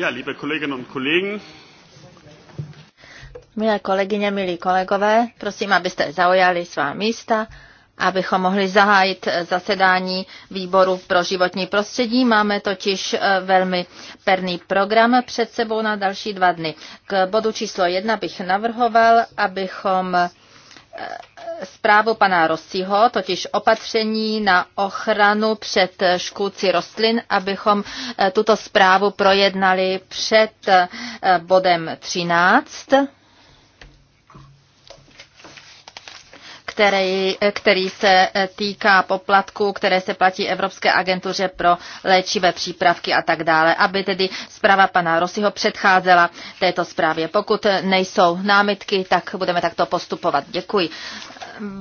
Ja, liebe Kolleginnen und Kollegen. Milé kolegyně, milí kolegové, prosím, abyste zaujali svá místa, abychom mohli zahájit eh, zasedání výboru pro životní prostředí. Máme totiž eh, velmi perný program před sebou na další dva dny. K bodu číslo jedna bych navrhoval, abychom eh, zprávu pana Rosího, totiž opatření na ochranu před škůdci rostlin, abychom eh, tuto zprávu projednali před eh, bodem 13. který, který se týká poplatků, které se platí Evropské agentuře pro léčivé přípravky a tak dále, aby tedy zpráva pana Rosiho předcházela této zprávě. Pokud nejsou námitky, tak budeme takto postupovat. Děkuji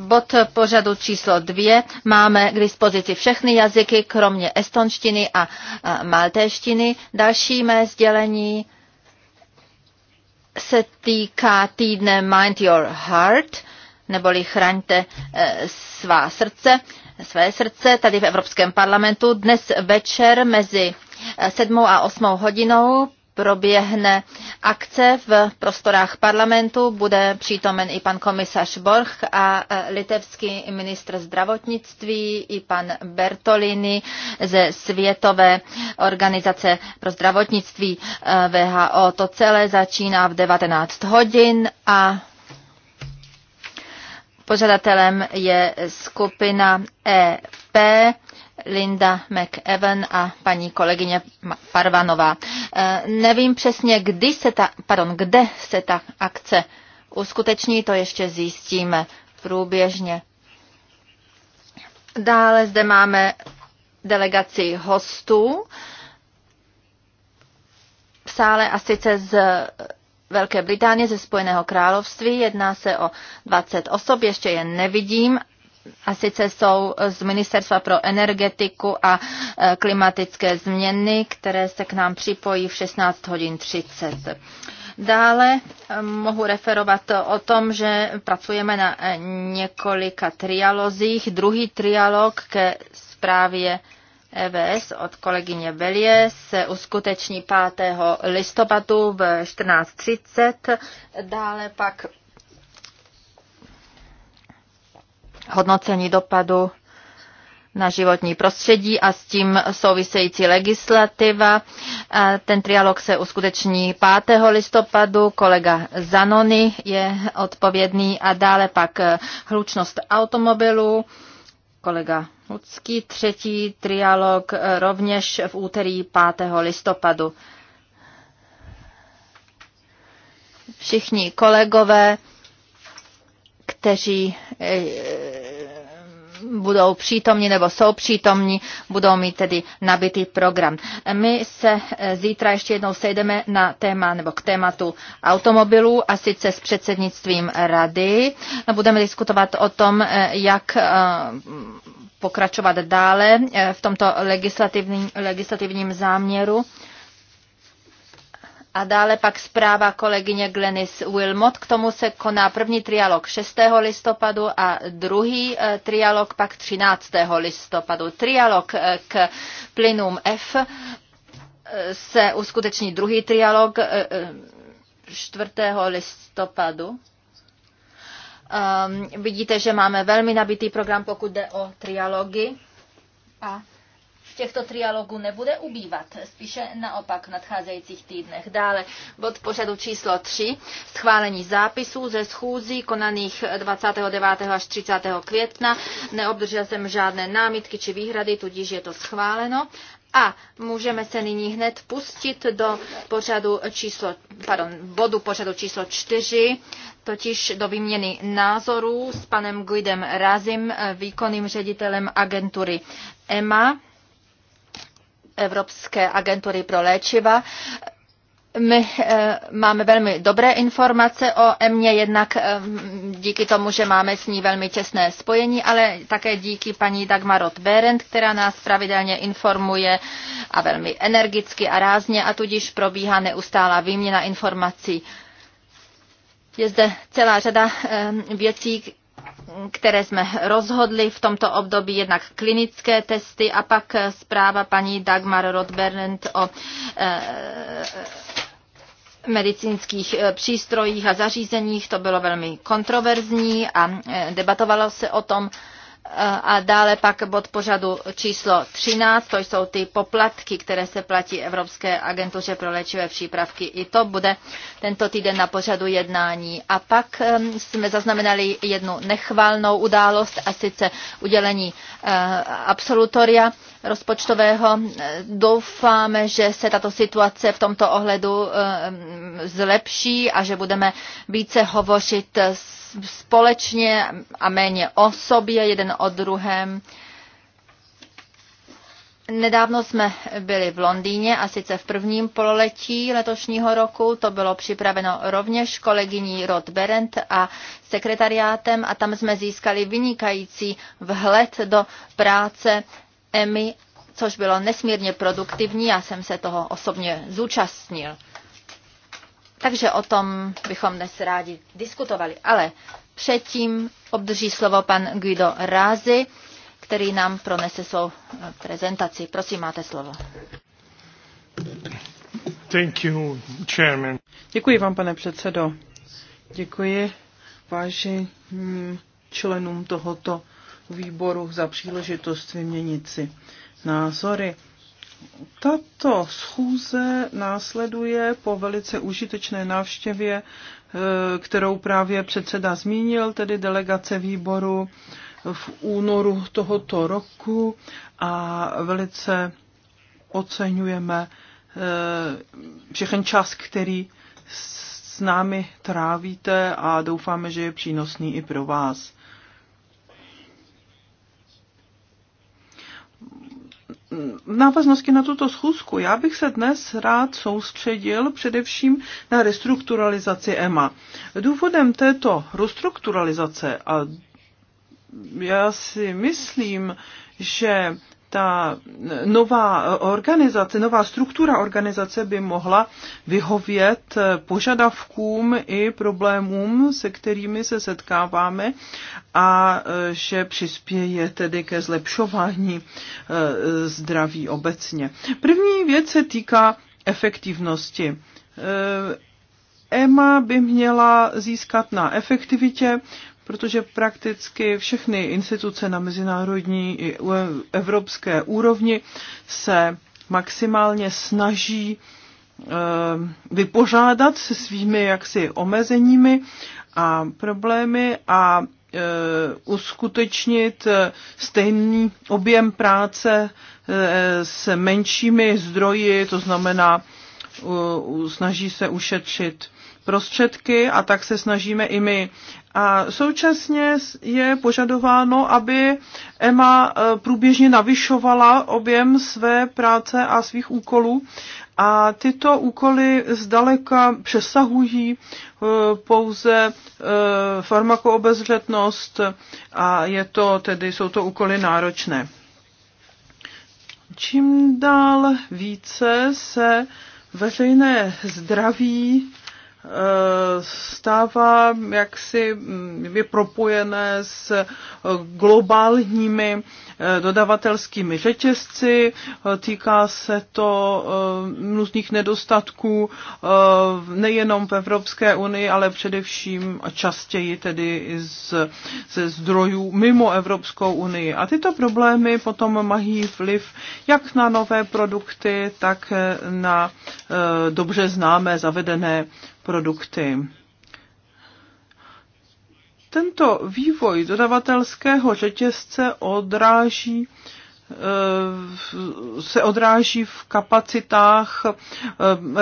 bod pořadu číslo dvě máme k dispozici všechny jazyky, kromě estonštiny a maltéštiny. Další mé sdělení se týká týdne Mind Your Heart neboli chraňte eh, svá srdce, své srdce tady v Evropském parlamentu. Dnes večer mezi 7 eh, a 8 hodinou proběhne akce v prostorách parlamentu. Bude přítomen i pan komisař Borch a eh, litevský ministr zdravotnictví i pan Bertolini ze Světové organizace pro zdravotnictví VHO. To celé začíná v 19 hodin a Pořadatelem je skupina EP Linda McEwen a paní kolegyně Parvanová. E, nevím přesně, kdy se ta, pardon, kde se ta akce uskuteční, to ještě zjistíme průběžně. Dále zde máme delegaci hostů v sále a sice z Velké Británie, ze Spojeného království. Jedná se o 20 osob, ještě je nevidím. A sice jsou z Ministerstva pro energetiku a e, klimatické změny, které se k nám připojí v 16 hodin 30. Dále e, mohu referovat o tom, že pracujeme na e, několika trialozích. Druhý trialog ke zprávě EVS od kolegyně Belie se uskuteční 5. listopadu v 14.30. Dále pak hodnocení dopadu na životní prostředí a s tím související legislativa. E, ten trialog se uskuteční 5. listopadu. Kolega Zanony je odpovědný a dále pak hlučnost automobilů. Kolega Hudský třetí trialog eh, rovněž v úterý 5. listopadu. Všichni kolegové, kteří eh, budou přítomní nebo jsou přítomní, budou mít tedy nabitý program. My se eh, zítra ještě jednou sejdeme na téma nebo k tématu automobilů a sice s předsednictvím rady. Budeme diskutovat o tom, eh, jak eh, pokračovat dále v tomto legislativním, legislativním záměru. A dále pak zpráva kolegyně Glenis Wilmot. K tomu se koná první trialog 6. listopadu a druhý eh, trialog pak 13. listopadu. Trialog eh, k plynům F eh, se uskuteční druhý trialog 4. listopadu. Um, vidíte, že máme velmi nabitý program, pokud jde o trialogy. A těchto trialogů nebude ubývat, spíše naopak v nadcházejících týdnech. Dále bod pořadu číslo 3, schválení zápisů ze schůzí konaných 29. až 30. května. Neobdržel jsem žádné námitky či výhrady, tudíž je to schváleno. A můžeme se nyní hned pustit do pořadu číslo, pardon, bodu pořadu číslo čtyři, totiž do výměny názorů s panem Guidem Razim, výkonným ředitelem agentury EMA. Evropské agentury pro léčiva. My eh, máme velmi dobré informace o Emě, jednak eh, díky tomu, že máme s ní velmi těsné spojení, ale také díky paní Dagmarot Berend, která nás pravidelně informuje a velmi energicky a rázně a tudíž probíhá neustálá výměna informací. Je zde celá řada eh, věcí, které jsme rozhodli v tomto období, jednak klinické testy a pak zpráva paní Dagmar Rodberend o eh, medicínských eh, přístrojích a zařízeních. To bylo velmi kontroverzní a eh, debatovalo se o tom a dále pak bod pořadu číslo 13, to jsou ty poplatky, které se platí Evropské agentuře pro léčivé přípravky. I to bude tento týden na pořadu jednání. A pak jsme zaznamenali jednu nechválnou událost, a sice udělení eh, absolutoria rozpočtového. Doufáme, že se tato situace v tomto ohledu zlepší a že budeme více hovořit s společně a méně o sobě, jeden o druhém. Nedávno jsme byli v Londýně a sice v prvním pololetí letošního roku. To bylo připraveno rovněž kolegyní Rod Berend a sekretariátem a tam jsme získali vynikající vhled do práce EMI, což bylo nesmírně produktivní. Já jsem se toho osobně zúčastnil. Takže o tom bychom dnes rádi diskutovali. Ale předtím obdrží slovo pan Guido Rázy, který nám pronese svou eh, prezentaci. Prosím, máte slovo. Thank you, chairman. Děkuji vám, pane předsedo. Děkuji váženým členům tohoto výboru za příležitost vyměnit si názory. Tato schůze následuje po velice užitečné návštěvě, eh, kterou právě předseda zmínil, tedy delegace výboru v únoru tohoto roku a velice oceňujeme eh, všechen čas, který s námi trávíte a doufáme, že je přínosný i pro vás. v návaznosti na tuto schůzku já bych se dnes rád soustředil především na restrukturalizaci EMA. Důvodem této restrukturalizace a já si myslím, že ta nová organizace, nová struktura organizace by mohla vyhovět požadavkům i problémům, se kterými se setkáváme a že přispěje tedy ke zlepšování eh, zdraví obecně. První věc se týká efektivnosti. EMA eh, e by měla získat na efektivitě, protože prakticky všechny instituce na mezinárodní i evropské úrovni se maximálně snaží eh, vypořádat se svými jaksi omezeními a problémy a eh, uskutečnit eh, stejný objem práce s menšími zdroji, to znamená snaží se ušetřit prostředky a tak se snažíme i my. A současně je požadováno, aby EMA e, průběžně navyšovala objem své práce a svých úkolů. A tyto úkoly zdaleka přesahují e, pouze e, farmakoobezřetnost a je to tedy, jsou to úkoly náročné. Čím dál více se veřejné zdraví stává jaksi mm, je propojené s eh, globálními eh, dodavatelskými řetězci, eh, týká se to různých nedostatků nejenom v Evropské unii, ale především a častěji tedy i z, ze zdrojů mimo Evropskou unii. A tyto problémy potom mají vliv jak na nové produkty, tak na dobře známé zavedené produkty. Tento vývoj dodavatelského řetězce odráží eh, se odráží v kapacitách eh,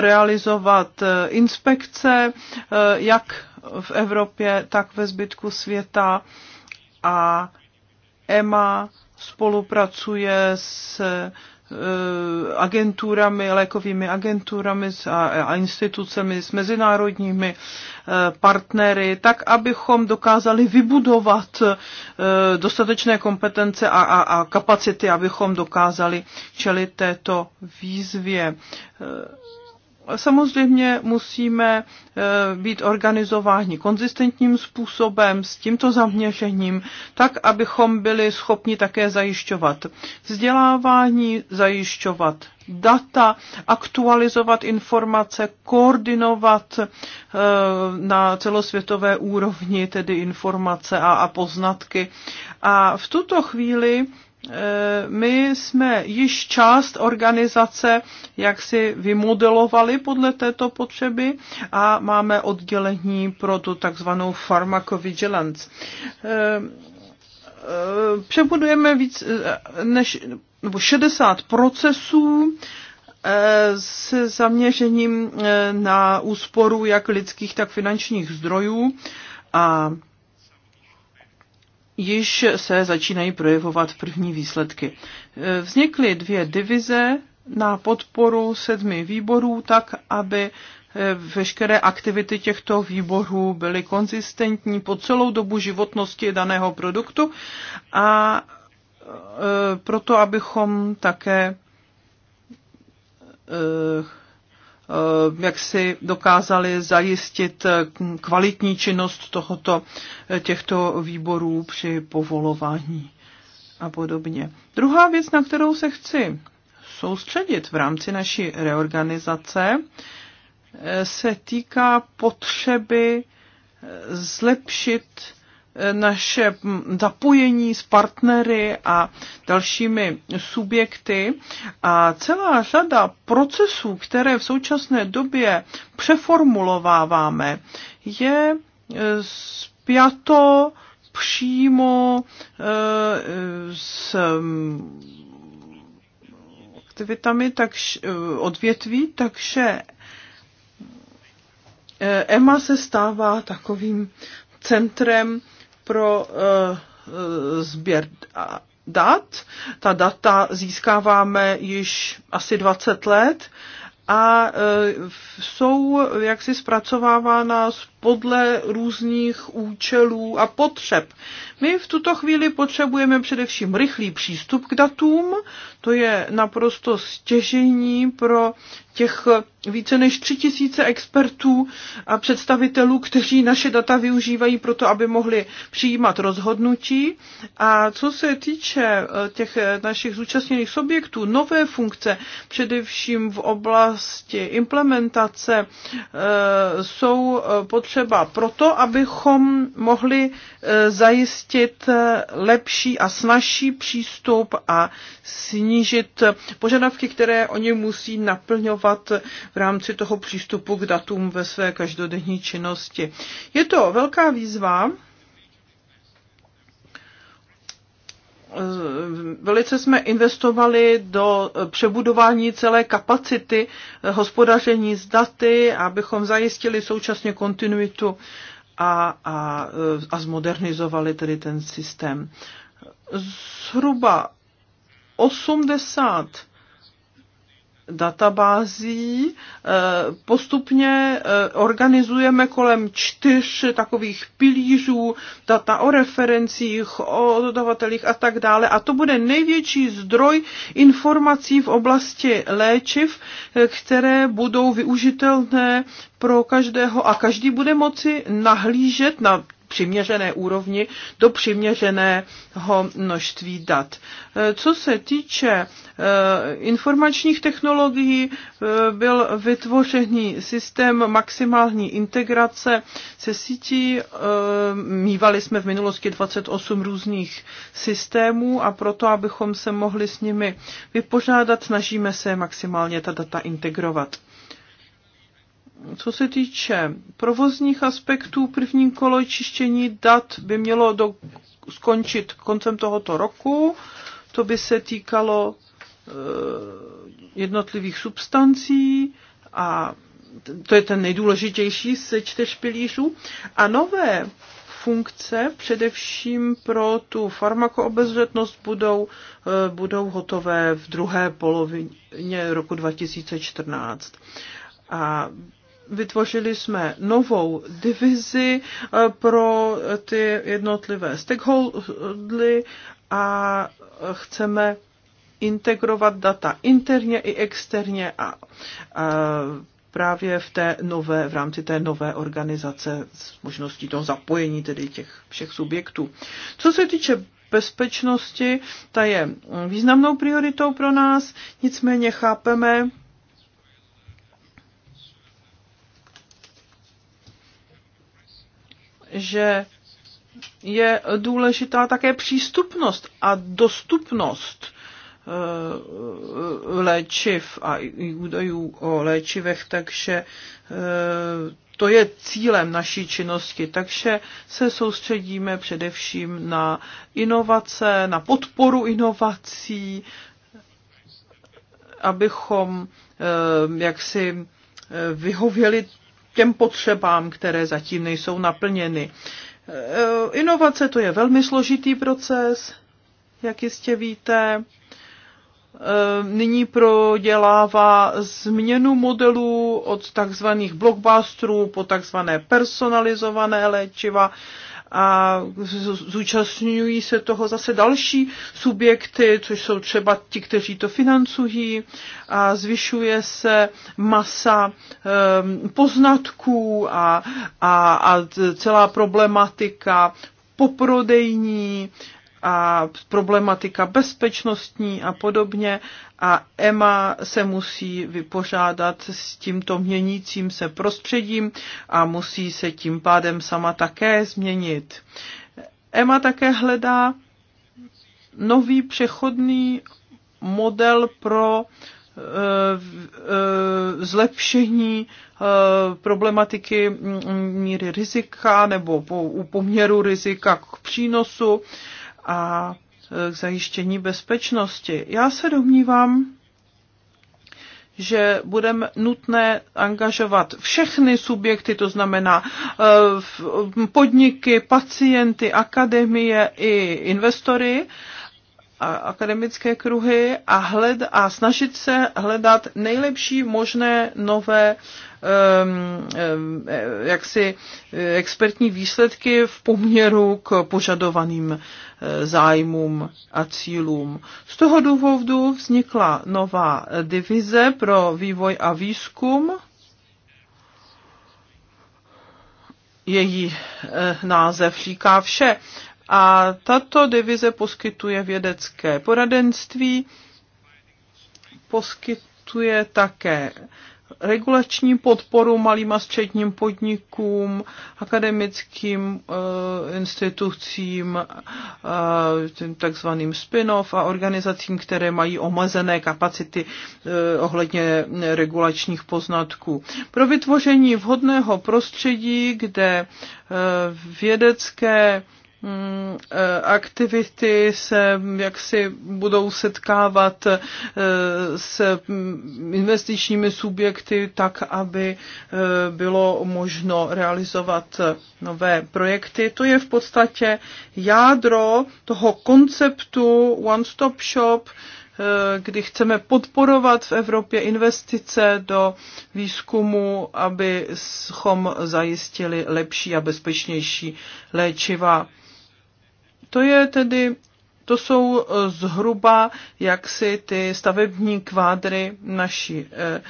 realizovat eh, inspekce, jak v Evropě, tak ve zbytku světa. A EMA spolupracuje s Eh, agenturami, lékovými agenturami a institucemi, s mezinárodními eh, partnery, tak abychom dokázali vybudovat eh, dostatečné kompetence a, a, a kapacity, abychom dokázali čelit této výzvě Samozřejmě musíme eh, být organizováni konzistentním způsobem s tímto zaměřením, tak abychom byli schopni také zajišťovat vzdělávání, zajišťovat data, aktualizovat informace, koordinovat eh, na celosvětové úrovni tedy informace a, a poznatky. A v tuto chvíli Eh, my jsme již část organizace jak si vymodelovali podle této potřeby a máme oddělení pro tu takzvanou pharmacovigilance. Eh, eh, přebudujeme víc než nebo 60 procesů, se zaměřením na úsporu jak lidských, tak finančních zdrojů. A již se začínají projevovat první výsledky. E, vznikly dvě divize na podporu sedmi výborů, tak aby e, veškeré aktivity těchto výborů byly konzistentní po celou dobu životnosti daného produktu a e, proto, abychom také Eh, jak si dokázali zajistit eh, kvalitní činnost tohoto, eh, těchto výborů při povolování a podobně. Druhá věc, na kterou se chci soustředit v rámci naší reorganizace, se týká potřeby zlepšit naše zapojení s partnery a dalšími subjekty. A celá řada procesů, které v současné době přeformulováváme, je e, spjato přímo e, s aktivitami tak, e, odvětví, takže EMA se stává takovým centrem pro eh, sběr dat. Ta data získáváme již asi 20 let a eh, jsou jaksi zpracovávána podle různých účelů a potřeb. My v tuto chvíli potřebujeme především rychlý přístup k datům, to je naprosto stěžení pro těch více než tři tisíce expertů a představitelů, kteří naše data využívají pro to, aby mohli přijímat rozhodnutí. A co se týče eh, těch eh, našich zúčastněných subjektů, nové funkce, především v oblasti implementace, eh, jsou potřeba potřeba proto, abychom mohli e, zajistit e, lepší a snažší přístup a snížit požadavky, které oni musí naplňovat v rámci toho přístupu k datům ve své každodenní činnosti. Je to velká výzva, velice jsme investovali do přebudování celé kapacity hospodaření s daty, abychom zajistili současně kontinuitu a, a, a zmodernizovali tedy ten systém. Zhruba 80 databází. E, postupně e, organizujeme kolem čtyř takových pilířů data o referencích, o dodavatelích a tak dále. A to bude největší zdroj informací v oblasti léčiv, e, které budou využitelné pro každého a každý bude moci nahlížet na přiměřené úrovni do přiměřeného množství dat. Eh, co se týče eh, informačních technologií, eh, byl vytvořený systém maximální integrace se sítí. Mývali jsme v minulosti 28 různých systémů a proto, abychom se mohli s nimi vypořádat, snažíme se maximálně ta data integrovat. Co se týče provozních aspektů, první kolo čištění dat by mělo do, skončit koncem tohoto roku. To by se týkalo e, jednotlivých substancí a to je ten nejdůležitější se čtyř pilířů. A nové funkce, především pro tu farmakoobezřetnost, budou, eh, budou hotové v druhé polovině roku 2014. A vytvořili jsme novou divizi eh, pro ty jednotlivé stakeholdly a chceme integrovat data interně i externě a, a právě v té nové, v rámci té nové organizace s možností toho zapojení tedy těch všech subjektů. Co se týče bezpečnosti, ta je významnou prioritou pro nás, nicméně chápeme, že je důležitá také přístupnost a dostupnost eh, léčiv a i údajů o léčivech, takže eh, to je cílem naší činnosti, takže se soustředíme především na inovace, na podporu inovací, abychom eh, jak si vyhověli těm potřebám, které zatím nejsou naplněny. E, inovace to je velmi složitý proces, jak jistě víte. E, nyní prodělává změnu modelů od takzvaných blockbusterů po takzvané personalizované léčiva a zúčastňují se toho zase další subjekty, což jsou třeba ti, kteří to financují a zvyšuje se masa ehm, poznatků a, a, a celá problematika poprodejní a problematika bezpečnostní a podobně. A EMA se musí vypořádat s tímto měnícím se prostředím a musí se tím pádem sama také změnit. EMA také hledá nový přechodný model pro eh, eh, zlepšení eh, problematiky mm, míry rizika nebo po, u poměru rizika k přínosu a e, k zajištění bezpečnosti. Já se domnívám, že budeme nutné angažovat všechny subjekty, to znamená e, podniky, pacienty, akademie i investory, a akademické kruhy a, hled, a snažit se hledat nejlepší možné nové Ehm, ehm, eh, jaksi eh, expertní výsledky v poměru k požadovaným eh, zájmům a cílům. Z toho důvodu vznikla nová divize pro vývoj a výzkum. Její název říká vše. A tato divize poskytuje vědecké poradenství, poskytuje také regulační podporu malým a středním podnikům, akademickým uh, institucím, uh, takzvaným spin-off a organizacím, které mají omezené kapacity uh, ohledně regulačních poznatků. Pro vytvoření vhodného prostředí, kde uh, vědecké Mm, e, aktivity se jaksi budou setkávat e, s mm, investičními subjekty tak, aby e, bylo možno realizovat nové projekty. To je v podstatě jádro toho konceptu One Stop Shop, kdy chceme podporovat v Evropě investice do výzkumu, abychom zajistili lepší a bezpečnější léčiva. To je tedy, to jsou e, zhruba jaksi ty stavební kvádry naší e, e,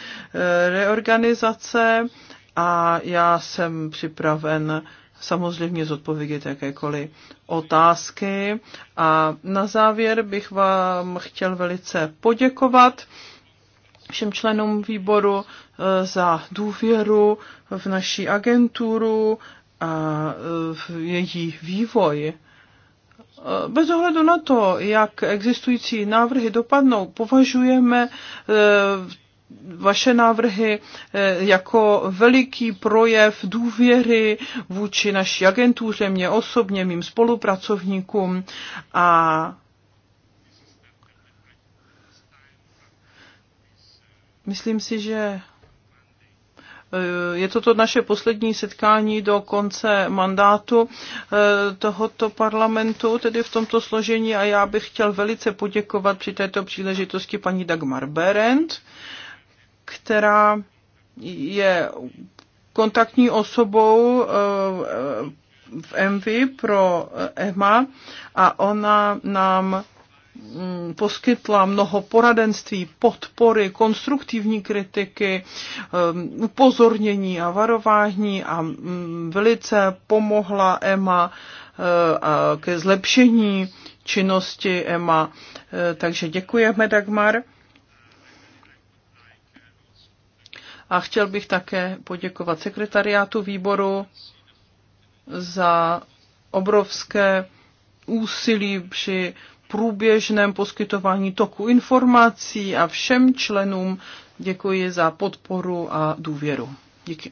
reorganizace a já jsem připraven samozřejmě zodpovědět jakékoliv otázky. A na závěr bych vám chtěl velice poděkovat všem členům výboru za důvěru v naší agenturu a v její vývoj. Eh, bez ohledu na to, jak existující návrhy dopadnou, považujeme eh, vaše návrhy eh, jako veliký projev důvěry vůči naší agentuře, mě osobně, mým spolupracovníkům a myslím si, že je to to naše poslední setkání do konce mandátu eh, tohoto parlamentu, tedy v tomto složení a já bych chtěl velice poděkovat při této příležitosti paní Dagmar Berend, která je kontaktní osobou eh, v MV pro EMA a ona nám Mm, poskytla mnoho poradenství, podpory, konstruktivní kritiky, um, upozornění a varování a mm, velice pomohla EMA eh, ke zlepšení činnosti EMA. Eh, takže děkujeme, Dagmar. A chtěl bych také poděkovat sekretariátu výboru za obrovské úsilí při průběžném poskytování toku informací a všem členům děkuji za podporu a důvěru. Díky.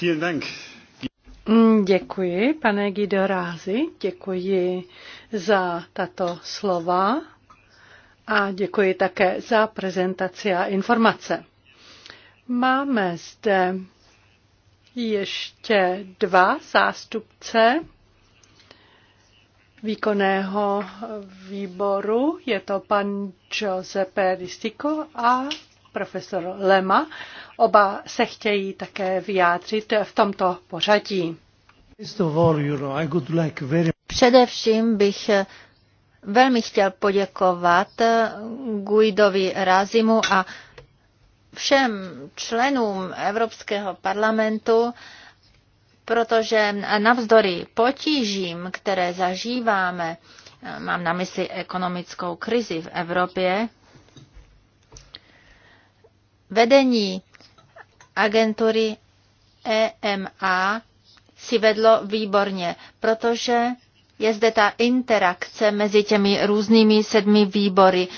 Vielen Dank. Mm, děkuji, pane Guido Rázi, děkuji za tato slova a děkuji také za prezentaci a informace. Máme zde ještě dva zástupce výkonného výboru. Je to pan Giuseppe Ristico a profesor Lema. Oba se chtějí také vyjádřit v tomto pořadí. Především bych velmi chtěl poděkovat Guidovi Razimu a všem členům Evropského parlamentu, protože navzdory potížím, které zažíváme, mám na mysli ekonomickou krizi v Evropě, vedení agentury EMA si vedlo výborně, protože je zde ta interakce mezi těmi různými sedmi výbory.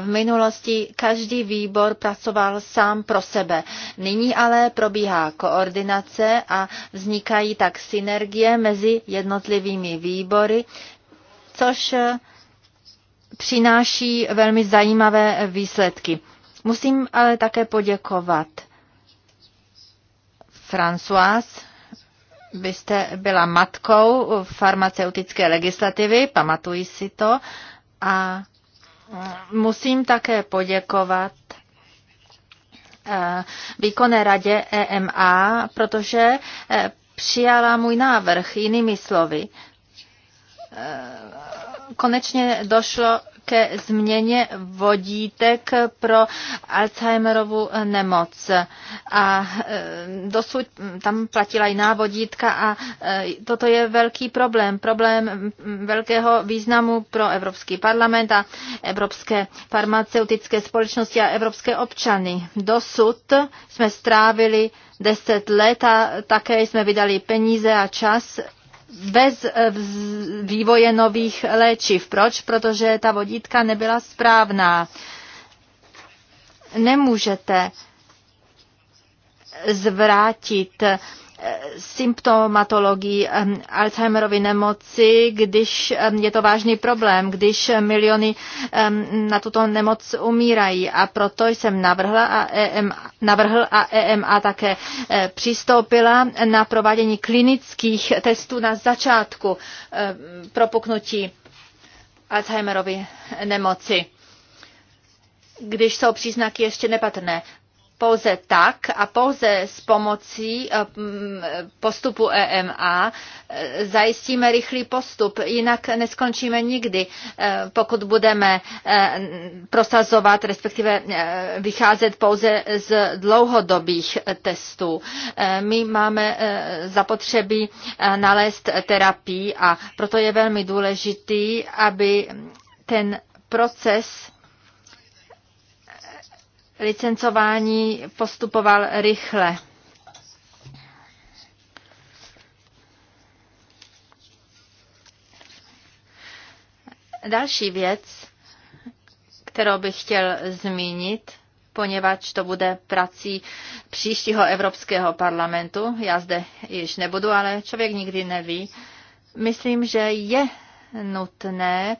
V minulosti každý výbor pracoval sám pro sebe. Nyní ale probíhá koordinace a vznikají tak synergie mezi jednotlivými výbory, což eh, přináší velmi zajímavé výsledky. Musím ale také poděkovat Françoise vy jste byla matkou farmaceutické legislativy, pamatuji si to, a musím také poděkovat eh, výkonné radě EMA, protože eh, přijala můj návrh, jinými slovy. Eh, konečně došlo ke změně vodítek pro Alzheimerovu nemoc. A e, dosud tam platila jiná vodítka a e, toto je velký problém. Problém velkého významu pro Evropský parlament a evropské farmaceutické společnosti a evropské občany. Dosud jsme strávili deset let a také jsme vydali peníze a čas bez eh, vývoje nových léčiv. Proč? Protože ta vodítka nebyla správná. Nemůžete zvrátit symptomatologii Alzheimerovy nemoci, když je to vážný problém, když miliony na tuto nemoc umírají. A proto jsem navrhla a EM, navrhl a EMA také eh, přistoupila na provádění klinických testů na začátku eh, propuknutí Alzheimerovy nemoci když jsou příznaky ještě nepatrné pouze tak a pouze s pomocí eh, mm, postupu EMA eh, zajistíme rychlý postup, jinak neskončíme nikdy, eh, pokud budeme prosazovat, respektive vycházet pouze z dlouhodobých testů. My máme zapotřebí nalézt terapii a proto je velmi důležitý, aby ten proces licencování postupoval rychle. Další věc, kterou bych chtěl zmínit, poněvadž to bude prací příštího Evropského parlamentu. Já zde již nebudu, ale člověk nikdy neví. Myslím, že je nutné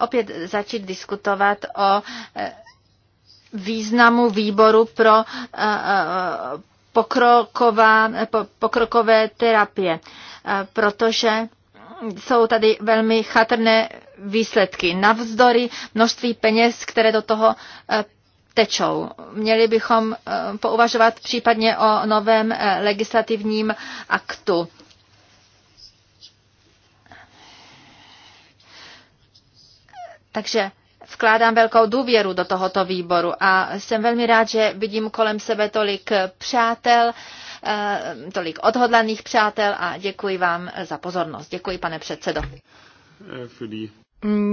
opět začít diskutovat o eh, významu výboru pro eh, eh, pokroková, pokrokové terapie, protože jsou tady velmi chatrné výsledky. Navzdory množství peněz, které do toho tečou. Měli bychom pouvažovat případně o novém legislativním aktu Takže vkládám velkou důvěru do tohoto výboru a jsem velmi rád, že vidím kolem sebe tolik přátel, eh, tolik odhodlaných přátel a děkuji vám za pozornost. Děkuji, pane předsedo.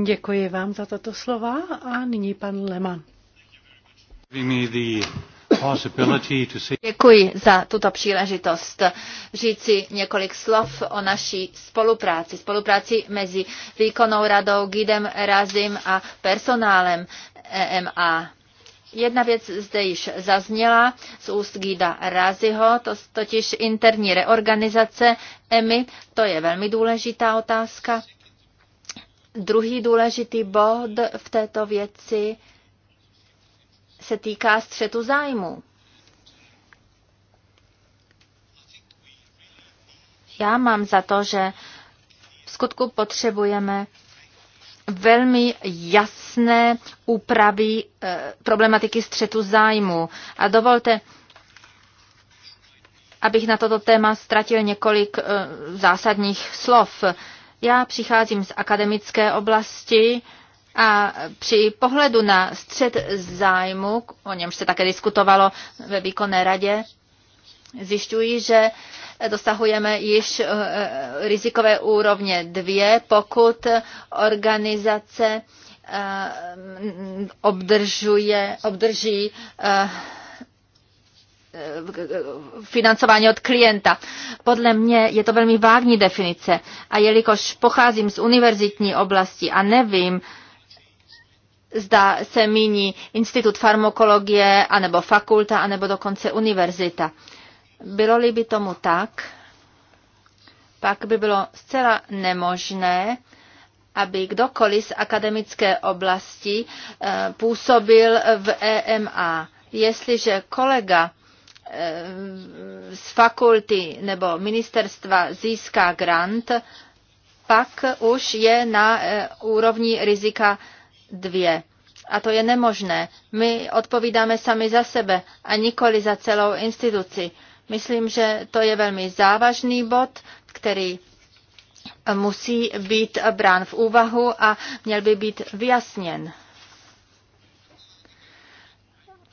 Děkuji vám za tato slova a nyní pan Leman. Děkuji za tuto příležitost říci několik slov o naší spolupráci. Spolupráci mezi výkonnou radou, Gidem Razim a personálem EMA. Jedna věc zde již zazněla z úst Gida Raziho, to totiž interní reorganizace EMI, to je velmi důležitá otázka. Druhý důležitý bod v této věci se týká střetu zájmu. Já mám za to, že v skutku potřebujeme velmi jasné úpravy e, problematiky střetu zájmu. A dovolte, abych na toto téma ztratil několik e, zásadních slov. Já přicházím z akademické oblasti, a při pohledu na střed zájmu, o němž se také diskutovalo ve výkonné radě, zjišťuji, že dosahujeme již eh, eh, rizikové úrovně dvě, pokud organizace eh, obdržuje, obdrží financování od klienta. Podle mě je to velmi vágní definice a jelikož pocházím z univerzitní oblasti a nevím, zda se míní institut farmakologie, anebo fakulta, anebo dokonce univerzita. Bylo-li by tomu tak, pak by bylo zcela nemožné, aby kdokoliv z akademické oblasti eh, působil v EMA. Jestliže kolega eh, z fakulty nebo ministerstva získá grant, pak už je na eh, úrovni rizika Dvě. A to je nemožné. My odpovídáme sami za sebe a nikoli za celou instituci. Myslím, že to je velmi závažný bod, který musí být brán v úvahu a měl by být vyjasněn.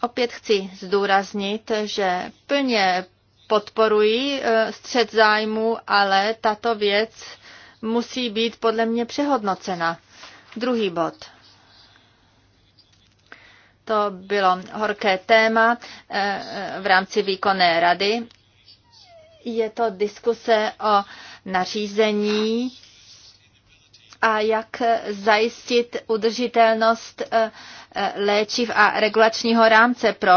Opět chci zdůraznit, že plně podporuji eh, střed zájmu, ale tato věc musí být podle mě přehodnocena. Druhý bod. To bylo horké téma eh, eh, v rámci výkonné rady. Je to diskuse o nařízení a jak zajistit udržitelnost eh, léčiv a regulačního rámce pro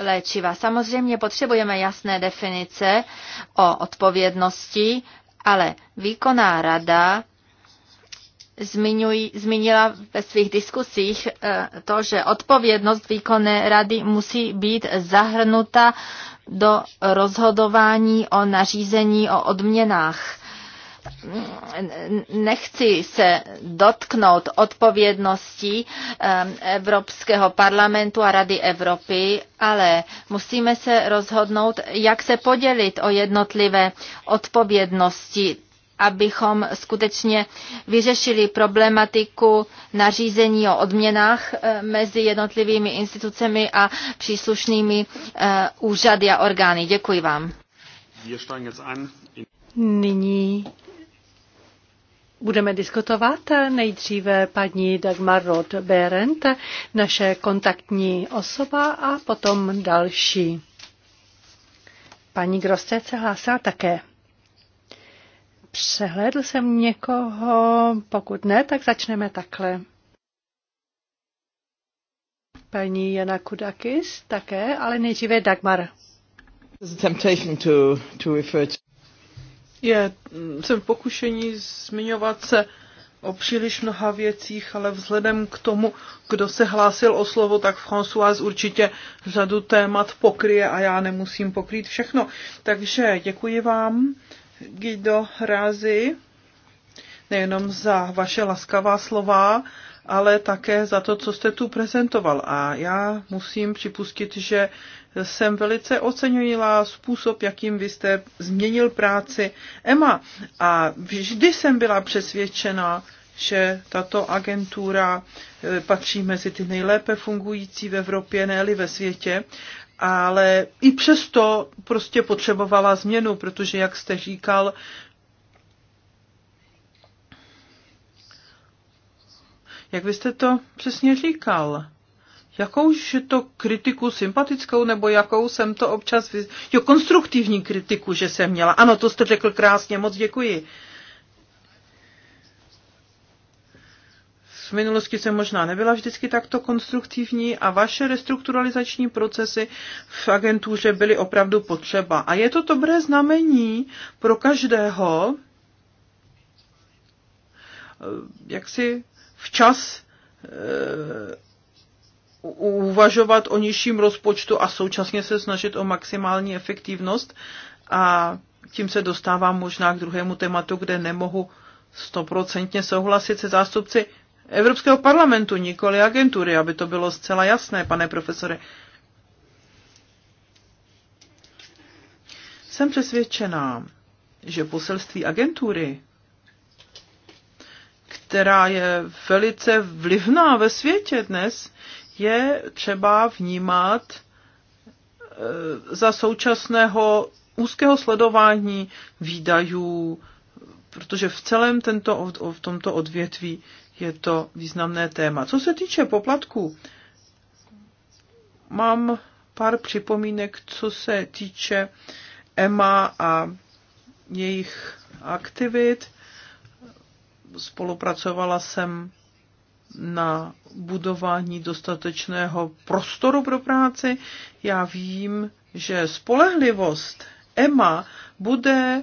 léčiva. Samozřejmě potřebujeme jasné definice o odpovědnosti, ale výkonná rada zmínila ve svých diskusích eh, to, že odpovědnost výkonné rady musí být zahrnuta do rozhodování o nařízení o odměnách. Nechci se dotknout odpovědnosti eh, Evropského parlamentu a Rady Evropy, ale musíme se rozhodnout, jak se podělit o jednotlivé odpovědnosti abychom skutečně vyřešili problematiku nařízení o odměnách eh, mezi jednotlivými institucemi a příslušnými eh, úřady a orgány. Děkuji vám. Nyní Budeme diskutovat nejdříve paní Dagmar Rod Berend, naše kontaktní osoba a potom další. Paní Groste se hlásila také. Přehlédl jsem někoho, pokud ne, tak začneme takhle. Paní Jana Kudakis také, ale nejdříve Dagmar. Je, jsem v pokušení zmiňovat se o příliš mnoha věcích, ale vzhledem k tomu, kdo se hlásil o slovo, tak François určitě řadu témat pokryje a já nemusím pokrýt všechno. Takže děkuji vám Guido Rázy, nejenom za vaše laskavá slova, ale také za to, co jste tu prezentoval. A já musím připustit, že jsem velice ocenila způsob, jakým vy jste změnil práci EMA. A vždy jsem byla přesvědčena, že tato agentura eh, patří mezi ty nejlépe fungující v Evropě, ne ve světě ale i přesto prostě potřebovala změnu, protože, jak jste říkal, jak vy jste to přesně říkal? Jakou že to kritiku sympatickou, nebo jakou jsem to občas... Vy... Jo, konstruktivní kritiku, že jsem měla. Ano, to jste řekl krásně, moc děkuji. Uh, v minulosti jsem možná nebyla vždycky takto konstruktivní a vaše restrukturalizační procesy v agentuře byly opravdu potřeba. A je to dobré znamení pro každého, eh, jak si včas eh, uvažovat o nižším rozpočtu a současně se snažit o maximální efektivnost. A tím se dostávám možná k druhému tématu, kde nemohu stoprocentně souhlasit se zástupci Evropského parlamentu, nikoli agentury, aby to bylo zcela jasné, pane profesore. Jsem přesvědčená, že poselství agentury, která je velice vlivná ve světě dnes, je třeba vnímat eh, za současného úzkého sledování výdajů, protože v celém tento, v tomto odvětví je to významné téma. Co se týče poplatků, mám pár připomínek, co se týče EMA a jejich aktivit. Spolupracovala jsem na budování dostatečného prostoru pro práci. Já vím, že spolehlivost EMA bude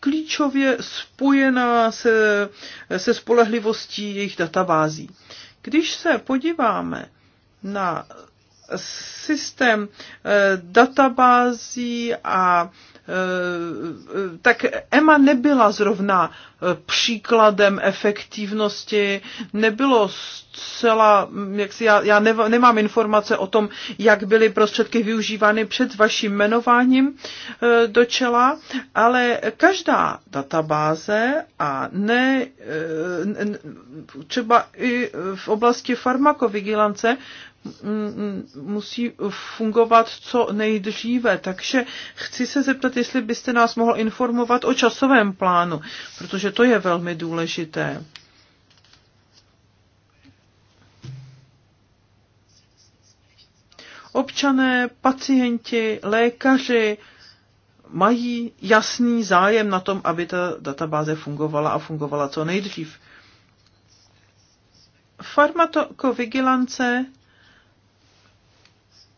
klíčově spojená se, se spolehlivostí jejich databází. Když se podíváme na systém eh, databází a Eh, tak EMA nebyla zrovna eh, příkladem efektivnosti, nebylo zcela, hm, jak si, já, já nemám informace o tom, jak byly prostředky využívány před vaším jmenováním eh, do čela, ale každá databáze a ne třeba i v oblasti farmakovigilance Mm, musí fungovat co nejdříve. Takže chci se zeptat, jestli byste nás mohl informovat o časovém plánu, protože to je velmi důležité. Občané, pacienti, lékaři mají jasný zájem na tom, aby ta databáze fungovala a fungovala co nejdřív. Farmakovigilance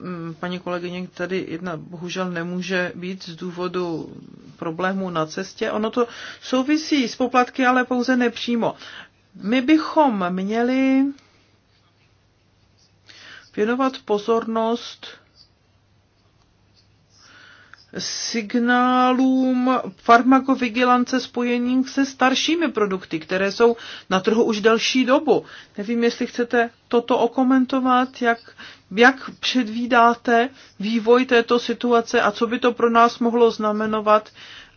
Mm, paní kolegyně tady jedna bohužel nemůže být z důvodu problémů na cestě. Ono to souvisí s poplatky, ale pouze nepřímo. My bychom měli věnovat pozornost signálům farmakovigilance spojením se staršími produkty, které jsou na trhu už delší dobu. Nevím, jestli chcete toto okomentovat, jak, jak předvídáte vývoj této situace a co by to pro nás mohlo znamenovat,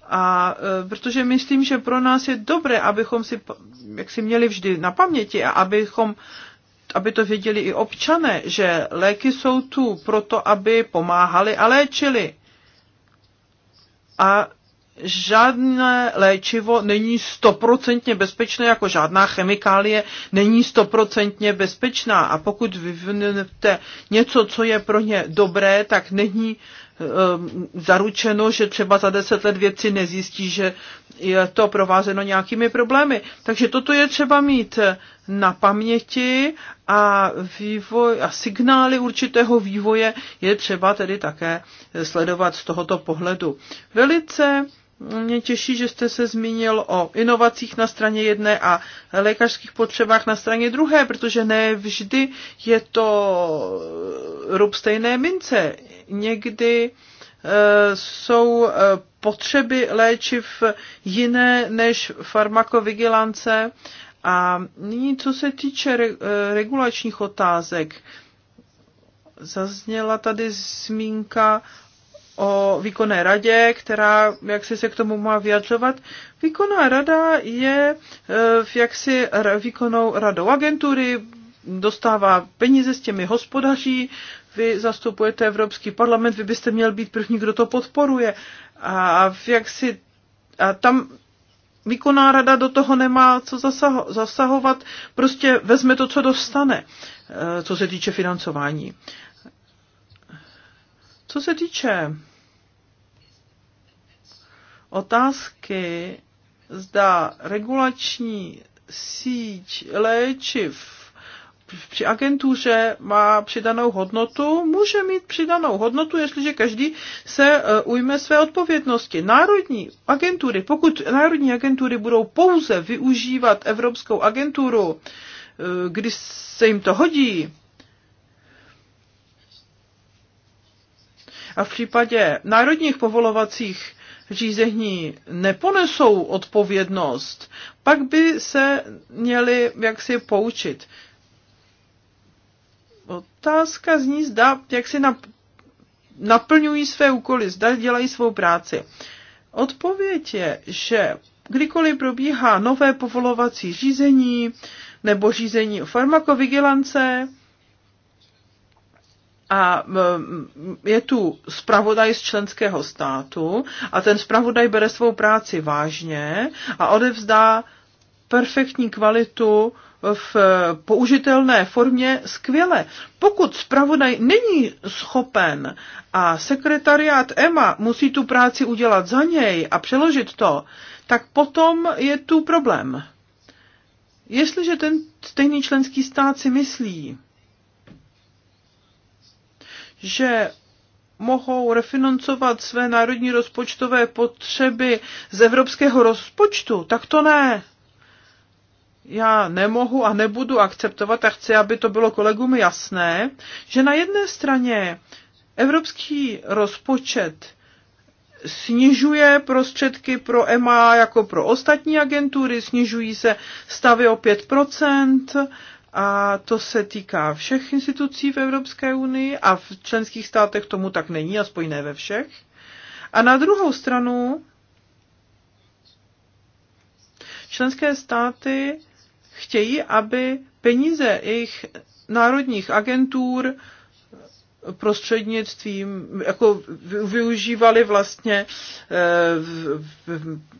a e, protože myslím, že pro nás je dobré, abychom si, jak si měli vždy na paměti a abychom aby to věděli i občané, že léky jsou tu proto, aby pomáhali a léčili a žádné léčivo není stoprocentně bezpečné, jako žádná chemikálie není stoprocentně bezpečná. A pokud vyvinete něco, co je pro ně dobré, tak není Eh, zaručeno, že třeba za deset let věci nezjistí, že je to provázeno nějakými problémy. Takže toto je třeba mít eh, na paměti a, vývoj, a signály určitého vývoje je třeba tedy také sledovat z tohoto pohledu. Velice mě těší, že jste se zmínil o inovacích na straně jedné a lékařských potřebách na straně druhé, protože ne vždy je to eh, rub stejné mince. Někdy eh, jsou eh, potřeby léčiv jiné než farmakovigilance. A nyní, co se týče regulačních otázek, zazněla tady zmínka o výkonné radě, která jak si se k tomu má vyjadřovat. Výkonná rada je e, jaksi výkonnou radou agentury, dostává peníze, s těmi hospodaří, vy zastupujete Evropský parlament, vy byste měl být první, kdo to podporuje. A jak si a tam výkonná rada do toho nemá co zasaho, zasahovat, prostě vezme to, co dostane, e, co se týče financování. Co se týče otázky, zda regulační síť léčiv při agentuře má přidanou hodnotu, může mít přidanou hodnotu, jestliže každý se e, ujme své odpovědnosti. Národní agentury, pokud národní agentury budou pouze využívat Evropskou agenturu, e, když se jim to hodí, a v případě národních povolovacích řízení neponesou odpovědnost, pak by se měli jaksi poučit. Otázka zní, zda jak si naplňují své úkoly, zda dělají svou práci. Odpověď je, že kdykoliv probíhá nové povolovací řízení nebo řízení farmakovigilance, a je tu zpravodaj z členského státu a ten zpravodaj bere svou práci vážně a odevzdá perfektní kvalitu v použitelné formě skvěle. Pokud zpravodaj není schopen a sekretariát EMA musí tu práci udělat za něj a přeložit to, tak potom je tu problém. Jestliže ten stejný členský stát si myslí, že mohou refinancovat své národní rozpočtové potřeby z evropského rozpočtu, tak to ne. Já nemohu a nebudu akceptovat a chci, aby to bylo kolegům jasné, že na jedné straně evropský rozpočet snižuje prostředky pro EMA jako pro ostatní agentury, snižují se stavy o 5 a to se týká všech institucí v Evropské unii a v členských státech tomu tak není, aspoň ne ve všech. A na druhou stranu členské státy chtějí, aby peníze jejich národních agentur prostřednictvím, jako využívali vlastně eh,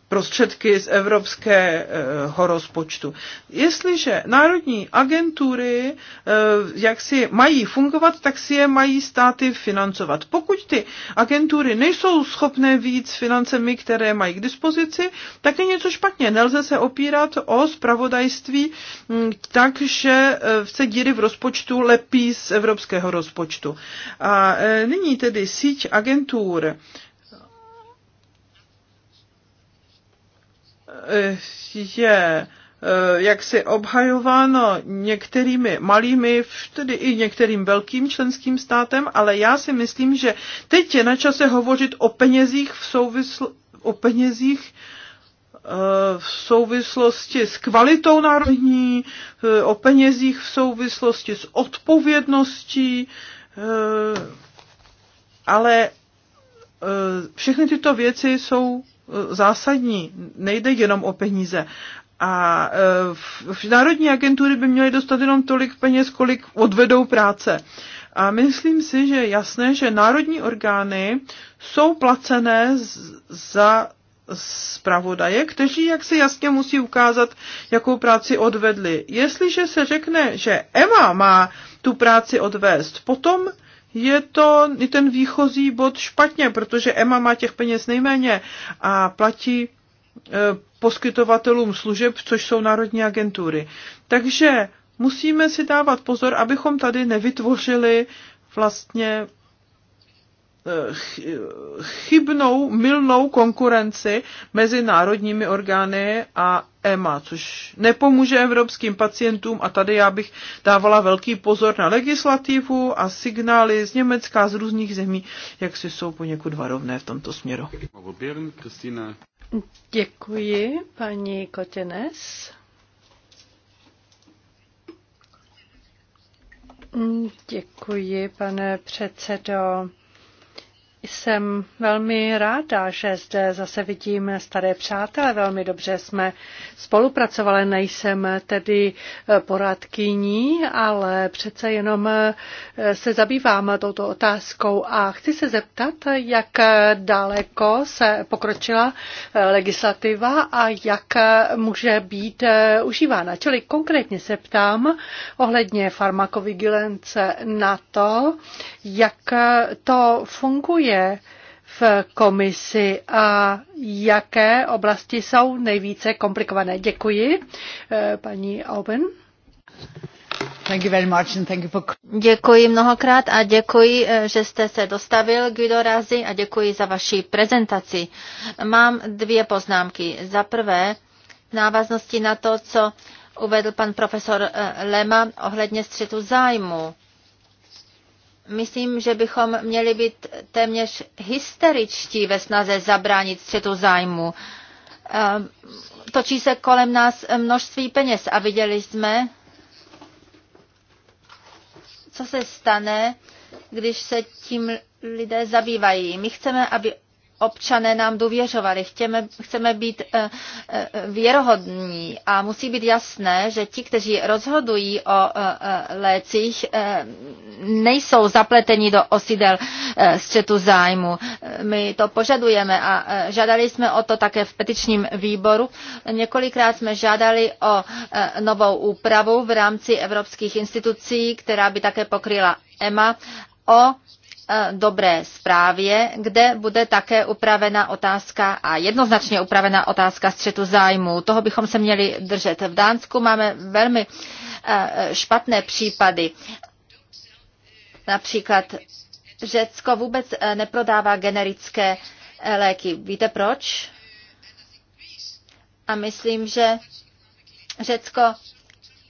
prostředky z evropského eh, rozpočtu. Jestliže národní agentury eh, jak si mají fungovat, tak si je mají státy financovat. Pokud ty agentury nejsou schopné víc financemi, které mají k dispozici, tak je něco špatně. Nelze se opírat o spravodajství mm, takže se díry v rozpočtu lepí z evropského rozpočtu. A e, nyní tedy síť agentur. E, je e, jak se obhajováno některými malými, tedy i některým velkým členským státem, ale já si myslím, že teď je na čase hovořit o penězích v souvisl, o penězích v souvislosti s kvalitou národní, o penězích v souvislosti s odpovědností, Eh, ale eh, všechny tyto věci jsou eh, zásadní. Nejde jenom o peníze. A v, národní agentury by měly dostat jenom tolik peněz, kolik odvedou práce. A myslím si, že je jasné, že národní orgány jsou placené za zpravodaje, kteří jak se jasně musí ukázat, jakou práci odvedli. Jestliže se řekne, že Eva má tu práci odvést. Potom je to i ten výchozí bod špatně, protože EMA má těch peněz nejméně a platí e, poskytovatelům služeb, což jsou národní agentury. Takže musíme si dávat pozor, abychom tady nevytvořili vlastně chybnou, milnou konkurenci mezi národními orgány a EMA, což nepomůže evropským pacientům a tady já bych dávala velký pozor na legislativu a signály z Německa, z různých zemí, jak si jsou poněkud varovné v tomto směru. Děkuji, paní Kotěnes. Děkuji, pane předsedo. Jsem velmi ráda, že zde zase vidím staré přátelé. Velmi dobře jsme spolupracovali. Nejsem tedy poradkyní, ale přece jenom se zabývám touto otázkou a chci se zeptat, jak daleko se pokročila legislativa a jak může být užívána. Čili konkrétně se ptám ohledně farmakovigilence na to, jak to funguje zdroje v komisi a jaké oblasti jsou nejvíce komplikované. Děkuji, eh, paní Oben. Děkuji mnohokrát a děkuji, eh, že jste se dostavil, Guido Razi, a děkuji za vaši prezentaci. Mám dvě poznámky. Za prvé, v návaznosti na to, co uvedl pan profesor eh, Lema ohledně střetu zájmu myslím, že bychom měli být téměř hysteričtí ve snaze zabránit střetu zájmu. Ehm, točí se kolem nás množství peněz a viděli jsme, co se stane, když se tím lidé zabývají. My chceme, aby občané nám důvěřovali. Chtěme, chceme být eh, eh, věrohodní a musí být jasné, že ti, kteří rozhodují o eh, lécích, nejsou zapleteni do osidel střetu zájmu. My to požadujeme a žádali jsme o to také v petičním výboru. Několikrát jsme žádali o novou úpravu v rámci evropských institucí, která by také pokryla EMA o Eh, dobré zprávě, kde bude také upravena otázka a jednoznačně upravena otázka střetu zájmu. Toho bychom se měli držet. V Dánsku máme velmi eh, špatné případy. Například Řecko vůbec eh, neprodává generické léky. Víte proč? A myslím, že Řecko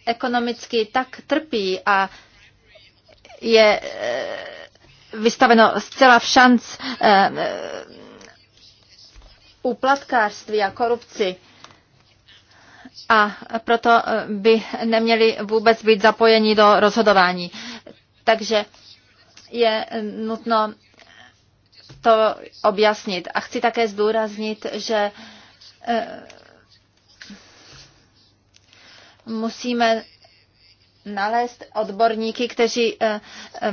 ekonomicky tak trpí a je vystaveno zcela v šanc úplatkářství eh, eh, a korupci a proto eh, by neměli vůbec být zapojeni do rozhodování. Takže je nutno to objasnit. A chci také zdůraznit, že musíme nalézt odborníky, kteří eh, eh,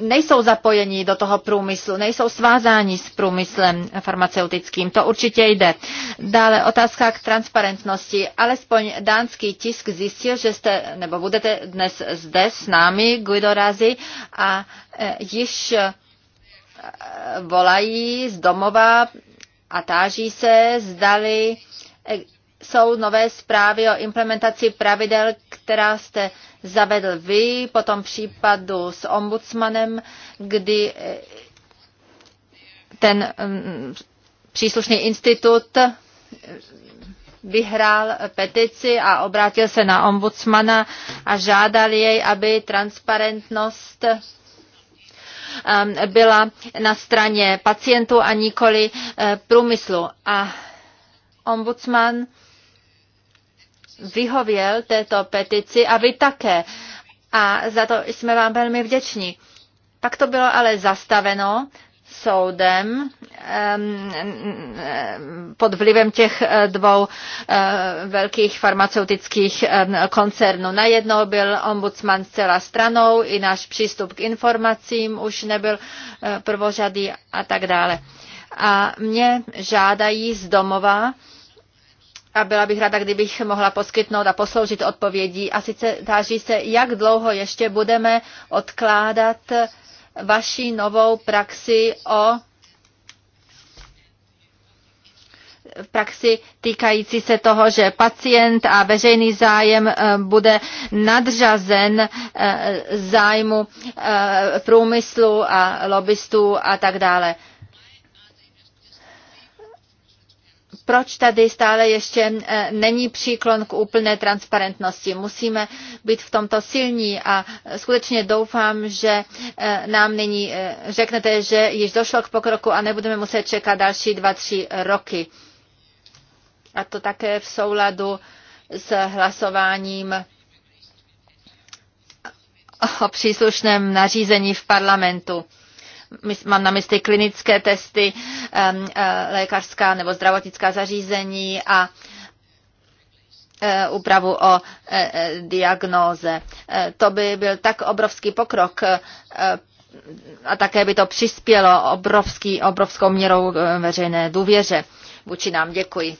nejsou zapojeni do toho průmyslu, nejsou svázáni s průmyslem farmaceutickým. To určitě jde. Dále otázka k transparentnosti. Alespoň dánský tisk zjistil, že jste, nebo budete dnes zde s námi, Guido Razi, a eh, již volají z domova a táží se, zdali jsou nové zprávy o implementaci pravidel, která jste zavedl vy, potom případu s ombudsmanem, kdy eh, ten mm, příslušný institut eh, vyhrál petici a obrátil se na ombudsmana a žádal jej, aby transparentnost eh, byla na straně pacientů a nikoli průmyslu. A ombudsman vyhověl této petici a vy také. A za to jsme vám velmi vděční. Pak to bylo ale zastaveno soudem pod vlivem těch eh, dvou eh, velkých farmaceutických koncernů. Najednou byl ombudsman zcela stranou, i náš přístup k informacím už nebyl eh, prvořadý a tak dále. A mě žádají z domova, a byla bych ráda, kdybych mohla poskytnout a posloužit odpovědí. A sice táží se, jak dlouho ještě budeme odkládat vaši novou praxi o praxi týkající se toho, že pacient a veřejný zájem eh, bude nadřazen eh, zájmu eh, průmyslu a lobbystů a tak dále. proč tady stále ještě eh, není příklon k úplné transparentnosti. Musíme být v tomto silní a eh, skutečně doufám, že eh, nám nyní řeknete, že již došlo k pokroku a nebudeme muset čekat další dva, tři roky. A to také v souladu s hlasováním o příslušném nařízení v parlamentu mám na mysli klinické testy, lékařská nebo zdravotnická zařízení a e, úpravu o e, e, diagnóze. To by byl tak obrovský pokrok a také by to přispělo obrovský, obrovskou měrou veřejné důvěře. Vůči nám děkuji.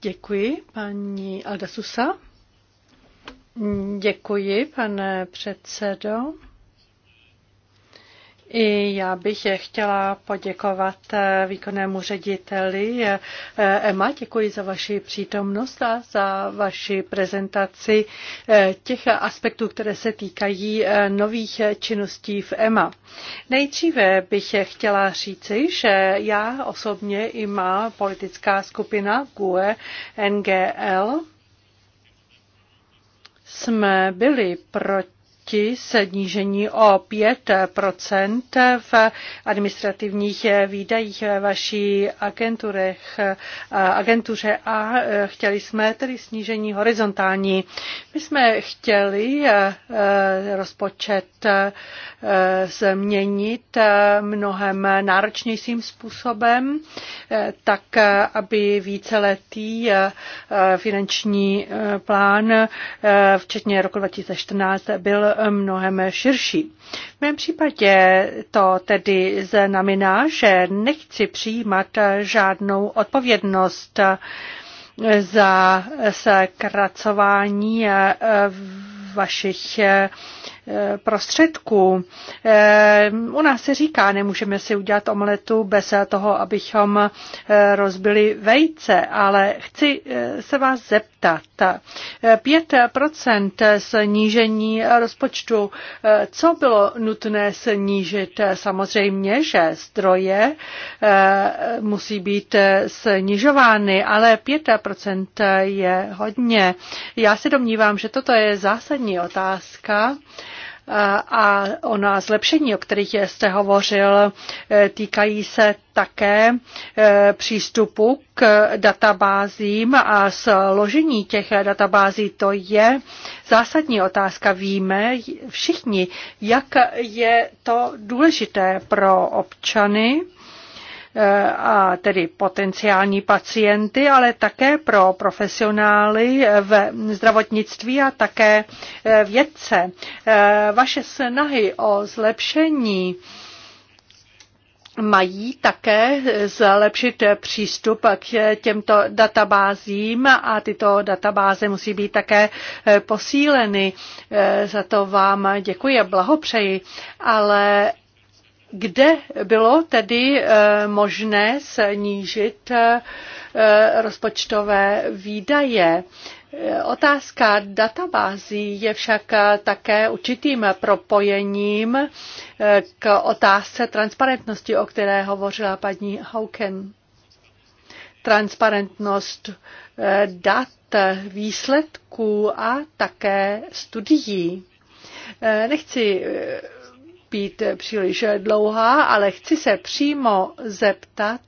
Děkuji, paní Aldasusa. Děkuji, pane předsedo. I já bych chtěla poděkovat eh, výkonnému řediteli EMA. Eh, Děkuji za vaši přítomnost a za vaši prezentaci eh, těch aspektů, které se týkají nových činností v EMA. Nejdříve bych chtěla říci, že já osobně i má politická skupina GUE NGL jsme byli proti proti snížení o 5 v administrativních výdajích vaší agenturech, agentuře a chtěli jsme tedy snížení horizontální. My jsme chtěli eh, rozpočet eh, změnit eh, mnohem náročnějším způsobem, tak aby víceletý finanční plán, včetně roku 2014, byl mnohem širší. V mém případě to tedy znamená, že nechci přijímat žádnou odpovědnost za zkracování vašich prostředků. Eh, u nás se říká, nemůžeme si udělat omletu bez toho, abychom eh, rozbili vejce, ale chci eh, se vás zeptat. 5% snížení rozpočtu, co bylo nutné snížit? Samozřejmě, že zdroje musí být snižovány, ale 5% je hodně. Já se domnívám, že toto je zásadní otázka, a ona zlepšení, o kterých jste hovořil, e, týkají se také e, přístupu k databázím a složení těch databází. To je zásadní otázka. Víme všichni, jak je to důležité pro občany Eh, a tedy potenciální pacienty, ale také pro profesionály v zdravotnictví a také eh, vědce. Eh, vaše snahy o zlepšení mají také zlepšit přístup k těmto databázím a tyto databáze musí být také posíleny. Za to vám děkuji a blahopřeji, ale kde bylo tedy eh, možné snížit eh, rozpočtové výdaje. Eh, otázka databází je však také určitým propojením k otázce transparentnosti, o které hovořila paní Hauken. Transparentnost dat, výsledků a také studií. Nechci být příliš dlouhá, ale chci se přímo zeptat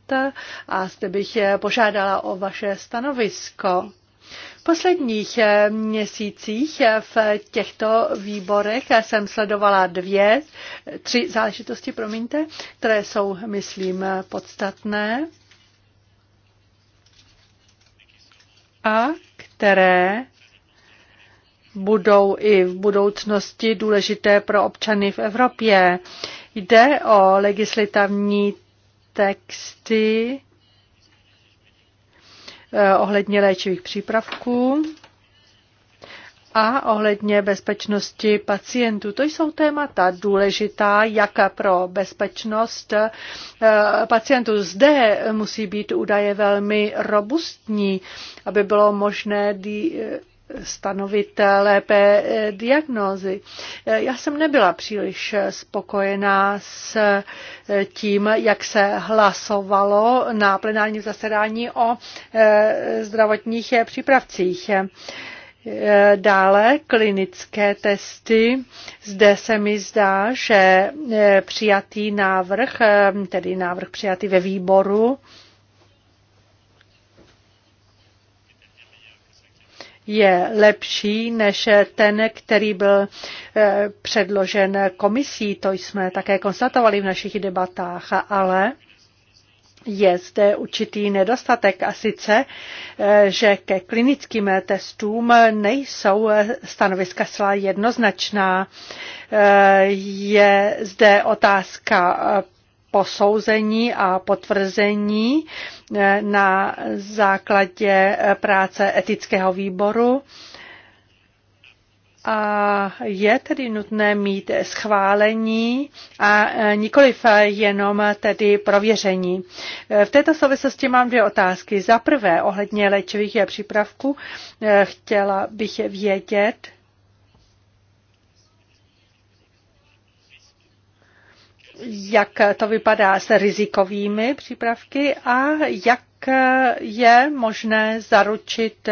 a zde bych požádala o vaše stanovisko. V posledních měsících v těchto výborech jsem sledovala dvě, tři záležitosti, promiňte, které jsou, myslím, podstatné a které budou i v budoucnosti důležité pro občany v Evropě. Jde o legislativní texty eh, ohledně léčivých přípravků a ohledně bezpečnosti pacientů. To jsou témata důležitá, jak pro bezpečnost eh, pacientů. Zde musí být údaje velmi robustní, aby bylo možné stanovit lépe diagnózy. Já jsem nebyla příliš spokojená s tím, jak se hlasovalo na plenárním zasedání o eh, zdravotních přípravcích. Dále klinické testy. Zde se mi zdá, že eh, přijatý návrh, eh, tedy návrh přijatý ve výboru, je lepší než ten, který byl eh, předložen komisí. To jsme také konstatovali v našich debatách, ale je zde určitý nedostatek a sice, eh, že ke klinickým testům nejsou stanoviska zcela jednoznačná. Eh, je zde otázka posouzení a potvrzení eh, na základě eh, práce etického výboru. A je tedy nutné mít schválení a eh, nikoliv jenom tedy prověření. V této souvislosti mám dvě otázky. Za prvé, ohledně léčivých přípravků, chtěla bych vědět, jak to vypadá s rizikovými přípravky a jak je možné zaručit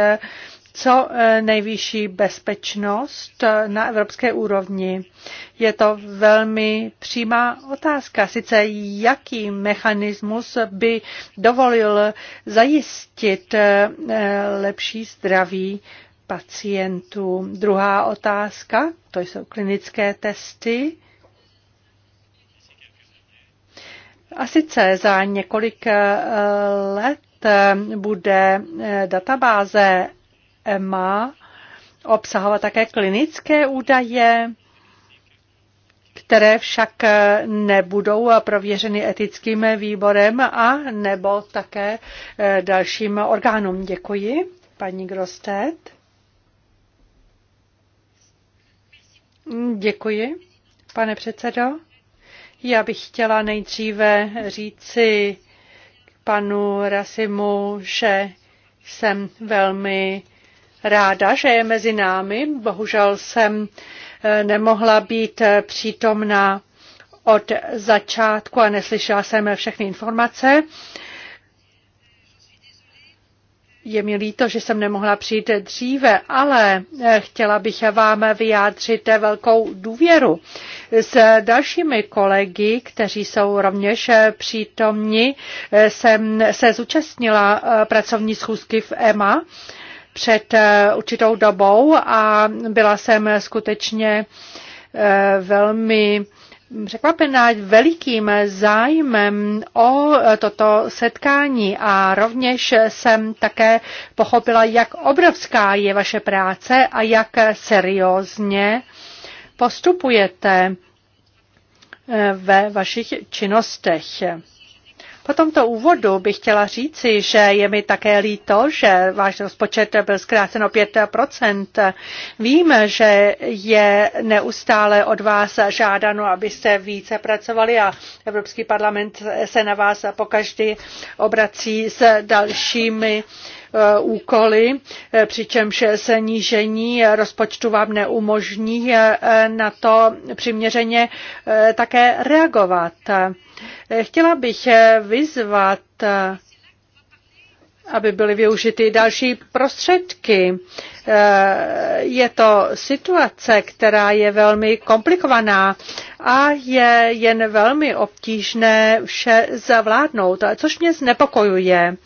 co eh, nejvyšší bezpečnost eh, na evropské úrovni. Je to velmi přímá otázka, sice jaký mechanismus by dovolil zajistit eh, lepší zdraví pacientů. Druhá otázka, to jsou klinické testy. A sice za několik eh, let eh, bude eh, databáze EMA obsahovat také klinické údaje, které však nebudou prověřeny etickým výborem a nebo také dalším orgánům. Děkuji, paní Grostet. Děkuji, pane předsedo. Já bych chtěla nejdříve říci panu Rasimu, že jsem velmi ráda, že je mezi námi. Bohužel jsem eh, nemohla být eh, přítomna od začátku a neslyšela jsem všechny informace. Je mi líto, že jsem nemohla přijít dříve, ale eh, chtěla bych vám vyjádřit velkou důvěru. S dalšími kolegy, kteří jsou rovněž eh, přítomni, eh, jsem se zúčastnila pracovní schůzky v EMA před určitou dobou a byla jsem skutečně velmi překvapená velikým zájmem o toto setkání a rovněž jsem také pochopila, jak obrovská je vaše práce a jak seriózně postupujete eh, ve vašich činnostech. Po tomto úvodu bych chtěla říci, že je mi také líto, že váš rozpočet byl zkrácen o 5 Vím, že je neustále od vás žádáno, abyste více pracovali a Evropský parlament se na vás pokaždý obrací s dalšími Eh, úkoly, eh, přičemž snížení rozpočtu vám neumožní eh, na to přiměřeně také reagovat. Chtěla bych vyzvat aby byly využity další prostředky. Eh, je to situace, která je velmi komplikovaná a je jen velmi obtížné vše zavládnout, což mě znepokojuje.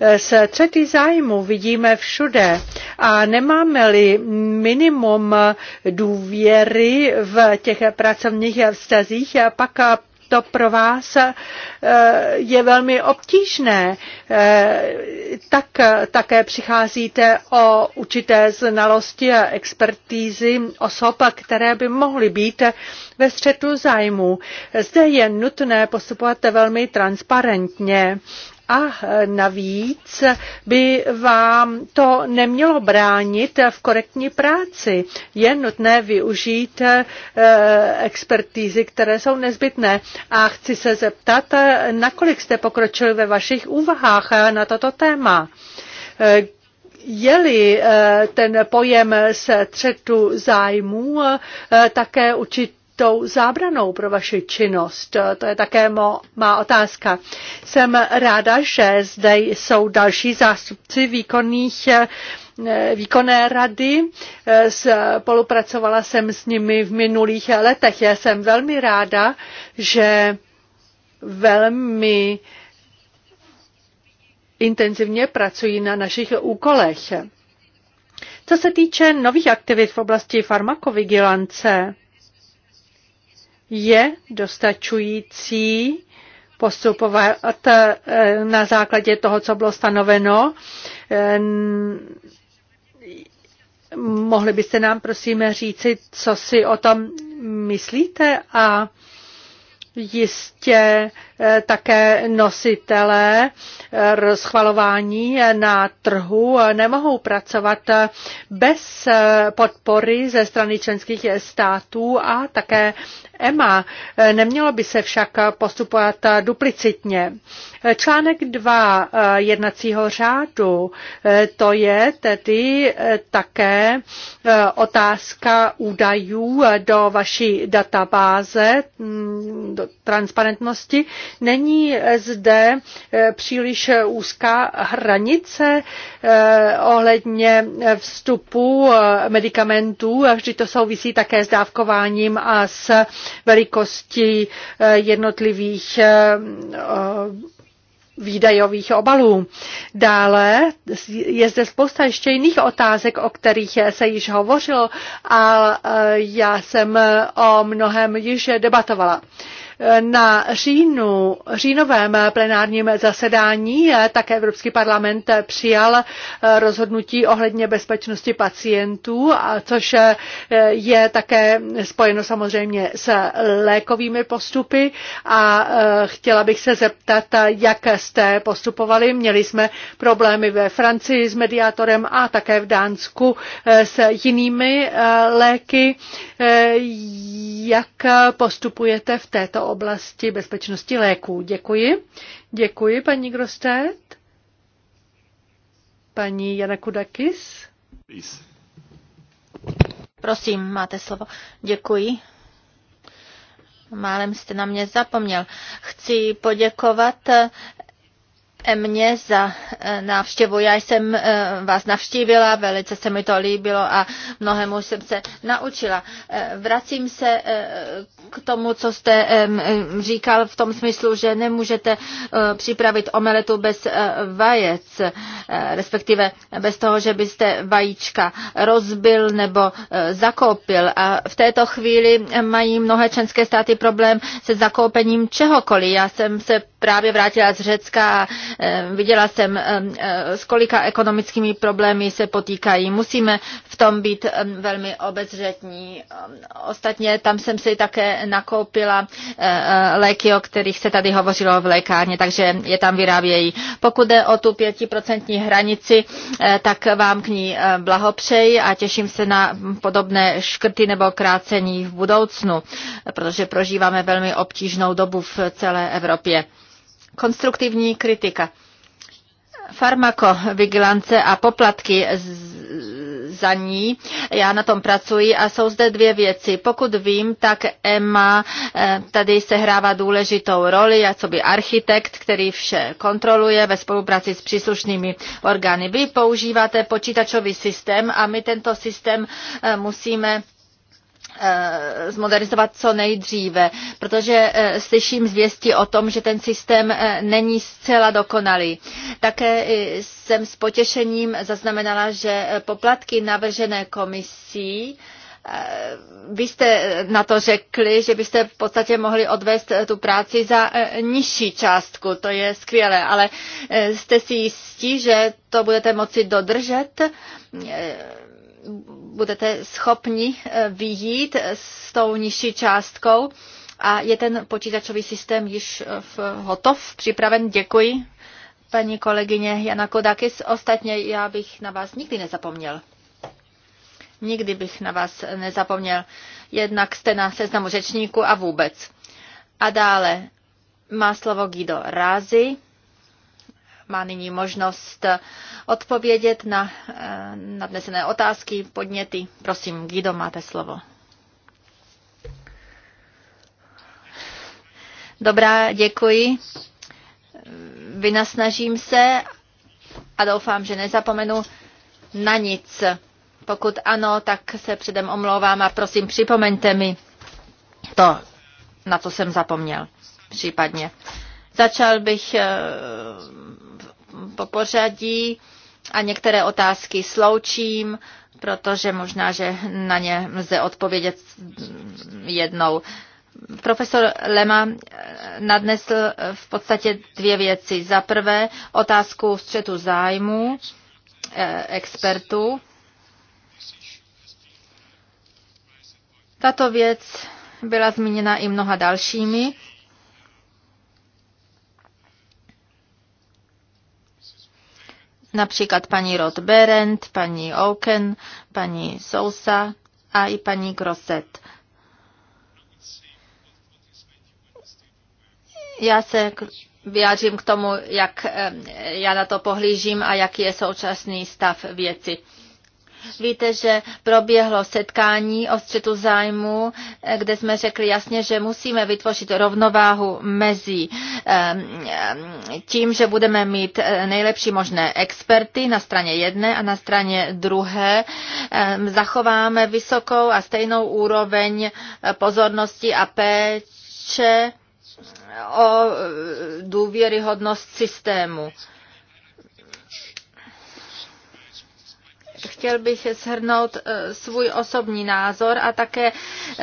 Eh, třetí zájmu vidíme všude a nemáme-li minimum důvěry v těch pracovních vztazích, pak to pro vás eh, je velmi obtížné. Eh, tak také přicházíte o určité znalosti a expertízy osob, které by mohly být ve střetu zájmu. Zde je nutné postupovat velmi transparentně. A navíc by vám to nemělo bránit v korektní práci. Je nutné využít eh, expertízy, které jsou nezbytné. A chci se zeptat, eh, nakolik jste pokročili ve vašich úvahách eh, na toto téma. Je-li ten pojem třetu zájmů také určitě tou zábranou pro vaši činnost? To je také mo, má otázka. Jsem ráda, že zde jsou další zástupci výkonných eh, výkonné rady. Eh, spolupracovala jsem s nimi v minulých letech. Já jsem velmi ráda, že velmi intenzivně pracují na našich úkolech. Co se týče nových aktivit v oblasti farmakovigilance, je dostačující postupovat eh, na základě toho, co bylo stanoveno. Eh, mohli byste nám prosím říci, co si o tom myslíte a jistě eh, také nositelé schvalování na trhu nemohou pracovat bez podpory ze strany členských států a také EMA. Eh, nemělo by se však postupovat eh, duplicitně. Eh, článek 2 jednacího řádu, to je tedy také otázka údajů do vaší databáze, mm, do transparentnosti. Není zde příliš úzká hranice ohledně vstupu medicamentů, vždy to souvisí také s dávkováním a s velikosti eh, jednotlivých eh, eh, výdajových obalů. Dále je zde spousta ještě jiných otázek, o kterých se již hovořilo a já jsem o mnohem již debatovala. Na říjnu, říjnovém plenárním zasedání také Evropský parlament přijal rozhodnutí ohledně bezpečnosti pacientů, což je také spojeno samozřejmě s lékovými postupy a eh, chtěla bych se zeptat, jak jste postupovali. Měli jsme problémy ve Francii s mediátorem a také v Dánsku eh, s jinými eh, léky. Jak postupujete v této oblasti bezpečnosti léků. Děkuji. Děkuji, paní Grostet. Paní Jana Kudakis. Please. Prosím, máte slovo. Děkuji. Málem jste na mě zapomněl. Chci poděkovat mě za e, návštěvu. Já jsem e, vás navštívila, velice se mi to líbilo a mnohému jsem se naučila. E, vracím se k tomu, co jste říkal v tom smyslu, že nemůžete připravit omeletu bez vajec, respektive bez toho, že byste vajíčka rozbil nebo zakoupil. A v této chvíli mají mnohé členské státy problém se zakoupením čehokoliv. Já jsem se právě vrátila z Řecka a Eh, viděla jsem, eh, eh, s kolika ekonomickými problémy se potýkají. Musíme v tom být velmi obezřetní. Ostatně tam jsem si také nakoupila léky, o kterých se tady hovořilo v lékárně, takže je tam vyrábějí. Pokud jde o tu pětiprocentní hranici, tak vám k ní blahopřeji a těším se na podobné škrty nebo krácení v budoucnu, protože prožíváme velmi obtížnou dobu v celé Evropě konstruktivní kritika. Farmakovigilance a poplatky za ní, já na tom pracuji a jsou zde dvě věci. Pokud vím, tak EMA eh, tady sehrává důležitou roli, jako by architekt, který vše kontroluje ve spolupráci s příslušnými orgány. Vy používáte počítačový systém a my tento systém eh, musíme Eh, zmodernizovat co nejdříve, protože eh, slyším zvěsti o tom, že ten systém eh, není zcela dokonalý. Také jsem s potěšením zaznamenala, že poplatky navržené komisí vy jste na to řekli, že byste v podstatě mohli odvést tu práci za nižší částku. To je skvělé, ale jste si jistí, že to budete moci dodržet? budete schopni eh, vyjít eh, s tou nižší částkou. A je ten počítačový systém již eh, v, hotov, připraven? Děkuji, paní kolegyně Jana Kodakis. Ostatně já bych na vás nikdy nezapomněl. Nikdy bych na vás nezapomněl. Jednak jste na seznamu řečníku a vůbec. A dále má slovo Guido Rázy má nyní možnost odpovědět na eh, nadnesené otázky, podněty. Prosím, Guido, máte slovo. Dobrá, děkuji. Vynasnažím se a doufám, že nezapomenu na nic. Pokud ano, tak se předem omlouvám a prosím, připomeňte mi to, na co jsem zapomněl případně. Začal bych eh, po pořadí a některé otázky sloučím, protože možná, že na ně lze odpovědět jednou. Profesor Lema eh, nadnesl v podstatě dvě věci. Za prvé otázku střetu zájmu eh, expertů. Tato věc byla zmíněna i mnoha dalšími například paní Roth Berend, paní Oken, paní Sousa a i paní Grosset. Já se vyjádřím k tomu, jak eh, já na to pohlížím a jaký je současný stav věci. Víte, že proběhlo setkání o střetu zájmu, eh, kde jsme řekli jasně, že musíme vytvořit rovnováhu mezi ehm, ehm, tím, že budeme mít eh, nejlepší možné experty na straně jedné a na straně druhé. Ehm, zachováme vysokou a stejnou úroveň eh, pozornosti a péče o důvěryhodnost systému. Chtěl bych shrnout eh, svůj osobní názor a také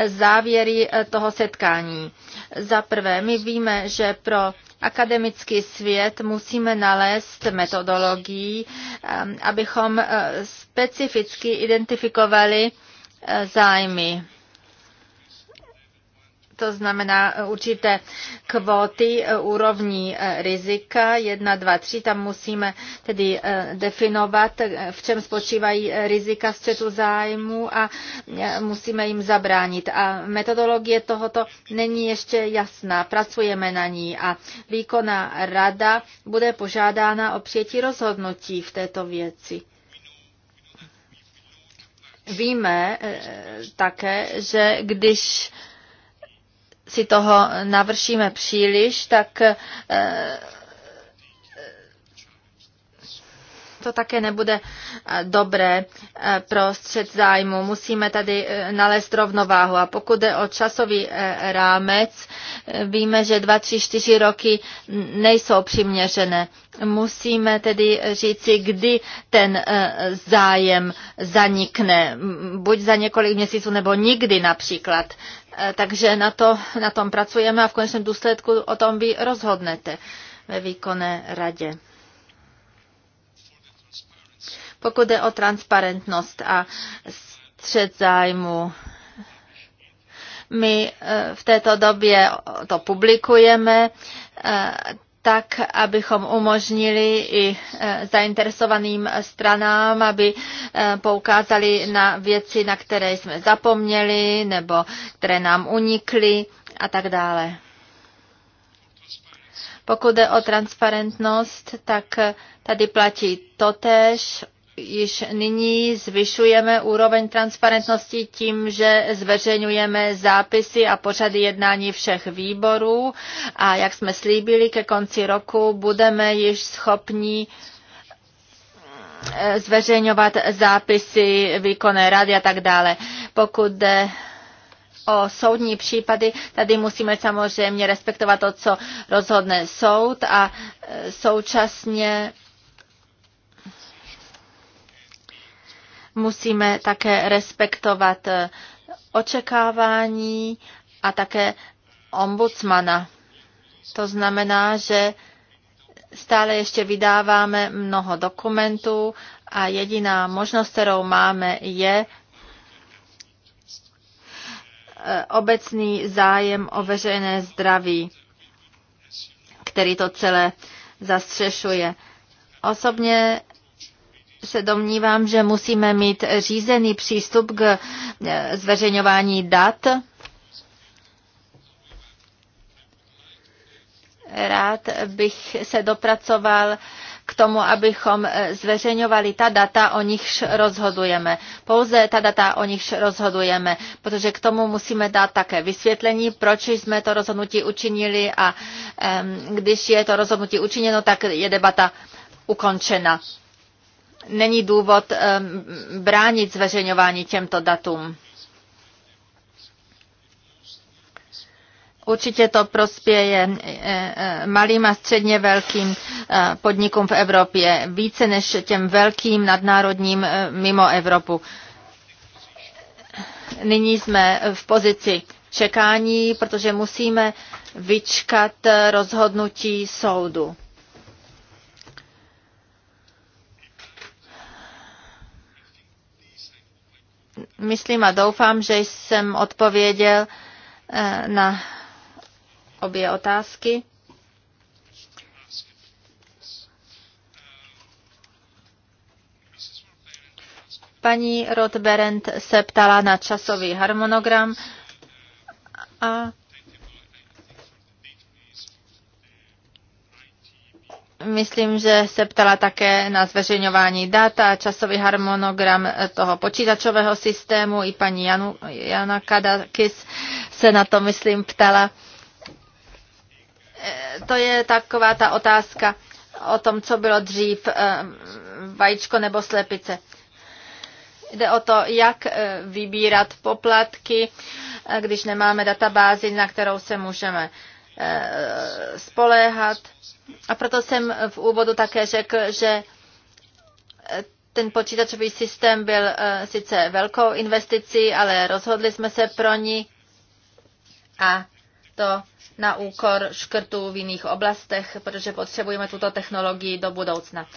závěry eh, toho setkání. Za prvé, my víme, že pro akademický svět musíme nalézt metodologii, eh, abychom specificky identifikovali zájmy to znamená e, určité kvóty e, úrovní e, rizika 1, 2, 3, tam musíme tedy definovat, v čem spočívají rizika střetu zájmu a musíme jim zabránit. A metodologie tohoto není ještě jasná, pracujeme na ní a výkonná rada bude požádána o přijetí rozhodnutí v této věci. Víme také, že když si toho navršíme příliš, tak eh, to také nebude eh, dobré eh, pro střed zájmu. Musíme tady eh, nalézt rovnováhu. A pokud jde o časový rámec, víme, že 2, 3, 4 roky nejsou přiměřené. Musíme tedy říci, kdy ten zájem zanikne. Buď za několik měsíců nebo nikdy například. Takže na, to, na tom pracujeme a v konečném důsledku o tom vy rozhodnete ve výkonné radě. Pokud jde o transparentnost a střed zájmu, my eh, v této době to publikujeme eh, tak, abychom umožnili i eh, zainteresovaným stranám, aby poukázali na věci, na které jsme zapomněli nebo které nám unikly a tak dále. Pokud jde o transparentnost, tak tady platí totéž již nyní zvyšujeme úroveň transparentnosti tím, že zveřejňujeme zápisy a pořady jednání všech výborů a jak jsme slíbili, ke konci roku budeme již schopni eh, zveřejňovat zápisy výkonné rady a tak dále. Pokud jde o soudní případy, tady musíme samozřejmě respektovat to, co rozhodne soud a eh, současně Musíme také respektovat eh, očekávání a také ombudsmana. To znamená, že stále ještě vydáváme mnoho dokumentů a jediná možnost, kterou máme, je eh, obecný zájem o veřejné zdraví, který to celé zastřešuje. Osobně se domnívám, že musíme mít řízený přístup k eh, zveřejňování dat. Rád bych se dopracoval k tomu, abychom eh, zveřejňovali ta data, o nichž rozhodujeme. Pouze ta data, o nichž rozhodujeme, protože k tomu musíme dát také vysvětlení, proč jsme to rozhodnutí učinili a když je to rozhodnutí učiněno, tak je debata ukončena není důvod eh, bránit zveřejňování těmto datům. Určitě to prospěje eh, eh, malým a středně velkým podnikům v Evropě, více než těm velkým nadnárodním mimo Evropu. Nyní jsme v pozici čekání, protože musíme vyčkat rozhodnutí soudu. myslím a doufám, že jsem odpověděl eh, na obě otázky. Paní Rothberend se ptala na časový harmonogram a Myslím, že se ptala také na zveřejňování data, časový harmonogram toho počítačového systému. I paní Janu, Jana Kadakis se na to, myslím, ptala. E, to je taková ta otázka o tom, co bylo dřív, e, vajíčko nebo slepice. Jde o to, jak e, vybírat poplatky, když nemáme databázi, na kterou se můžeme Eh, spoléhat. A proto jsem v úvodu také řekl, že eh, ten počítačový systém byl eh, sice velkou investicí, ale rozhodli jsme se pro ní a to na úkor škrtů v jiných oblastech, protože potřebujeme tuto technologii do budoucna.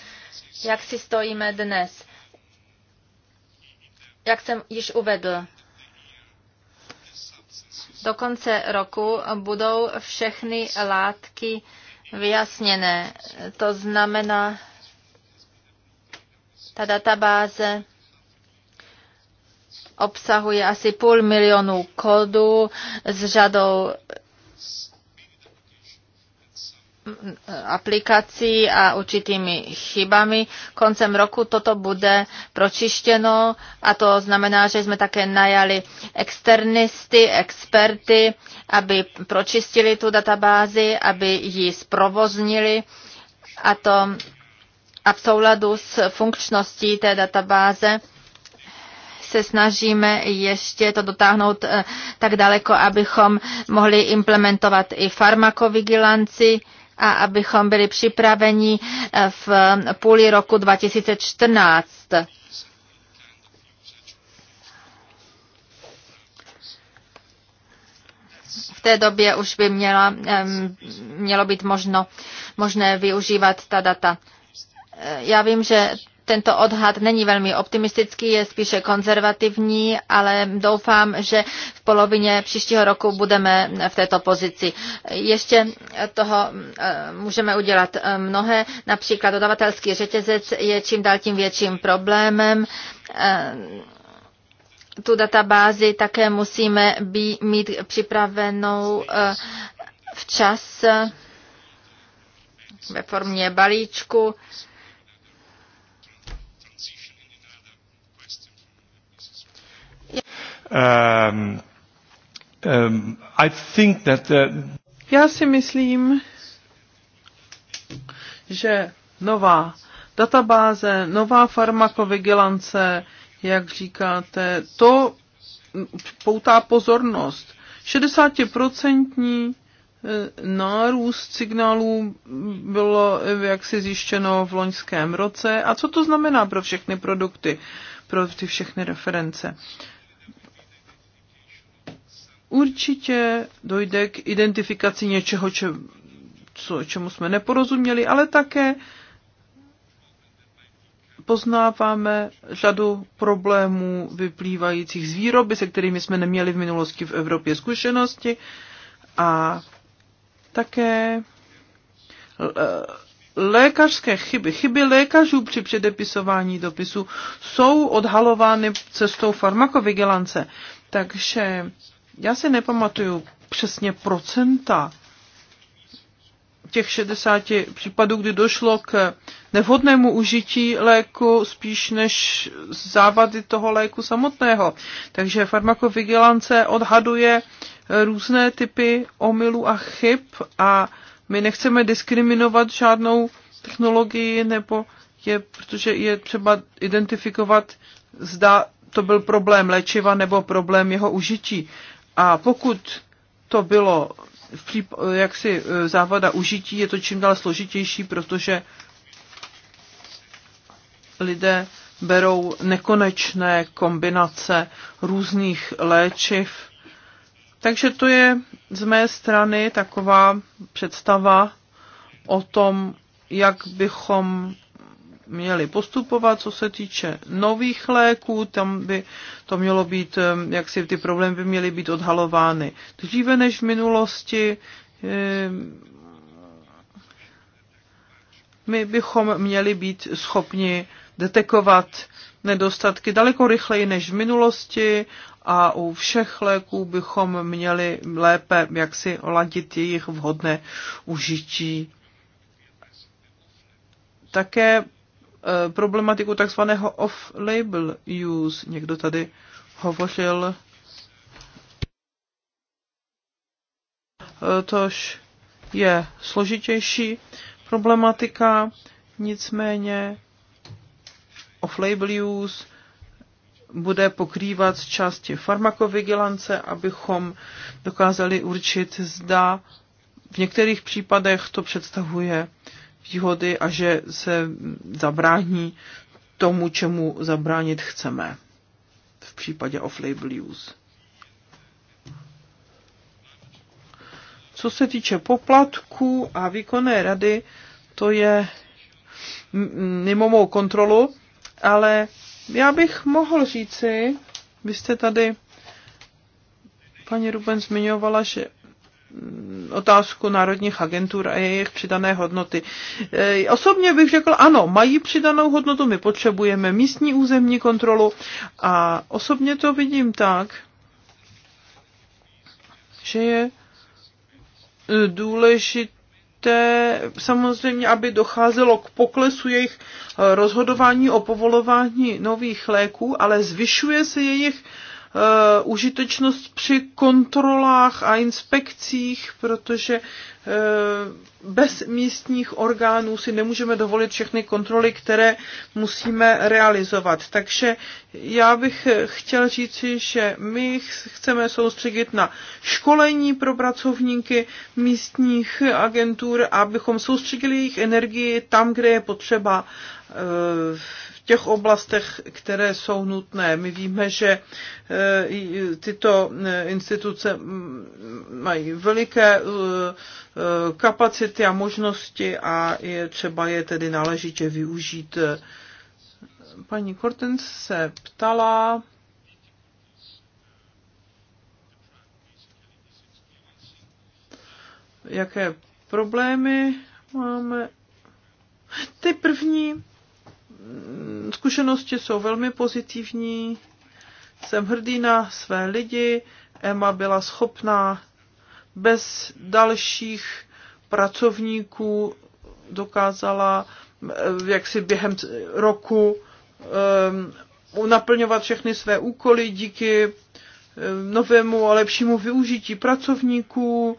Jak si stojíme dnes? Jak jsem již uvedl, do konce roku budou všechny látky vyjasněné. To znamená, ta databáze obsahuje asi půl milionu kódů s řadou aplikací a určitými chybami. Koncem roku toto bude pročištěno a to znamená, že jsme také najali externisty, experty, aby pročistili tu databázi, aby ji zprovoznili a to a v souladu s funkčností té databáze se snažíme ještě to dotáhnout eh, tak daleko, abychom mohli implementovat i farmakovigilanci, a abychom byli připraveni eh, v půli roku 2014. V té době už by měla, mělo být možno, možné využívat ta data. Eh, já vím, že tento odhad není velmi optimistický, je spíše konzervativní, ale doufám, že v polovině příštího roku budeme v této pozici. Ještě toho eh, můžeme udělat eh, mnohé, například dodavatelský řetězec je čím dál tím větším problémem eh, tu databázi také musíme být, mít připravenou včas ve formě balíčku. Um, um, I think that the... Já si myslím, že nová databáze, nová farmakovigilance, jak říkáte, to poutá pozornost. 60% eh, nárůst signálů bylo eh, jaksi zjištěno v loňském roce. A co to znamená pro všechny produkty, pro ty všechny reference? určitě dojde k identifikaci něčeho, če, co, čemu jsme neporozuměli, ale také poznáváme řadu problémů vyplývajících z výroby, se kterými jsme neměli v minulosti v Evropě zkušenosti a také eh, lékařské chyby, chyby lékařů při předepisování dopisu jsou odhalovány cestou farmakovigilance. Takže já si nepamatuju přesně procenta těch 60 případů, kdy došlo k nevhodnému užití léku spíš než závady toho léku samotného. Takže farmakovigilance odhaduje různé typy omylů a chyb a my nechceme diskriminovat žádnou technologii nebo je, protože je třeba identifikovat, zda to byl problém léčiva nebo problém jeho užití. A pokud to bylo v příp- jaksi eh, závada užití, je to čím dál složitější, protože lidé berou nekonečné kombinace různých léčiv. Takže to je z mé strany taková představa o tom, jak bychom měli postupovat. Co se týče nových léků, tam by to mělo být, jak si ty problémy by měly být odhalovány dříve než v minulosti. My bychom měli být schopni detekovat nedostatky daleko rychleji než v minulosti a u všech léků bychom měli lépe jaksi ladit jejich vhodné užití. Také Eh, problematiku takzvaného off-label use. Někdo tady hovořil eh, tož je složitější problematika, nicméně off-label use bude pokrývat části farmakovigilance, abychom dokázali určit, zda v některých případech to představuje výhody a že se zabrání tomu, čemu zabránit chceme v případě off-label use. Co se týče poplatků a výkonné rady, to je mimo mou kontrolu, ale já bych mohl říci, vy jste tady, paní Ruben, zmiňovala, že otázku národních agentur a jejich přidané hodnoty. E, osobně bych řekl, ano, mají přidanou hodnotu, my potřebujeme místní územní kontrolu a osobně to vidím tak, že je důležité samozřejmě, aby docházelo k poklesu jejich rozhodování o povolování nových léků, ale zvyšuje se jejich Eh, užitečnost při kontrolách a inspekcích, protože eh, bez místních orgánů si nemůžeme dovolit všechny kontroly, které musíme realizovat. Takže já bych chtěl říci, že my chceme soustředit na školení pro pracovníky místních agentur, abychom soustředili jejich energii tam, kde je potřeba eh, těch oblastech, které jsou nutné. My víme, že e, tyto e, instituce mají veliké e, kapacity a možnosti a je třeba je tedy náležitě využít. Paní Kortens se ptala, jaké problémy máme. Ty první zkušenosti jsou velmi pozitivní. Jsem hrdý na své lidi. Emma byla schopná bez dalších pracovníků dokázala eh, jak si během roku um, naplňovat všechny své úkoly díky eh, novému a lepšímu využití pracovníků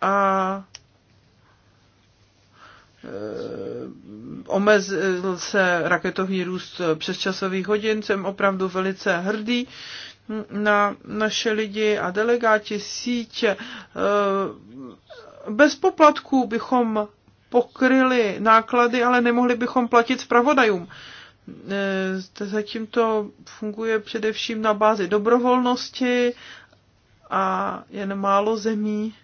a Eh, omezil se raketový růst časových hodin. Jsem opravdu velice hrdý na naše lidi a delegáti sítě. Eh, bez poplatků bychom pokryli náklady, ale nemohli bychom platit zpravodajům. Eh, zatím to funguje především na bázi dobrovolnosti a jen málo zemí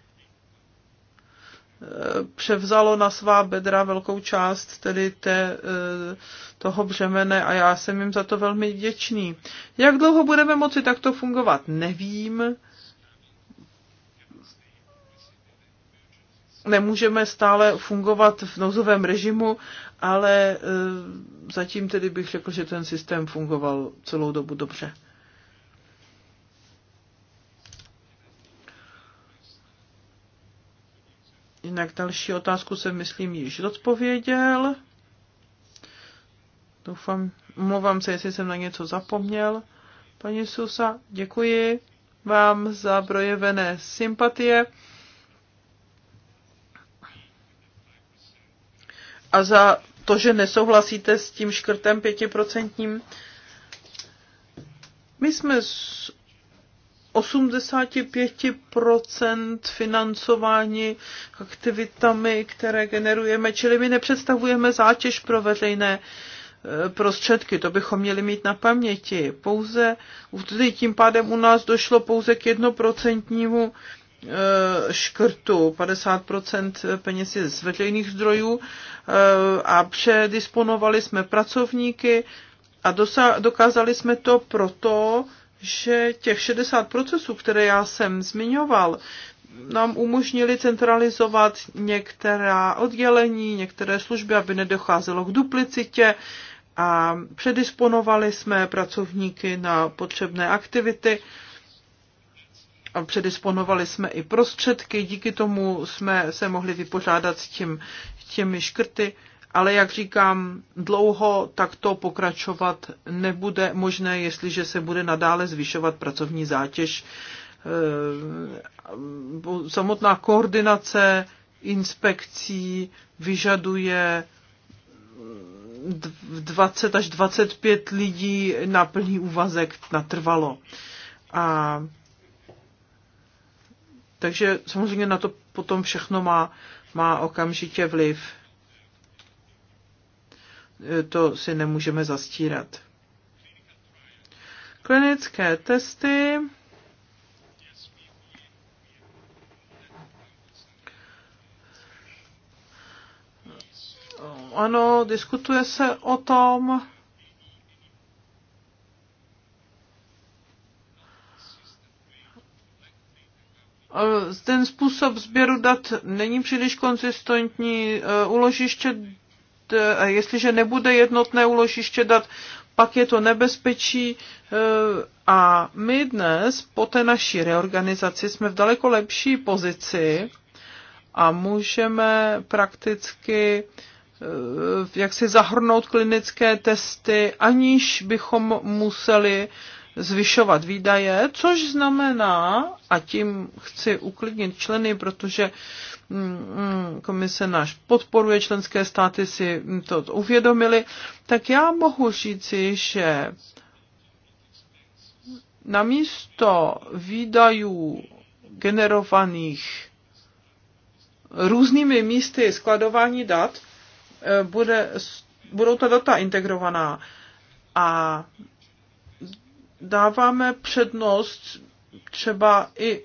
převzalo na svá bedra velkou část tedy té, e, toho břemene a já jsem jim za to velmi vděčný. Jak dlouho budeme moci takto fungovat, nevím. Nemůžeme stále fungovat v nouzovém režimu, ale e, zatím tedy bych řekl, že ten systém fungoval celou dobu dobře. Jinak další otázku jsem, myslím, již odpověděl. Doufám, mluvám se, jestli jsem na něco zapomněl. Paní Susa, děkuji vám za projevené sympatie a za to, že nesouhlasíte s tím škrtem pětiprocentním. My jsme s 85% financování aktivitami, které generujeme, čili my nepředstavujeme zátěž pro veřejné e, prostředky, to bychom měli mít na paměti. Pouze, tím pádem u nás došlo pouze k jednoprocentnímu e, škrtu 50% peněz je z veřejných zdrojů e, a předisponovali jsme pracovníky a dokázali jsme to proto, že těch 60 procesů, které já jsem zmiňoval, nám umožnili centralizovat některá oddělení, některé služby, aby nedocházelo k duplicitě a předisponovali jsme pracovníky na potřebné aktivity a předisponovali jsme i prostředky, díky tomu jsme se mohli vypořádat s tím, těmi škrty ale jak říkám, dlouho takto pokračovat nebude možné, jestliže se bude nadále zvyšovat pracovní zátěž. Eh, samotná koordinace inspekcí vyžaduje 20 až 25 lidí na plný úvazek natrvalo. A takže samozřejmě na to potom všechno má, má okamžitě vliv to si nemůžeme zastírat. Klinické testy. Ano, diskutuje se o tom, ten způsob sběru dat není příliš konzistentní, uložiště E, a jestliže nebude jednotné úložiště dat, pak je to nebezpečí e, a my dnes po té naší reorganizaci jsme v daleko lepší pozici a můžeme prakticky e, jak si zahrnout klinické testy, aniž bychom museli zvyšovat výdaje, což znamená, a tím chci uklidnit členy, protože mm, mm, komise náš podporuje, členské státy si to uvědomili, tak já mohu říci, že namísto výdajů generovaných různými místy skladování dat, eh, bude, budou ta data integrovaná. A dáváme přednost třeba i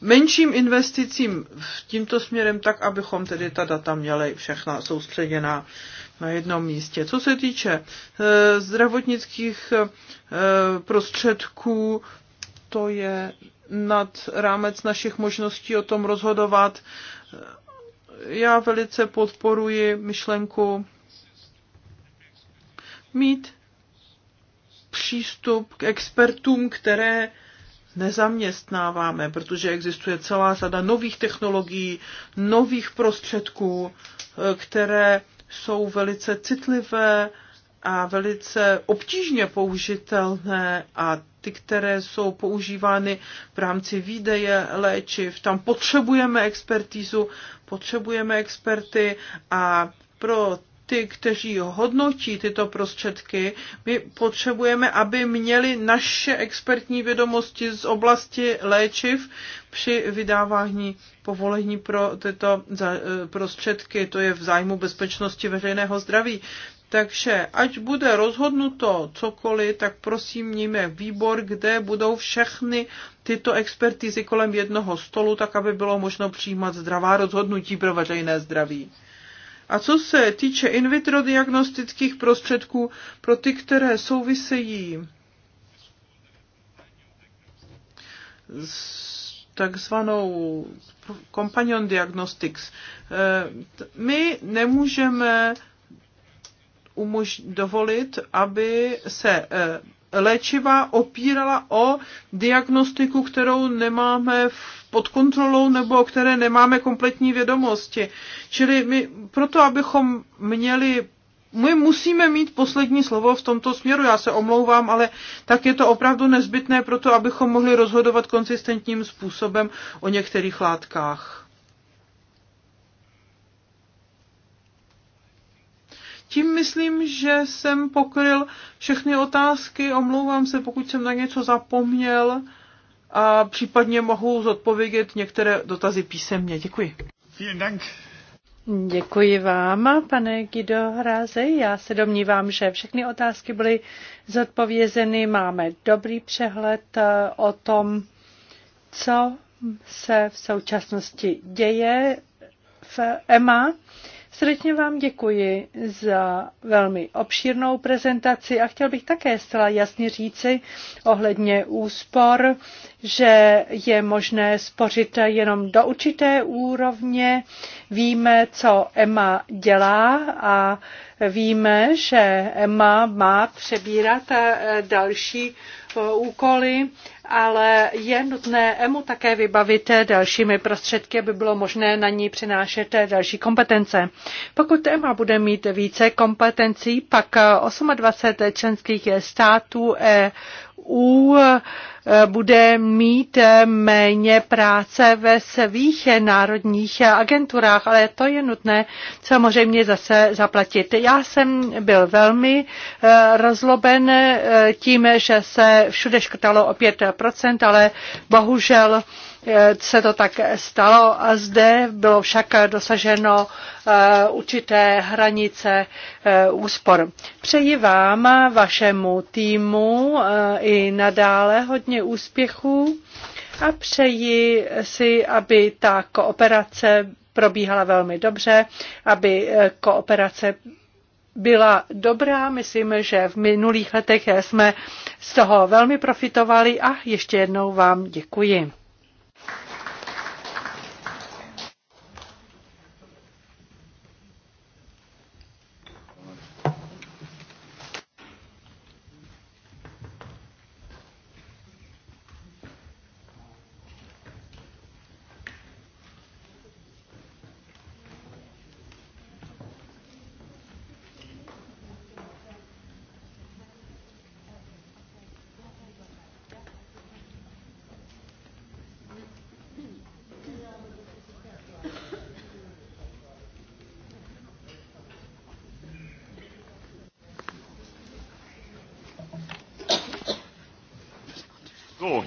menším investicím v tímto směrem, tak abychom tedy ta data měli všechna soustředěná na jednom místě. Co se týče eh, zdravotnických eh, prostředků, to je nad rámec našich možností o tom rozhodovat. Já velice podporuji myšlenku mít přístup k expertům, které nezaměstnáváme, protože existuje celá řada nových technologií, nových prostředků, eh, které jsou velice citlivé a velice obtížně použitelné a ty, které jsou používány v rámci výdeje léčiv. Tam potřebujeme expertízu, potřebujeme experty a pro ty, kteří hodnotí tyto prostředky, my potřebujeme, aby měli naše expertní vědomosti z oblasti léčiv při vydávání povolení pro tyto e, prostředky. To je v zájmu bezpečnosti veřejného zdraví. Takže ať bude rozhodnuto cokoliv, tak prosím mějme výbor, kde budou všechny tyto expertizy kolem jednoho stolu, tak aby bylo možno přijímat zdravá rozhodnutí pro veřejné zdraví. A co se týče in vitro diagnostických prostředků pro ty, které souvisejí s takzvanou companion diagnostics, eh, my nemůžeme umož- dovolit, aby se eh, léčiva opírala o diagnostiku, kterou nemáme pod kontrolou nebo o které nemáme kompletní vědomosti. Čili my proto, abychom měli my musíme mít poslední slovo v tomto směru, já se omlouvám, ale tak je to opravdu nezbytné pro to, abychom mohli rozhodovat konsistentním způsobem o některých látkách. Tím myslím, že jsem pokryl všechny otázky, omlouvám se, pokud jsem na něco zapomněl a případně mohu zodpovědět některé dotazy písemně. Děkuji. Děkuji vám, pane Guido Hráze. Já se domnívám, že všechny otázky byly zodpovězeny. Máme dobrý přehled eh, o tom, co se v současnosti děje v EMA. Srdečně vám děkuji za velmi obšírnou prezentaci a chtěl bych také zcela jasně říci ohledně úspor, že je možné spořit jenom do určité úrovně. Víme, co EMA dělá a víme, že EMA má přebírat další úkoly ale je nutné EMU také vybavit dalšími prostředky, aby bylo možné na ní přinášet další kompetence. Pokud EMA bude mít více kompetencí, pak 28 členských států EU eh, bude mít eh, méně práce ve svých eh, národních agenturách, ale to je nutné samozřejmě zase zaplatit. Já jsem byl velmi rozloben tím, že se všude škrtalo o 5%, ale bohužel se to tak stalo a zde bylo však dosaženo eh, určité hranice eh, úspor. Přeji vám, vašemu týmu eh, i nadále hodně úspěchů a přeji si, aby ta kooperace probíhala velmi dobře, aby kooperace byla dobrá. Myslím, že v minulých letech jsme z toho velmi profitovali a ještě jednou vám děkuji.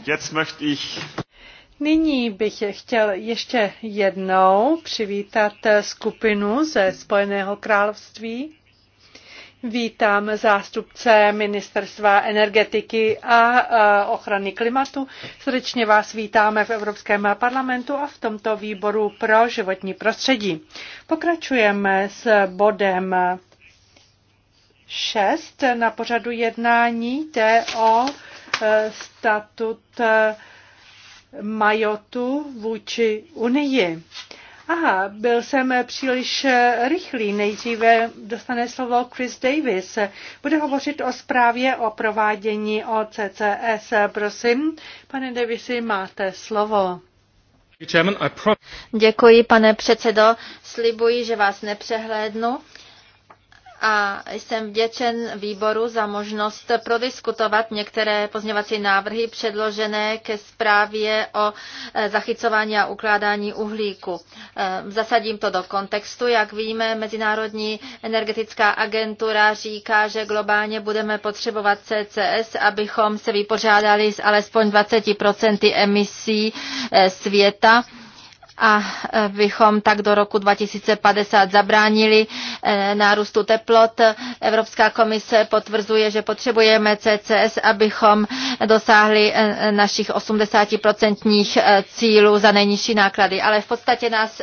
Jetzt möchte ich Nyní bych chtěl ještě jednou přivítat skupinu ze Spojeného království. Vítám zástupce Ministerstva energetiky a ochrany klimatu. Srdečně vás vítáme v Evropském parlamentu a v tomto výboru pro životní prostředí. Pokračujeme s bodem 6 na pořadu jednání. Jde o statut eh, Majotu vůči Unii. Aha, byl jsem příliš rychlý. Nejdříve dostane slovo Chris Davis. Bude hovořit o zprávě o provádění OCCS. Prosím, pane Davisi, máte slovo. Děkuji, pane předsedo. Slibuji, že vás nepřehlédnu a jsem vděčen výboru za možnost prodiskutovat některé pozměvací návrhy předložené ke zprávě o e, zachycování a ukládání uhlíku. E, zasadím to do kontextu. Jak víme, Mezinárodní energetická agentura říká, že globálně budeme potřebovat CCS, abychom se vypořádali s alespoň 20 emisí e, světa a e, bychom tak do roku 2050 zabránili e, nárůstu teplot. Evropská komise potvrzuje, že potřebujeme CCS, abychom dosáhli e, našich 80% cílů za nejnižší náklady. Ale v podstatě nás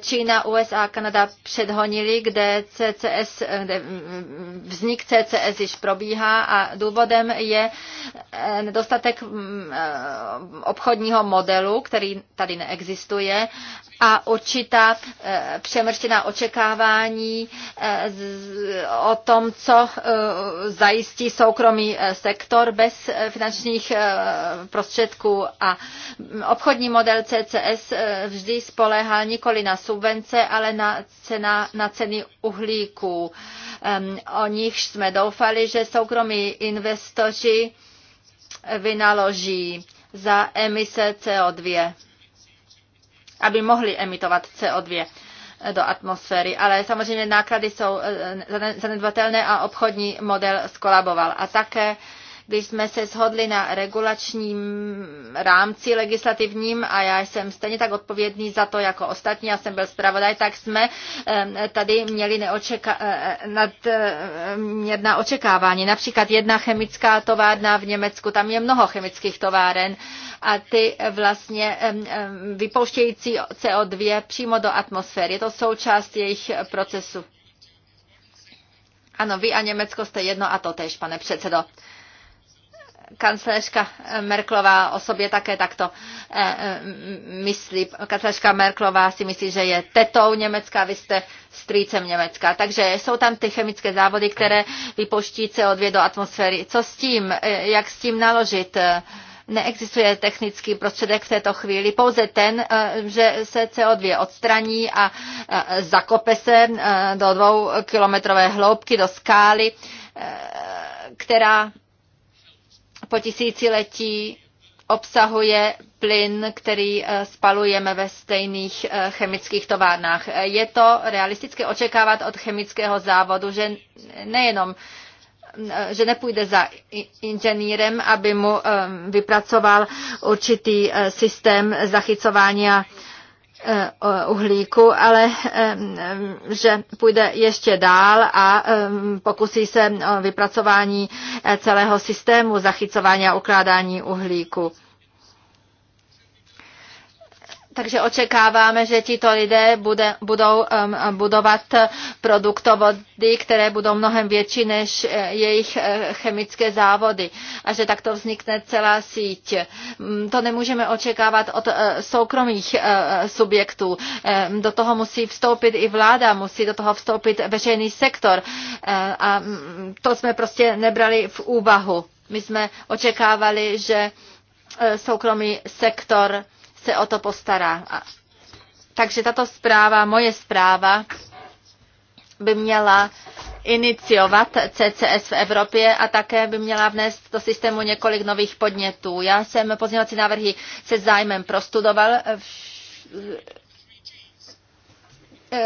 Čína, USA a Kanada předhonili, kde, CCS, kde vznik CCS již probíhá a důvodem je nedostatek obchodního modelu, který tady neexistuje je a určitá eh, přemrštěná očekávání eh, o tom, co eh, zajistí soukromý sektor bez finančních prostředků. A mm, obchodní model CCS vždy spoléhal nikoli na subvence, ale na, cena, na ceny uhlíků. Ehm, o nich jsme doufali, že soukromí investoři vynaloží za emise CO2 aby mohli emitovat CO2 do atmosféry, ale samozřejmě náklady jsou eh, zanedbatelné a obchodní model skolaboval. A také kdy jsme se shodli na regulačním rámci legislativním a já jsem stejně tak odpovědný za to jako ostatní, já jsem byl zpravodaj, tak jsme tady měli neočeka- e, e, nadměrná e, očekávání. Například jedna chemická továrna v Německu, tam je mnoho chemických továren a ty vlastně vypouštějící CO2 přímo do atmosféry. Je to součást jejich procesu. Ano, vy a Německo jste jedno a to tež, pane předsedo. Kancelářka Merklová o sobě také takto eh, eh, myslí. Kancelářka Merklová si myslí, že je tetou Německa, vy jste strýcem Německa. Takže jsou tam ty chemické závody, které vypoští CO2 do atmosféry. Co s tím? Eh, jak s tím naložit? neexistuje technický prostředek v této chvíli, pouze ten, že se CO2 odstraní a zakope se do dvou kilometrové hloubky, do skály, která po tisíciletí obsahuje plyn, který eh, spalujeme ve stejných eh, chemických továrnách. Eh, je to realisticky očekávat od chemického závodu, že nejenom že nepůjde za inženýrem, aby mu vypracoval určitý systém zachycování a Eh, uhlíku, ale eh, že půjde ještě dál a eh, pokusí se o vypracování celého systému zachycování a ukládání uhlíku. Takže očekáváme, že tito lidé bude, budou um, budovat produktovody, které budou mnohem větší než eh, jejich eh, chemické závody a že takto vznikne celá síť. Mm, to nemůžeme očekávat od eh, soukromých subjektů. Do toho musí vstoupit i vláda, musí do toho vstoupit veřejný sektor a mm, to jsme prostě nebrali v úvahu. My jsme očekávali, že soukromý sektor se o to postará. Takže tato zpráva, moje zpráva, by měla iniciovat CCS v Evropě a také by měla vnést do systému několik nových podnětů. Já jsem pozměňovací návrhy se zájmem prostudoval.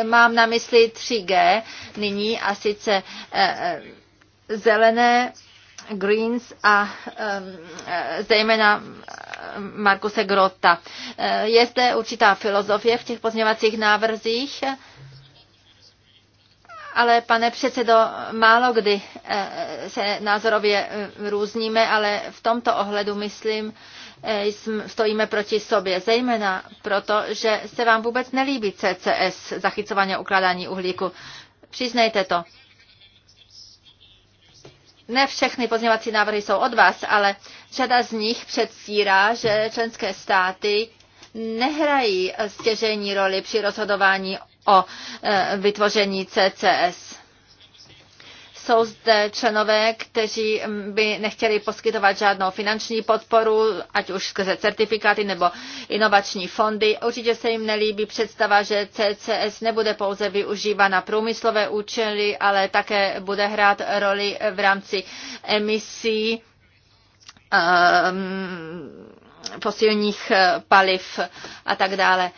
Mám na mysli 3G nyní a sice eh, eh, zelené Greens a zejména Markuse Grota. Eh, je zde určitá filozofie v těch pozměňovacích návrzích, ale pane předsedo, málo kdy eh, se názorově eh, různíme, ale v tomto ohledu myslím, stojíme proti sobě, zejména proto, že se vám vůbec nelíbí CCS, zachycování a ukládání uhlíku. Přiznejte to. Ne všechny pozměňovací návrhy jsou od vás, ale řada z nich předstírá, že členské státy nehrají stěžejní roli při rozhodování o e, vytvoření CCS. Jsou zde členové, kteří mm, by nechtěli poskytovat žádnou finanční podporu, ať už skrze certifikáty nebo inovační fondy. Určitě se jim nelíbí představa, že CCS nebude pouze využívat na průmyslové účely, ale také bude hrát roli v rámci emisí um, fosilních paliv a tak dále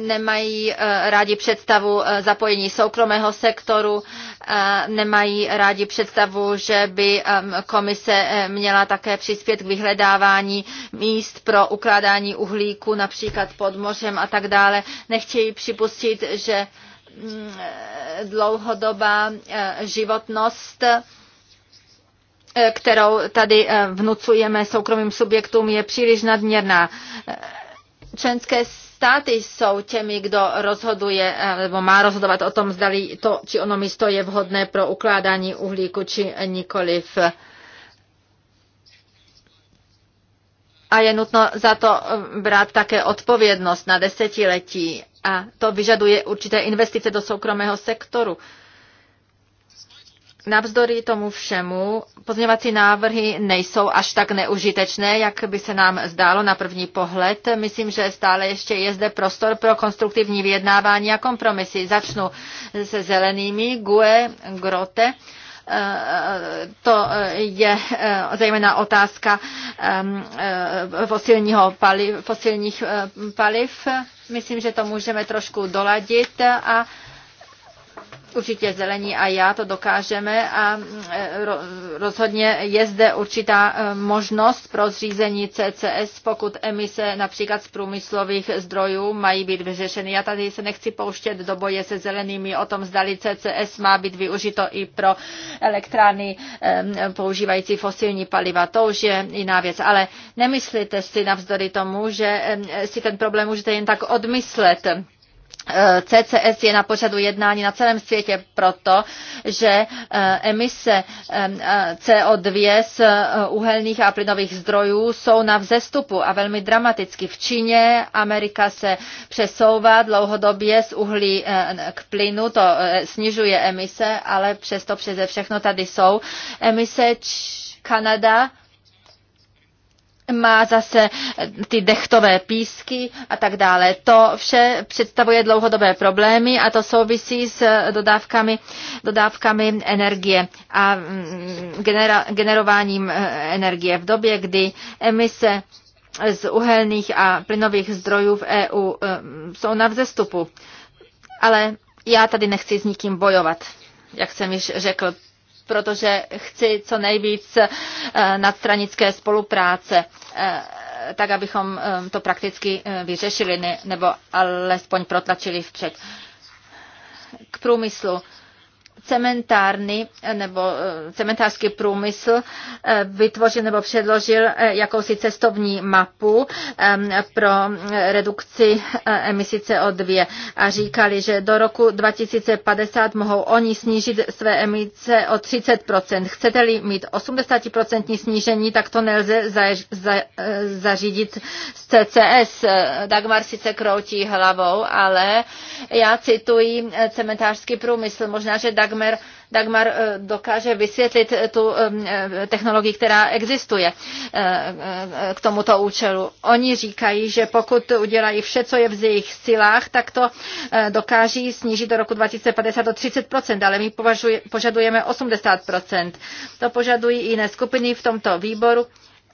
nemají eh, rádi představu eh, zapojení soukromého sektoru, eh, nemají rádi představu, že by komise měla také přispět k vyhledávání míst pro ukládání uhlíku, například pod mořem a tak dále. Nechtějí připustit, že mm, dlouhodobá životnost kterou tady vnucujeme soukromým subjektům, je příliš nadměrná členské státy jsou těmi, kdo rozhoduje eh, nebo má rozhodovat o tom, zda to či ono místo je vhodné pro ukládání uhlíku či nikoliv. A je nutno za to eh, brát také odpovědnost na desetiletí a to vyžaduje určité investice do soukromého sektoru. Navzdory tomu všemu pozměňovací návrhy nejsou až tak neužitečné, jak by se nám zdálo na první pohled. Myslím, že stále ještě je zde prostor pro konstruktivní vyjednávání a kompromisy. Začnu se zelenými, GUE, GROTE eh, to je eh, zejména otázka eh, fosilního paliv, fosilních paliv. Myslím, že to můžeme trošku doladit a určitě zelení a já to dokážeme a mm, eh, rozhodně je zde určitá eh, možnost pro zřízení CCS, pokud emise například z průmyslových zdrojů mají být vyřešeny. Já tady se nechci pouštět do boje se zelenými o tom, zdali CCS má být využito i pro elektrárny eh, používající fosilní paliva. To už je jiná věc, ale nemyslíte si navzdory tomu, že si ten problém můžete jen tak odmyslet Eh, CCS je na pořadu jednání na celém světě proto, že eh, emise eh, CO2 z uhelných a plynových zdrojů jsou na vzestupu a velmi dramaticky. V Číně Amerika se přesouvá dlouhodobě z uhlí k plynu, to snižuje emise, ale přesto přeze všechno tady jsou emise Kanada má zase ty dechtové písky a tak dále. To vše představuje dlouhodobé problémy a to souvisí s dodávkami, dodávkami energie a mm, genera, generováním eh, energie v době, kdy emise z uhelných a plynových zdrojů v EU eh, jsou na vzestupu. Ale já tady nechci s nikým bojovat. Jak jsem již řekl, protože chci co nejvíc eh, nadstranické spolupráce eh, tak, abychom eh, to prakticky vyřešili nebo alespoň protlačili vpřed. K průmyslu cementárny eh, nebo eh, cementářský průmysl eh, vytvořil nebo předložil jakousi cestovní mapu pro redukci emisí CO2 a říkali, že do roku 2050 mohou oni snížit své emise o 30%. Chcete-li mít 80% snížení, tak to nelze zařídit z CCS. Dagmar sice kroutí hlavou, ale já cituji cementářský průmysl. Možná, že Dagmar, Dagmar eh, dokáže vysvětlit eh, tu eh, technologii, která existuje k tomuto účelu. Oni říkají, že pokud udělají vše, co je v jejich silách, tak to dokáží snížit do roku 2050 o 30%, ale my požadujeme 80%. To požadují i jiné skupiny v tomto výboru,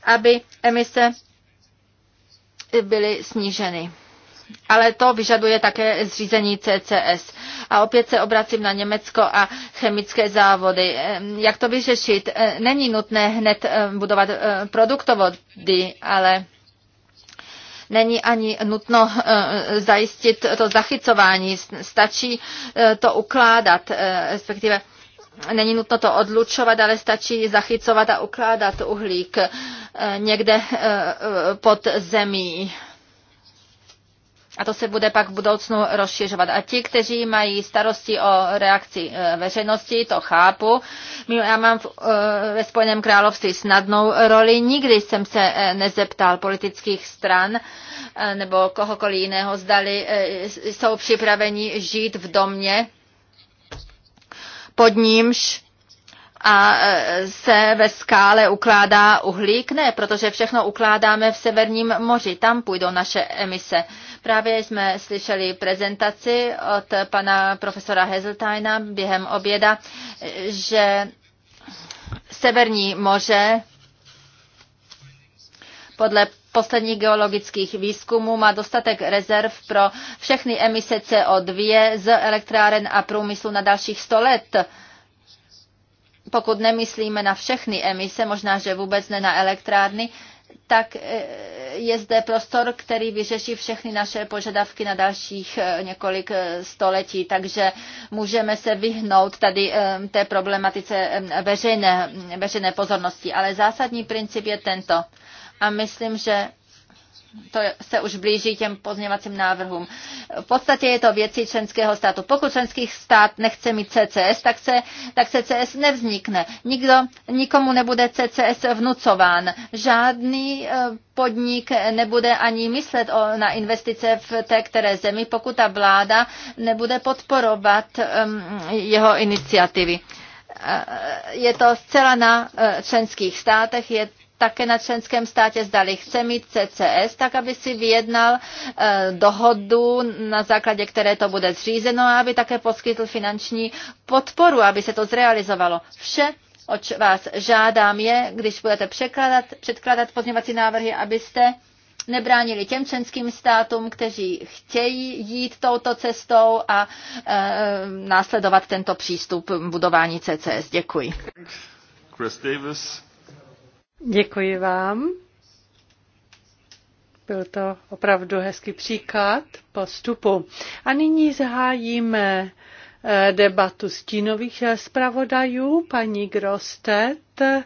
aby emise byly sníženy ale to vyžaduje také zřízení CCS. A opět se obracím na Německo a chemické závody. Jak to vyřešit? Není nutné hned budovat produktovody, ale není ani nutno zajistit to zachycování. Stačí to ukládat, respektive není nutno to odlučovat, ale stačí zachycovat a ukládat uhlík někde pod zemí a to se bude pak v budoucnu rozšiřovat. A ti, kteří mají starosti o reakci e, veřejnosti, to chápu. Já mám v, e, ve Spojeném království snadnou roli. Nikdy jsem se e, nezeptal politických stran nebo kohokoliv jiného, zdali jsou připraveni žít v domě, pod nímž a se ve skále ukládá uhlík? Ne, protože všechno ukládáme v Severním moři. Tam půjdou naše emise. Právě jsme slyšeli prezentaci od pana profesora Hezeltajna během oběda, že Severní moře podle posledních geologických výzkumů má dostatek rezerv pro všechny emise CO2 z elektráren a průmyslu na dalších 100 let. Pokud nemyslíme na všechny emise, možná, že vůbec ne na elektrárny, tak eh, je zde prostor, který vyřeší všechny naše požadavky na dalších eh, několik eh, století, takže můžeme se vyhnout tady té problematice veřejné, veřejné pozornosti. Ale zásadní princip je tento. A myslím, že to se už blíží těm pozměvacím návrhům. V podstatě je to věcí členského státu. Pokud členský stát nechce mít CCS, tak se, tak se CCS nevznikne. Nikdo, nikomu nebude CCS vnucován. Žádný eh, podnik nebude ani myslet o, na investice v té které zemi, pokud ta vláda nebude podporovat um, jeho iniciativy eh, je to zcela na eh, členských státech, je také na členském státě, zdali chce mít CCS, tak aby si vyjednal eh, dohodu, na základě které to bude zřízeno a aby také poskytl finanční podporu, aby se to zrealizovalo. Vše oč vás žádám je, když budete překládat, předkladat pozměvací návrhy, abyste nebránili těm členským státům, kteří chtějí jít touto cestou a e, následovat tento přístup budování CCS. Děkuji. Chris Davis. Děkuji vám. Byl to opravdu hezký příklad postupu. A nyní zahájíme eh, debatu stínových eh, zpravodajů. Paní Grostet eh,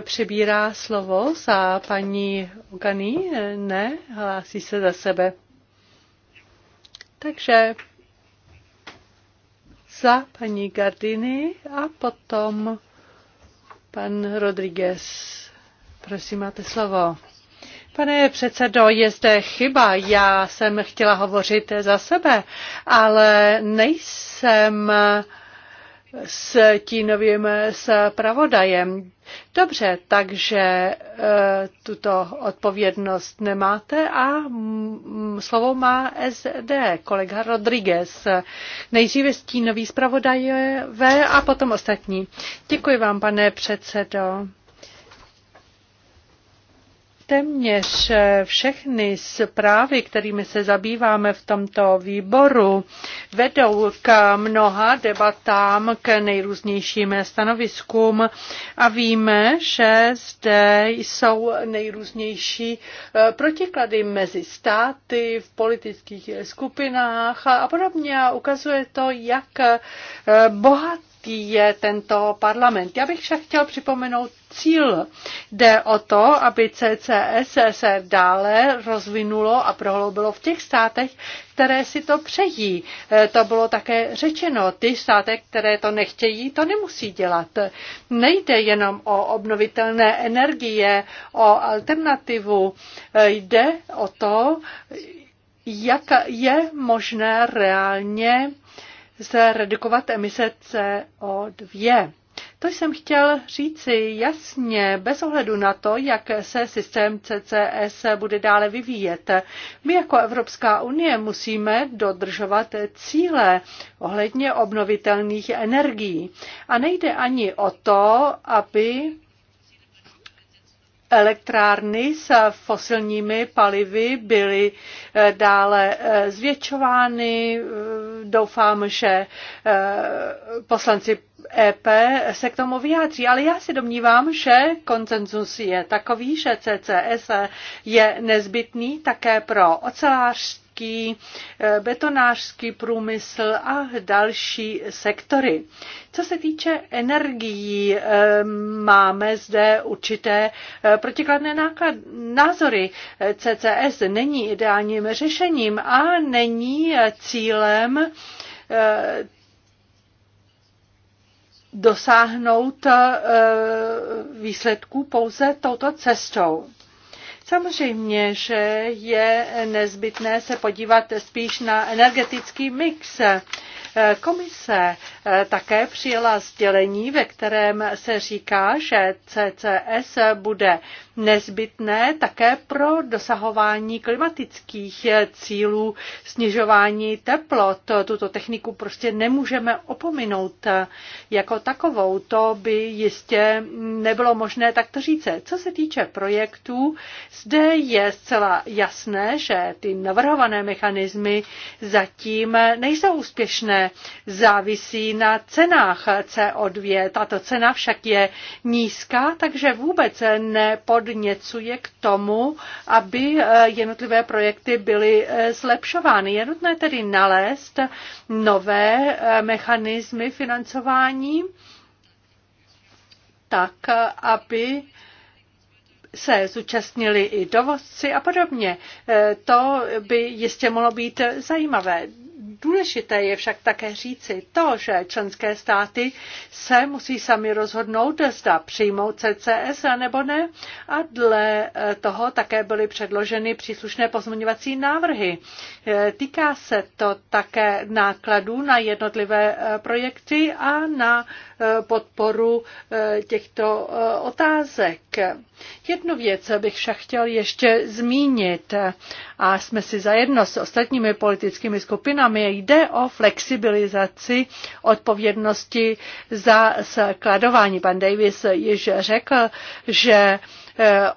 přebírá slovo za paní Ogany. Ne, hlásí se za sebe. Takže za paní Gardiny a potom pan Rodriguez Prosím, máte slovo. Pane předsedo, je zde chyba. Já jsem chtěla hovořit za sebe, ale nejsem s tínovým zpravodajem. Dobře, takže eh, tuto odpovědnost nemáte a mm, slovo má SD, kolega Rodriguez. Nejdříve stínový V a potom ostatní. Děkuji vám, pane předsedo téměř eh, všechny zprávy, kterými se zabýváme v tomto výboru, vedou k mnoha debatám, k nejrůznějším stanoviskům a víme, že zde jsou nejrůznější eh, protiklady mezi státy, v politických skupinách a podobně. A ukazuje to, jak eh, bohat jaký je tento parlament. Já bych však chtěl připomenout cíl. Jde o to, aby CCS se dále rozvinulo a prohloubilo v těch státech, které si to přejí. E, to bylo také řečeno. Ty státy, které to nechtějí, to nemusí dělat. Nejde jenom o obnovitelné energie, o alternativu. E, jde o to, jak je možné reálně zredukovat emise CO2. To jsem chtěl říci jasně, bez ohledu na to, jak se systém CCS bude dále vyvíjet. My jako Evropská unie musíme dodržovat cíle ohledně obnovitelných energií. A nejde ani o to, aby Elektrárny s fosilními palivy byly eh, dále eh, zvětšovány. Eh, doufám, že poslanci EP se k tomu vyjádří, ale já si domnívám, že koncenzus je takový, že CCS je nezbytný také pro ocelářství těžký eh, betonářský průmysl a další sektory. Co se týče energií, eh, máme zde určité eh, protikladné názory. CCS není ideálním řešením a není cílem dosáhnout výsledků pouze touto cestou. Samozřejmě, že je nezbytné se podívat spíš na energetický mix. Komise také přijela sdělení, ve kterém se říká, že CCS bude nezbytné také pro dosahování klimatických cílů, snižování teplot. Tuto techniku prostě nemůžeme opominout jako takovou. To by jistě nebylo možné takto říct. Co se týče projektů, zde je zcela jasné, že ty navrhované mechanismy zatím nejsou úspěšné. Závisí na cenách CO2. Tato cena však je nízká, takže vůbec nepod podněcuje k tomu, aby eh, jednotlivé projekty byly eh, zlepšovány. Je nutné tedy nalézt nové eh, mechanismy financování tak, aby se zúčastnili i dovozci a podobně. To by jistě mohlo být zajímavé. Důležité je však také říci to, že členské státy se musí sami rozhodnout, zda přijmou CCS nebo ne a dle eh, toho také byly předloženy příslušné pozměňovací návrhy. Eh, týká se to také nákladů na jednotlivé eh, projekty a na podporu eh, těchto eh, otázek. Jednu věc bych však chtěl ještě zmínit a jsme si zajedno s ostatními politickými skupinami. Jde o flexibilizaci odpovědnosti za skladování. Pan Davis již řekl, že Eh,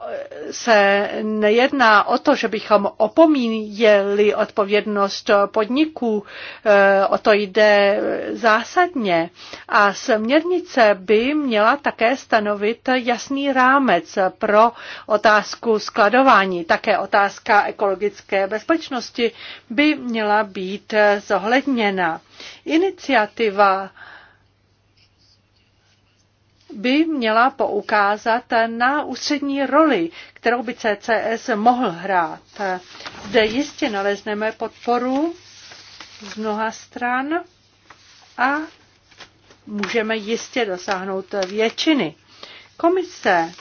se nejedná o to, že bychom opomíjeli odpovědnost podniků, eh, o to jde zásadně. A směrnice by měla také stanovit jasný rámec pro otázku skladování. Také otázka ekologické bezpečnosti by měla být zohledněna. Iniciativa by měla poukázat na ústřední roli, kterou by CCS mohl hrát. Zde jistě nalezneme podporu z mnoha stran a můžeme jistě dosáhnout většiny. Komise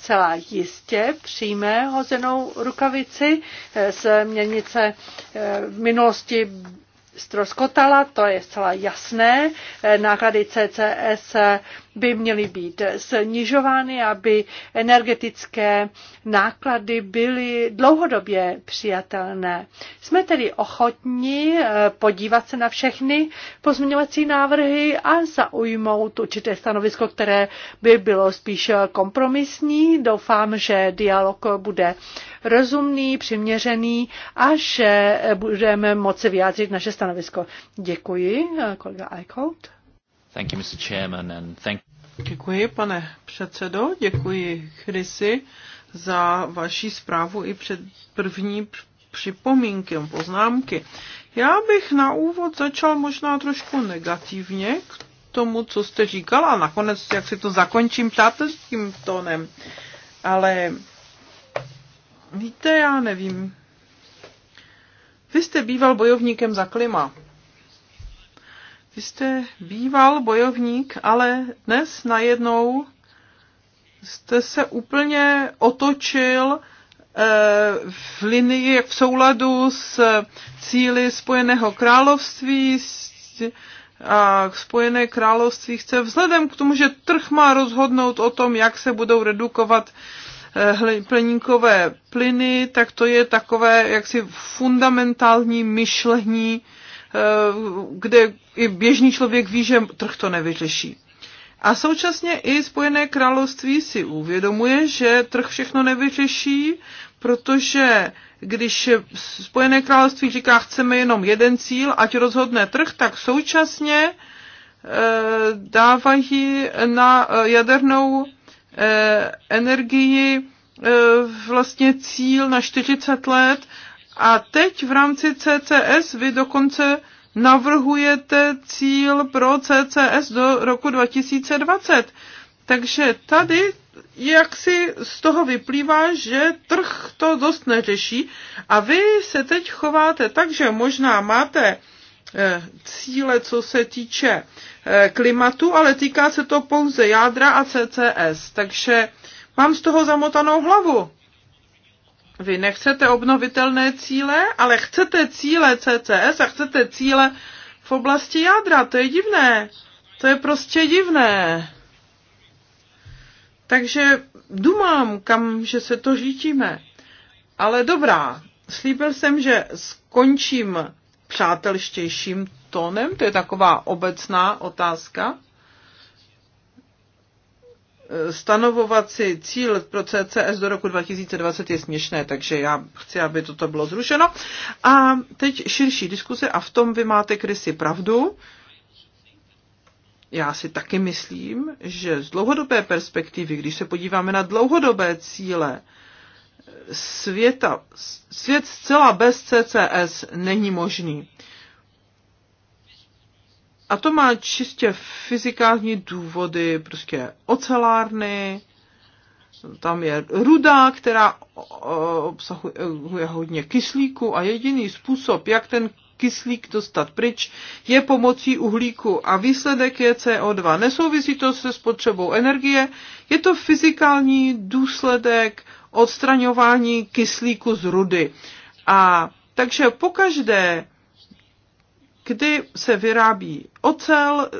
celá jistě přijme hozenou rukavici z měnice eh, v minulosti stroskotala, to je zcela jasné. Eh, náklady CCS by měly být snižovány, aby energetické náklady byly dlouhodobě přijatelné. Jsme tedy ochotni eh, podívat se na všechny pozměňovací návrhy a zaujmout určité stanovisko, které by bylo spíš kompromisní. Doufám, že dialog bude rozumný, přiměřený a že budeme moci vyjádřit naše stanovisko. Děkuji, eh, kolega Eichhout. Thank you, Mr. Chairman, and thank Děkuji, pane předsedo, děkuji Chrisy za vaši zprávu i před první připomínky, poznámky. Já bych na úvod začal možná trošku negativně k tomu, co jste říkala a nakonec, jak si to zakončím přátelským tónem. Ale víte, já nevím. Vy jste býval bojovníkem za klima. Vy jste býval bojovník, ale dnes najednou jste se úplně otočil eh, v linii v souladu s cíly Spojeného království a Spojené království chce vzhledem k tomu, že trh má rozhodnout o tom, jak se budou redukovat eh, pleníkové plyny, tak to je takové jaksi fundamentální myšlení Eh, kde i běžný člověk ví, že trh to nevyřeší. A současně i Spojené království si uvědomuje, že trh všechno nevyřeší, protože když Spojené království říká, chceme jenom jeden cíl, ať rozhodne trh, tak současně eh, dávají na jadernou eh, energii vlastně cíl na 40 let a teď v rámci CCS vy dokonce navrhujete cíl pro CCS do roku 2020. Takže tady jak si z toho vyplývá, že trh to dost neřeší a vy se teď chováte tak, že možná máte eh, cíle, co se týče eh, klimatu, ale týká se to pouze jádra a CCS. Takže mám z toho zamotanou hlavu. Vy nechcete obnovitelné cíle, ale chcete cíle CCS a chcete cíle v oblasti jádra. To je divné. To je prostě divné. Takže dumám, kam, že se to řítíme. Ale dobrá, slíbil jsem, že skončím přátelštějším tónem, to je taková obecná otázka stanovovat si cíl pro CCS do roku 2020 je směšné, takže já chci, aby toto bylo zrušeno. A teď širší diskuse a v tom vy máte, Krysy, pravdu. Já si taky myslím, že z dlouhodobé perspektivy, když se podíváme na dlouhodobé cíle světa, svět zcela bez CCS není možný. A to má čistě fyzikální důvody, prostě ocelárny, tam je ruda, která obsahuje hodně kyslíku a jediný způsob, jak ten kyslík dostat pryč, je pomocí uhlíku a výsledek je CO2. Nesouvisí to se spotřebou energie, je to fyzikální důsledek odstraňování kyslíku z rudy. A takže pokaždé, kdy se vyrábí ocel,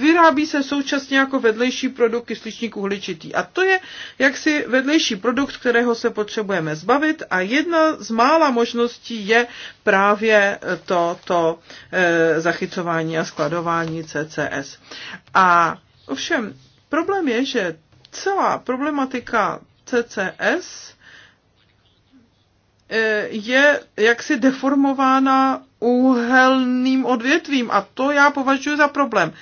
vyrábí se současně jako vedlejší produkt kysličník uhličitý. A to je jaksi vedlejší produkt, kterého se potřebujeme zbavit a jedna z mála možností je právě to, to e, eh, zachycování a skladování CCS. A ovšem, problém je, že celá problematika CCS je jaksi deformována úhelným odvětvím a to já považuji za problém.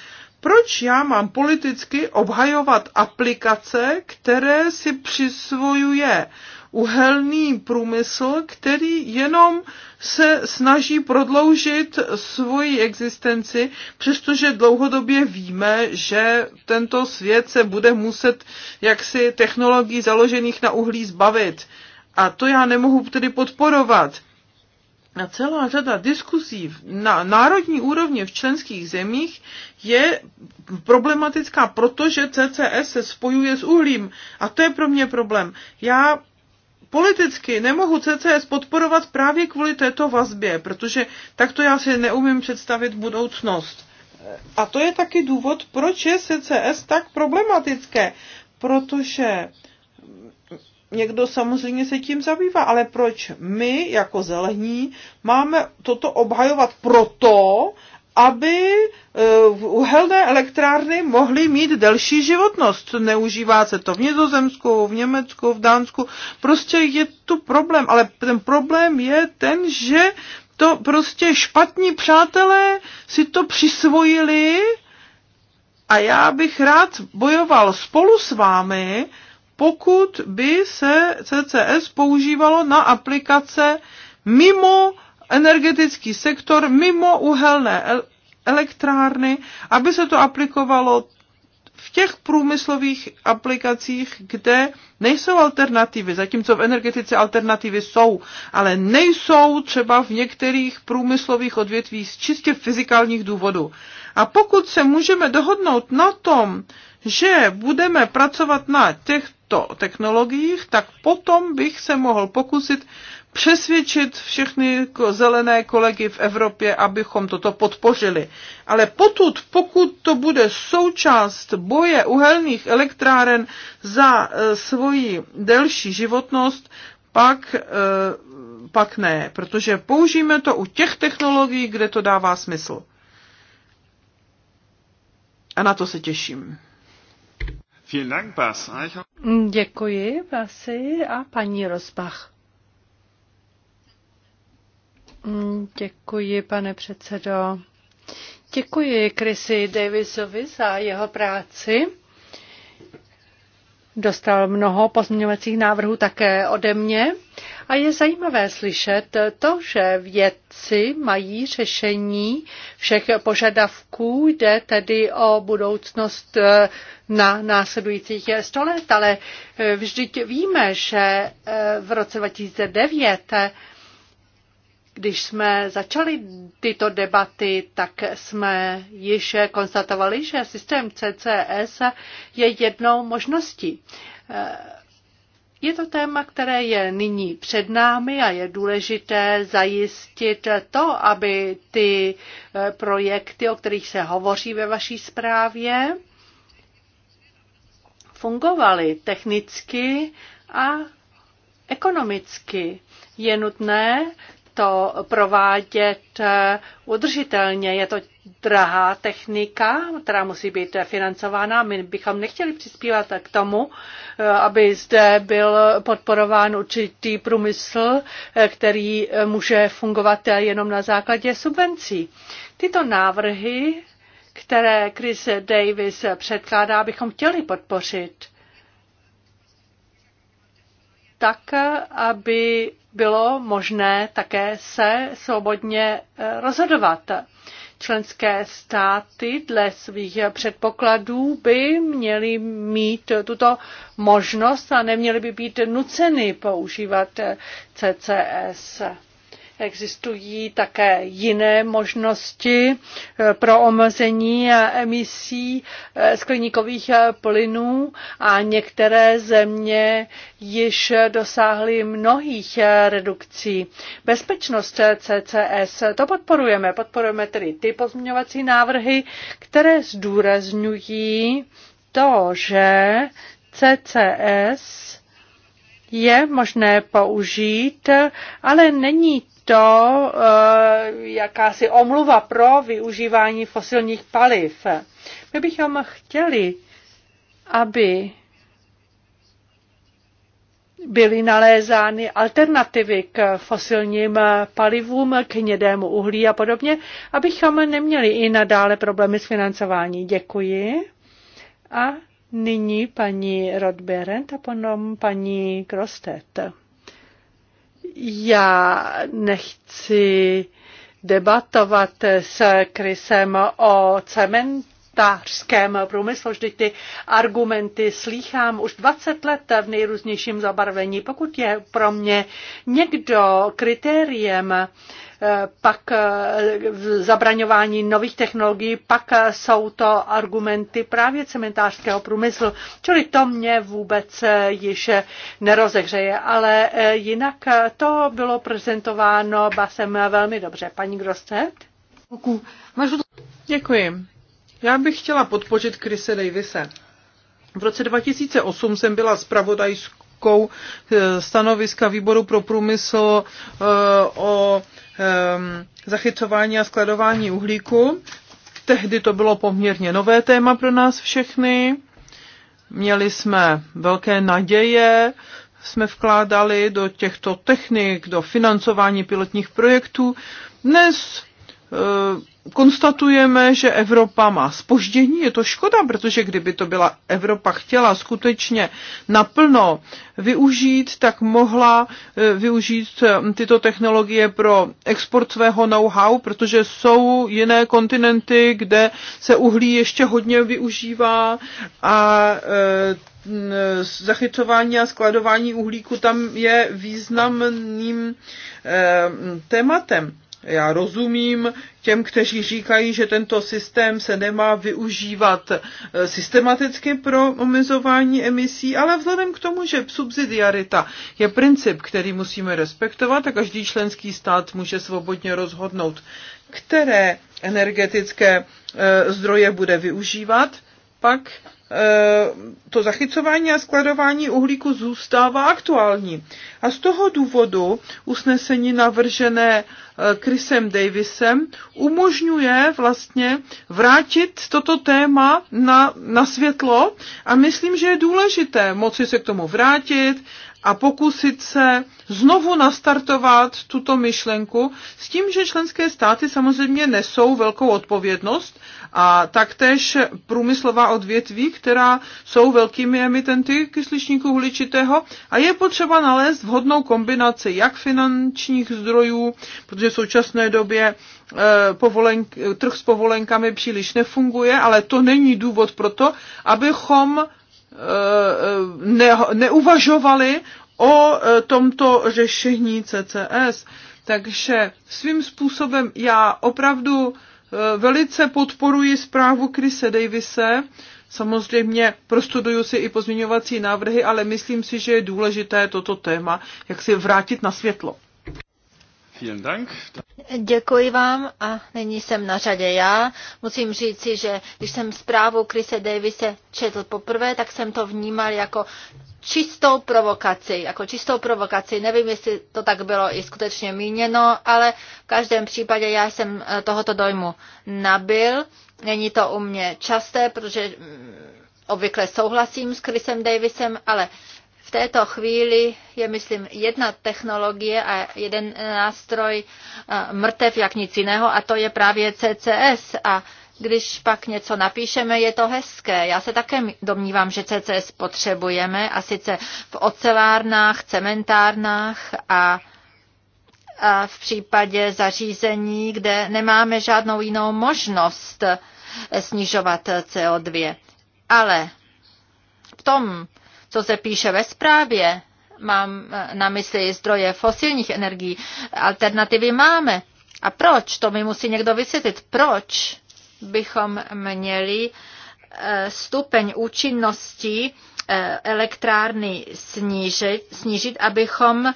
Proč já mám politicky obhajovat aplikace, které si přisvojuje uhelný průmysl, který jenom se snaží prodloužit svoji existenci, přestože dlouhodobě víme, že tento svět se bude muset jaksi technologií založených na uhlí zbavit. A to já nemohu tedy podporovat. A celá řada diskusí na národní úrovni v členských zemích je problematická, protože CCS se spojuje s uhlím. A to je pro mě problém. Já politicky nemohu CCS podporovat právě kvůli této vazbě, protože takto já si neumím představit budoucnost. A to je taky důvod, proč je CCS tak problematické, protože někdo samozřejmě se tím zabývá, ale proč my jako zelení máme toto obhajovat proto, aby eh, uhelné elektrárny mohly mít delší životnost. Neužívá se to v Nizozemsku, v Německu, v Dánsku. Prostě je tu problém, ale ten problém je ten, že to prostě špatní přátelé si to přisvojili a já bych rád bojoval spolu s vámi, pokud by se CCS používalo na aplikace mimo energetický sektor, mimo uhelné elektrárny, aby se to aplikovalo v těch průmyslových aplikacích, kde nejsou alternativy, zatímco v energetice alternativy jsou, ale nejsou třeba v některých průmyslových odvětvích z čistě fyzikálních důvodů. A pokud se můžeme dohodnout na tom, že budeme pracovat na těch těchto technologiích, tak potom bych se mohl pokusit přesvědčit všechny zelené kolegy v Evropě, abychom toto podpořili. Ale potud, pokud to bude součást boje uhelných elektráren za e, svoji delší životnost, pak, e, pak ne, protože použijeme to u těch technologií, kde to dává smysl. A na to se těším. Děkuji, Basi a paní Rozbach. Děkuji, pane předsedo. Děkuji Chrisi Davisovi za jeho práci Dostal mnoho pozměňovacích návrhů také ode mě a je zajímavé slyšet to, že vědci mají řešení všech požadavků, jde tedy o budoucnost eh, na následujících 100 let, ale eh, vždyť víme, že eh, v roce 2009 když jsme začali tyto debaty, tak jsme již konstatovali, že systém CCS je jednou možností. Je to téma, které je nyní před námi a je důležité zajistit to, aby ty projekty, o kterých se hovoří ve vaší zprávě, fungovaly technicky a ekonomicky. Je nutné to provádět eh, udržitelně. Je to drahá technika, která musí být financována. My bychom nechtěli přispívat k tomu, eh, aby zde byl podporován určitý průmysl, eh, který může fungovat jenom na základě subvencí. Tyto návrhy, které Chris Davis předkládá, bychom chtěli podpořit tak aby bylo možné také se svobodně eh, rozhodovat. Členské státy dle svých předpokladů by měly mít tuto možnost a neměly by být nuceny používat eh, CCS. Existují také jiné možnosti eh, pro omezení eh, emisí eh, skleníkových plynů a některé země již dosáhly mnohých redukcí. Bezpečnost CCS to podporujeme. Podporujeme tedy ty pozměňovací návrhy, které zdůrazňují to, že CCS je možné použít, ale není to eh, jakási omluva pro využívání fosilních paliv. My bychom chtěli, aby byly nalézány alternativy k fosilním palivům, k hnědému uhlí a podobně, abychom neměli i nadále problémy s financování. Děkuji. A nyní paní Rodberent a potom paní Krostet. Já nechci debatovat s Krysem o cementu, poštářském průmyslu. Vždyť ty argumenty slýchám už 20 let v nejrůznějším zabarvení. Pokud je pro mě někdo kritériem, eh, pak eh, zabraňování nových technologií, pak jsou to argumenty právě cementářského průmyslu. Čili to mě vůbec eh, již nerozehřeje, ale jinak to bylo prezentováno basem velmi dobře. Paní Grosset? Děkuji. Já bych chtěla podpořit Krise Davise. V roce 2008 jsem byla zpravodajskou eh, stanoviska výboru pro průmysl eh, o eh, zachycování a skladování uhlíku. Tehdy to bylo poměrně nové téma pro nás všechny. Měli jsme velké naděje, jsme vkládali do těchto technik, do financování pilotních projektů. Dnes Eh, konstatujeme, že Evropa má spoždění, je to škoda, protože kdyby to byla Evropa chtěla skutečně naplno využít, tak mohla eh, využít eh, tyto technologie pro export svého know-how, protože jsou jiné kontinenty, kde se uhlí ještě hodně využívá a zachycování a skladování uhlíku tam je významným tématem. Já rozumím těm, kteří říkají, že tento systém se nemá využívat eh, systematicky pro omezování emisí, ale vzhledem k tomu, že subsidiarita je princip, který musíme respektovat a každý členský stát může svobodně rozhodnout, které energetické eh, zdroje bude využívat, pak Eh, to zachycování a skladování uhlíku zůstává aktuální. A z toho důvodu usnesení navržené eh, Chrisem Davisem umožňuje vlastně vrátit toto téma na, na světlo a myslím, že je důležité moci se k tomu vrátit, a pokusit se znovu nastartovat tuto myšlenku s tím, že členské státy samozřejmě nesou velkou odpovědnost a taktéž průmyslová odvětví, která jsou velkými emitenty kysličníku uhličitého a je potřeba nalézt vhodnou kombinaci jak finančních zdrojů, protože v současné době eh, povolen, trh s povolenkami příliš nefunguje, ale to není důvod pro to, abychom Eh, ne, neuvažovali o eh, tomto řešení CCS. Takže svým způsobem já opravdu eh, velice podporuji zprávu Krise Davise. Samozřejmě prostuduju si i pozměňovací návrhy, ale myslím si, že je důležité toto téma jak si vrátit na světlo. Děkuji vám a nyní jsem na řadě já. Musím říci, že když jsem zprávu Krise Davise četl poprvé, tak jsem to vnímal jako čistou provokaci, jako čistou provokaci. Nevím, jestli to tak bylo i skutečně míněno, ale v každém případě já jsem eh, tohoto dojmu nabil. Není to u mě časté, protože mm, obvykle souhlasím s Chrisem Davisem, ale uh, této chvíli je, myslím, jedna technologie a jeden nástroj eh, mrtev jak nic jiného a to je právě CCS a když pak něco napíšeme, je to hezké. Já se také domnívám, že CCS potřebujeme a sice v ocelárnách, cementárnách a a v případě zařízení, kde nemáme žádnou jinou možnost eh, snižovat CO2. Ale v tom co se píše ve zprávě, mám na mysli zdroje fosilních energií, alternativy máme. A proč? To mi musí někdo vysvětlit. Proč bychom měli eh, stupeň účinnosti eh, elektrárny snížit, snížit abychom eh,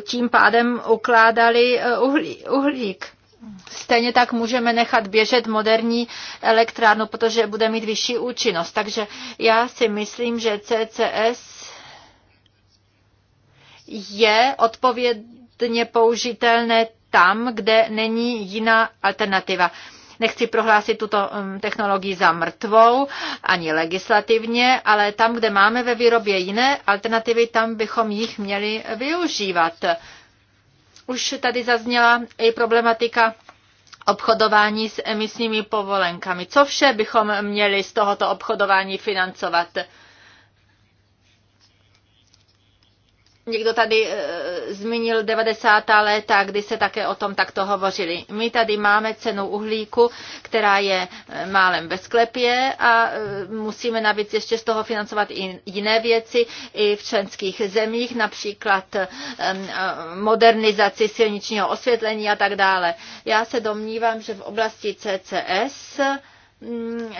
tím pádem ukládali uhlí, uhlík. Stejně tak můžeme nechat běžet moderní elektrárnu, protože bude mít vyšší účinnost. Takže já si myslím, že CCS je odpovědně použitelné tam, kde není jiná alternativa. Nechci prohlásit tuto um, technologii za mrtvou, ani legislativně, ale tam, kde máme ve výrobě jiné alternativy, tam bychom jich měli využívat. Už tady zazněla i problematika obchodování s emisními povolenkami. Co vše bychom měli z tohoto obchodování financovat? Někdo tady e, zmínil 90. léta, kdy se také o tom takto hovořili. My tady máme cenu uhlíku, která je e, málem ve sklepě a e, musíme navíc ještě z toho financovat i jiné věci i v členských zemích, například e, modernizaci silničního osvětlení a tak dále. Já se domnívám, že v oblasti CCS e, Mm,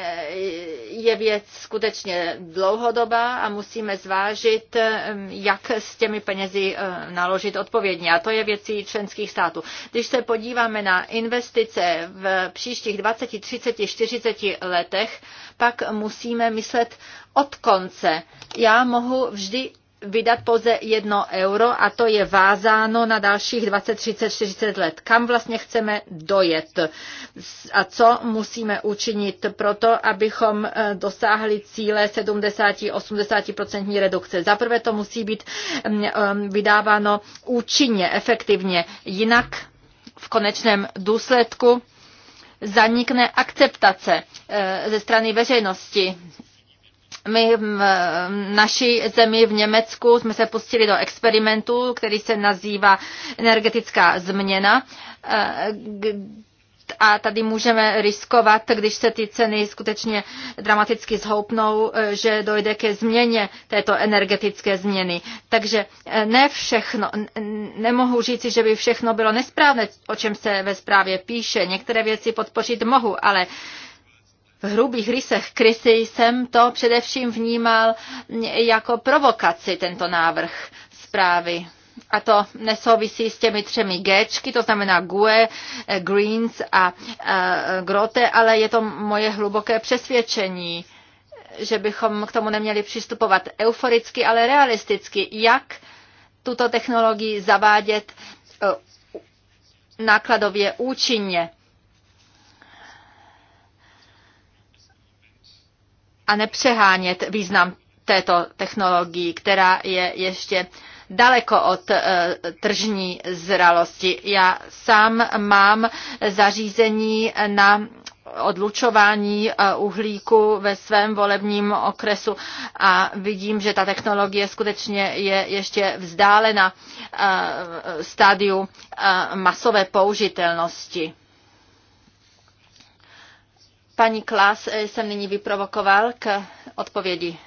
je věc skutečně dlouhodobá a musíme zvážit, mm, jak s těmi penězi eh, naložit odpovědně. A to je věcí členských států. Když se podíváme na investice v příštích 20, 30, 40 letech, pak musíme myslet od konce. Já mohu vždy vydat pouze jedno euro a to je vázáno na dalších 20, 30, 40 let. Kam vlastně chceme dojet a co musíme učinit proto, abychom eh, dosáhli cíle 70-80% redukce. Zaprvé to musí být mm, eh, vydáváno účinně, efektivně, jinak v konečném důsledku zanikne akceptace eh, ze strany veřejnosti my v naší zemi v Německu jsme se pustili do experimentu, který se nazývá energetická změna. Eh, a tady můžeme riskovat, když se ty ceny skutečně dramaticky zhoupnou, eh, že dojde ke změně této energetické změny. Takže eh, ne všechno, nemohu říci, že by všechno bylo nesprávné, o čem se ve zprávě píše. Některé věci podpořit mohu, ale v hrubých rysech krysy jsem to především vnímal jako provokaci, tento návrh zprávy. A to nesouvisí s těmi třemi Gčky, to znamená GUE, Greens a Grote, ale je to moje hluboké přesvědčení, že bychom k tomu neměli přistupovat euforicky, ale realisticky. Jak tuto technologii zavádět e, nákladově účinně? a nepřehánět význam této technologii, která je ještě daleko od eh, tržní zralosti. Já sám mám zařízení na odlučování eh, uhlíku ve svém volebním okresu a vidím, že ta technologie skutečně je ještě vzdálena eh, stádiu masové použitelnosti. Paní Klas eh, jsem nyní vyprovokoval k odpovědi.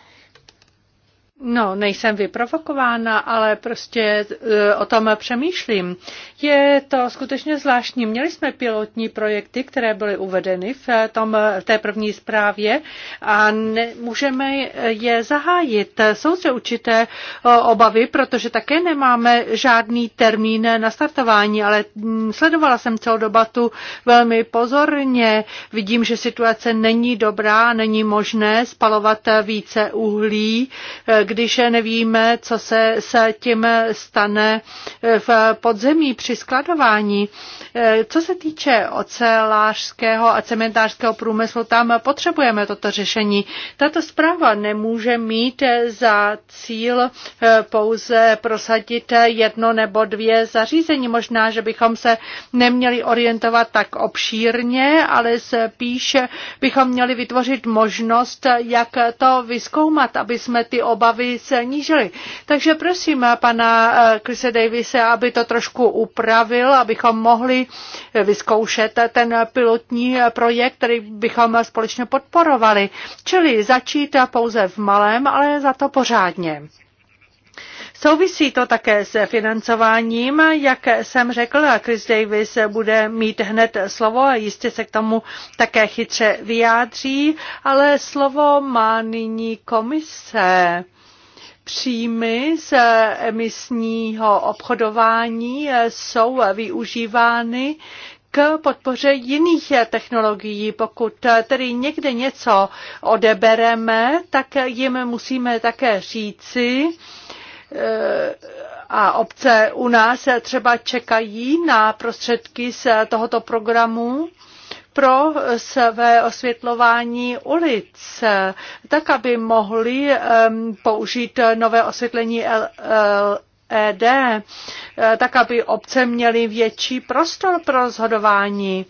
No, nejsem vyprovokována, ale prostě e, o tom přemýšlím. Je to skutečně zvláštní. Měli jsme pilotní projekty, které byly uvedeny v, e, tom, v e, té první zprávě a ne, můžeme je zahájit. Jsou se určité obavy, protože také nemáme žádný termín na startování, ale mm, sledovala jsem celou debatu velmi pozorně. Vidím, že situace není dobrá, není možné spalovat více uhlí, když nevíme, co se s tím stane v podzemí při skladování. Co se týče ocelářského a cementářského průmyslu, tam potřebujeme toto řešení. Tato zpráva nemůže mít za cíl eh, pouze prosadit jedno nebo dvě zařízení. Možná, že bychom se neměli orientovat tak obšírně, ale spíše bychom měli vytvořit možnost, jak to vyskoumat, aby jsme ty obavy obavy snížily. Takže prosím eh, pana eh, Krise Davise, aby to trošku upravil, abychom mohli eh, vyzkoušet ten pilotní projekt, který bychom společně podporovali. Čili začít pouze v malém, ale za to pořádně. Souvisí to také s financováním, jak jsem řekl, a Chris Davis bude mít hned slovo a jistě se k tomu také chytře vyjádří, ale slovo má nyní komise příjmy z emisního obchodování eh, jsou využívány k podpoře jiných eh, technologií. Pokud eh, tedy někde něco odebereme, tak jim musíme také říci, a obce u nás třeba čekají na prostředky z tohoto programu pro své osvětlování ulic, tak aby mohli použít nové osvětlení ED, tak aby obce měly větší prostor pro rozhodování.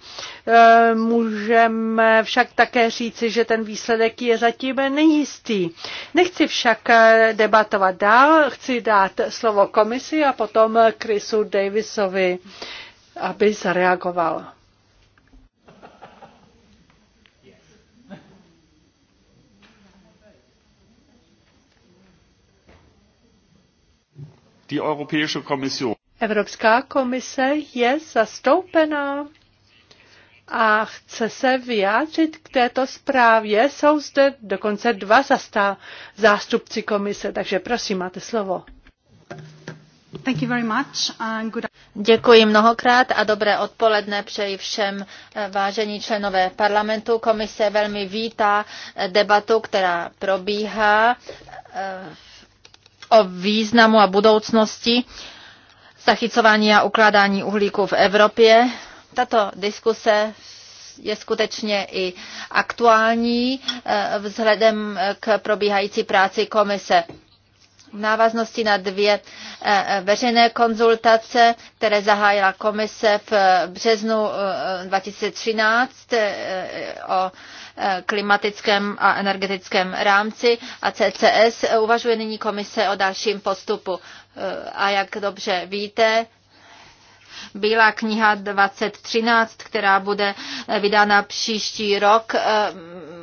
Můžeme však také říci, že ten výsledek je zatím nejistý. Nechci však debatovat dál, chci dát slovo komisi a potom Chrisu Davisovi, aby zareagoval. Die Europäische Kommission. Evropská komise je zastoupená a chce se vyjádřit k této zprávě. Jsou zde dokonce dva zastá, zástupci komise, takže prosím, máte slovo. Thank you very much and good... Děkuji mnohokrát a dobré odpoledne přeji všem eh, vážení členové parlamentu. Komise velmi vítá eh, debatu, která probíhá eh, o významu a budoucnosti zachycování a ukládání uhlíku v Evropě. Tato diskuse je skutečně i aktuální eh, vzhledem k probíhající práci komise. V návaznosti na dvě eh, veřejné konzultace, které zahájila komise v březnu eh, 2013 o klimatickém a energetickém rámci a CCS uvažuje nyní komise o dalším postupu. E, a jak dobře víte, Bílá kniha 2013, která bude vydána příští rok, e,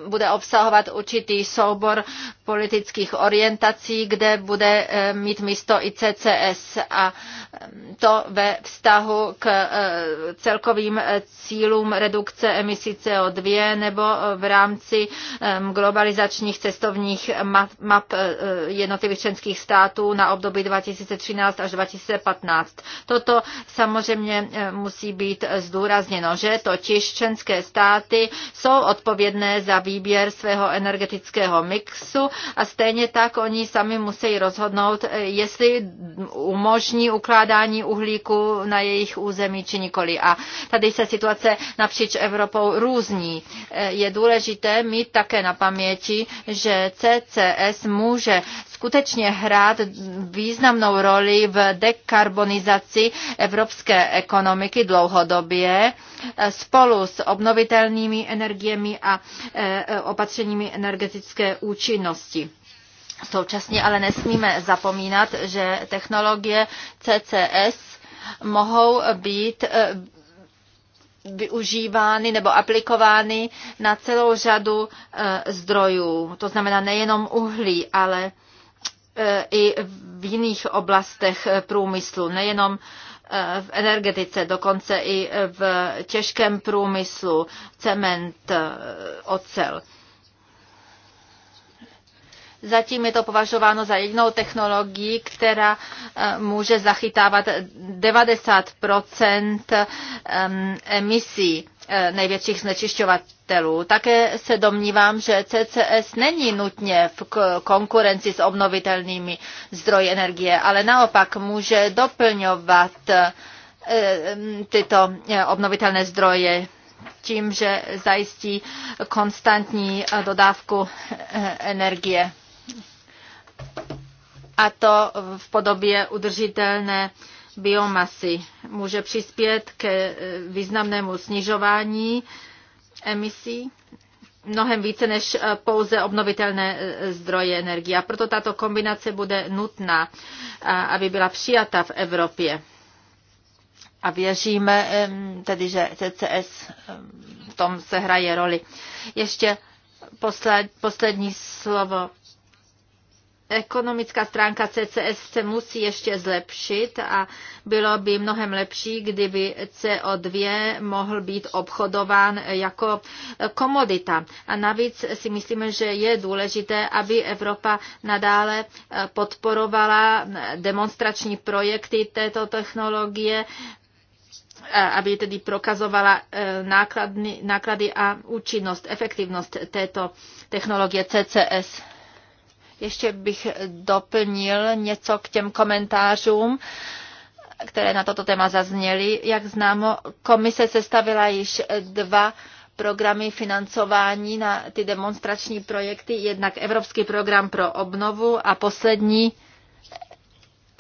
bude obsahovat určitý soubor politických orientací, kde bude eh, mít místo i CCS a eh, to ve vztahu k eh, celkovým cílům redukce emisí CO2 nebo v rámci globalizačních cestovních map jednotlivých členských států na období 2013 až 2015. Toto samozřejmě musí být zdůrazněno, že totiž členské státy jsou odpovědné za výsledky výběr svého energetického mixu a stejně tak oni sami musí rozhodnout, jestli umožní ukládání uhlíku na jejich území či nikoli. A tady se situace napříč Evropou různí. Je důležité mít také na paměti, že CCS může skutečně hrát významnou roli v dekarbonizaci evropské ekonomiky dlouhodobě e, spolu s obnovitelnými energiemi a e, opatřeními energetické účinnosti. Současně ale nesmíme zapomínat, že technologie CCS mohou být e, využívány nebo aplikovány na celou řadu zdrojů. To znamená nejenom uhlí, ale E, i v jiných oblastech průmyslu, nejenom e, v energetice, dokonce i v těžkém průmyslu, cement, e, ocel. Zatím je to považováno za jedinou technologii, která eh, může zachytávat 90 ehm, emisí eh, největších znečišťovatelů. Také se domnívám, že CCS není nutně v konkurenci s obnovitelnými zdroji energie, ale naopak může doplňovat eh, ehm, tyto obnovitelné zdroje tím, že zajistí konstantní dodávku energie a to v podobě udržitelné biomasy. Může přispět ke významnému snižování emisí mnohem více než pouze obnovitelné zdroje energie. A proto tato kombinace bude nutná, aby byla přijata v Evropě. A věříme tedy, že CCS v tom se hraje roli. Ještě posled, poslední slovo ekonomická stránka CCS se musí ještě zlepšit a bylo by mnohem lepší, kdyby CO2 mohl být obchodován jako komodita. A navíc si myslíme, že je důležité, aby Evropa nadále podporovala demonstrační projekty této technologie, aby tedy prokazovala eh, náklady, náklady a účinnost, efektivnost této technologie CCS. Ještě bych doplnil něco k těm komentářům které na toto téma zazněly. Jak známo, komise sestavila již dva programy financování na ty demonstrační projekty, jednak Evropský program pro obnovu a poslední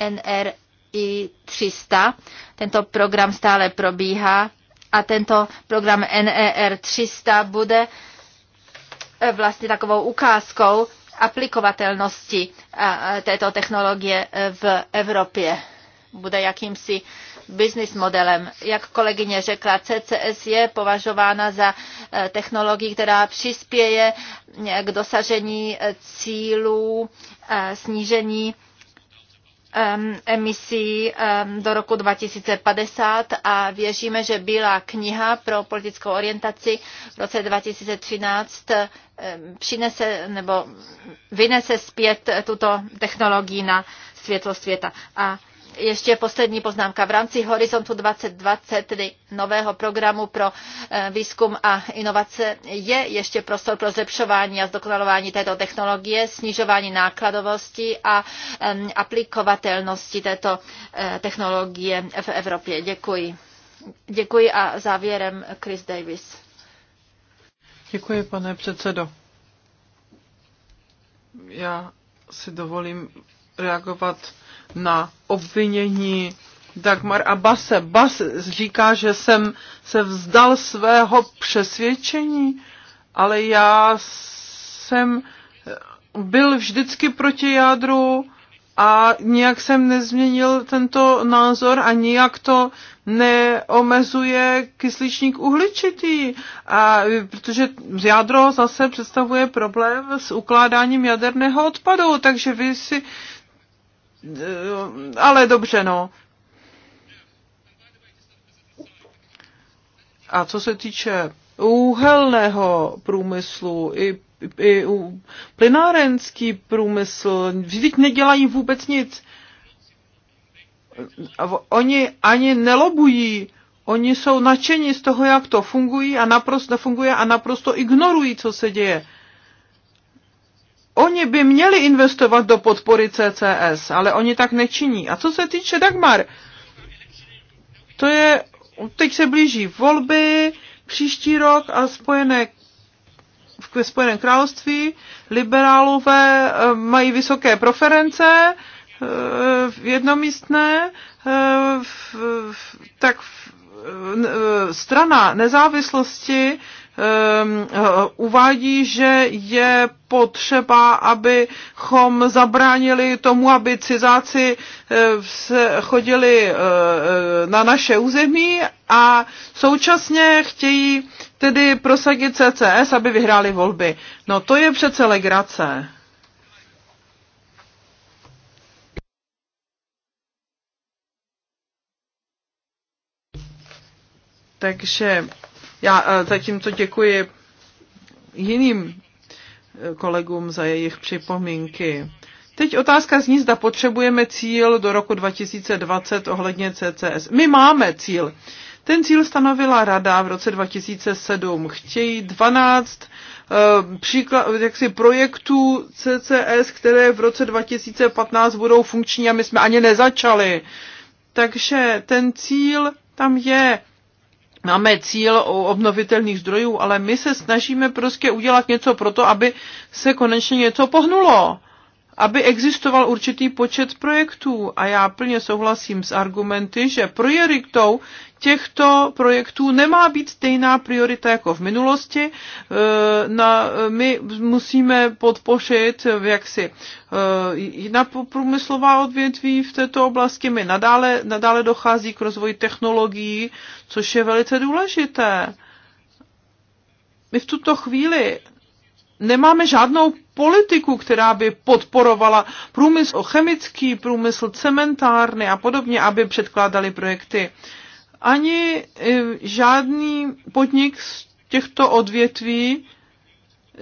NRI 300. Tento program stále probíhá a tento program NER 300 bude vlastně takovou ukázkou aplikovatelnosti této technologie e, v Evropě. Bude jakýmsi business modelem. Jak kolegyně řekla, CCS je považována za e, technologii, která přispěje e, k dosažení cílů snížení emisí do roku 2050 a věříme, že Bílá kniha pro politickou orientaci v roce 2013 přinese nebo vynese zpět tuto technologii na světlo světa. A ještě poslední poznámka. V rámci Horizontu 2020, tedy nového programu pro eh, výzkum a inovace, je ještě prostor pro zlepšování a zdokonalování této technologie, snižování nákladovosti a aplikovatelnosti této eh, technologie v Evropě. Děkuji. Děkuji a závěrem Chris Davis. Děkuji, pane předsedo. Já si dovolím reagovat na obvinění Dagmar Abase. Bas říká, že jsem se vzdal svého přesvědčení, ale já jsem byl vždycky proti jádru a nijak jsem nezměnil tento názor a nijak to neomezuje kysličník uhličitý, a, protože jádro zase představuje problém s ukládáním jaderného odpadu, takže vy si ale dobře, no. A co se týče úhelného průmyslu i, i u plinárenský průmysl, vždyť nedělají vůbec nic. Oni ani nelobují, oni jsou nadšení z toho, jak to fungují a naprosto nefunguje a naprosto ignorují, co se děje. Oni by měli investovat do podpory CCS, ale oni tak nečiní. A co se týče Dagmar, to je, teď se blíží volby, příští rok a spojené ve Spojeném království liberálové eh, mají vysoké preference, eh, jednomístné, eh, tak strana nezávislosti Ehm, eh, uvádí, že je potřeba, abychom zabránili tomu, aby cizáci eh, chodili eh, na naše území a současně chtějí tedy prosadit CCS, aby vyhráli volby. No to je přece legrace. Takže já eh, zatímco děkuji jiným eh, kolegům za jejich připomínky. Teď otázka zní, zda potřebujeme cíl do roku 2020 ohledně CCS. My máme cíl. Ten cíl stanovila rada v roce 2007. Chtějí 12 uh, eh, příklad, jaksi projektů CCS, které v roce 2015 budou funkční a my jsme ani nezačali. Takže ten cíl tam je máme cíl o obnovitelných zdrojů, ale my se snažíme prostě udělat něco pro to, aby se konečně něco pohnulo aby existoval určitý počet projektů. A já plně souhlasím s argumenty, že prioritou těchto projektů nemá být stejná priorita jako v minulosti. E, na, my musíme podpořit jaksi e, na průmyslová odvětví v této oblasti. My nadále, nadále dochází k rozvoji technologií, což je velice důležité. My v tuto chvíli nemáme žádnou politiku, která by podporovala průmysl, chemický průmysl, cementárny a podobně, aby předkládali projekty. Ani e, žádný podnik z těchto odvětví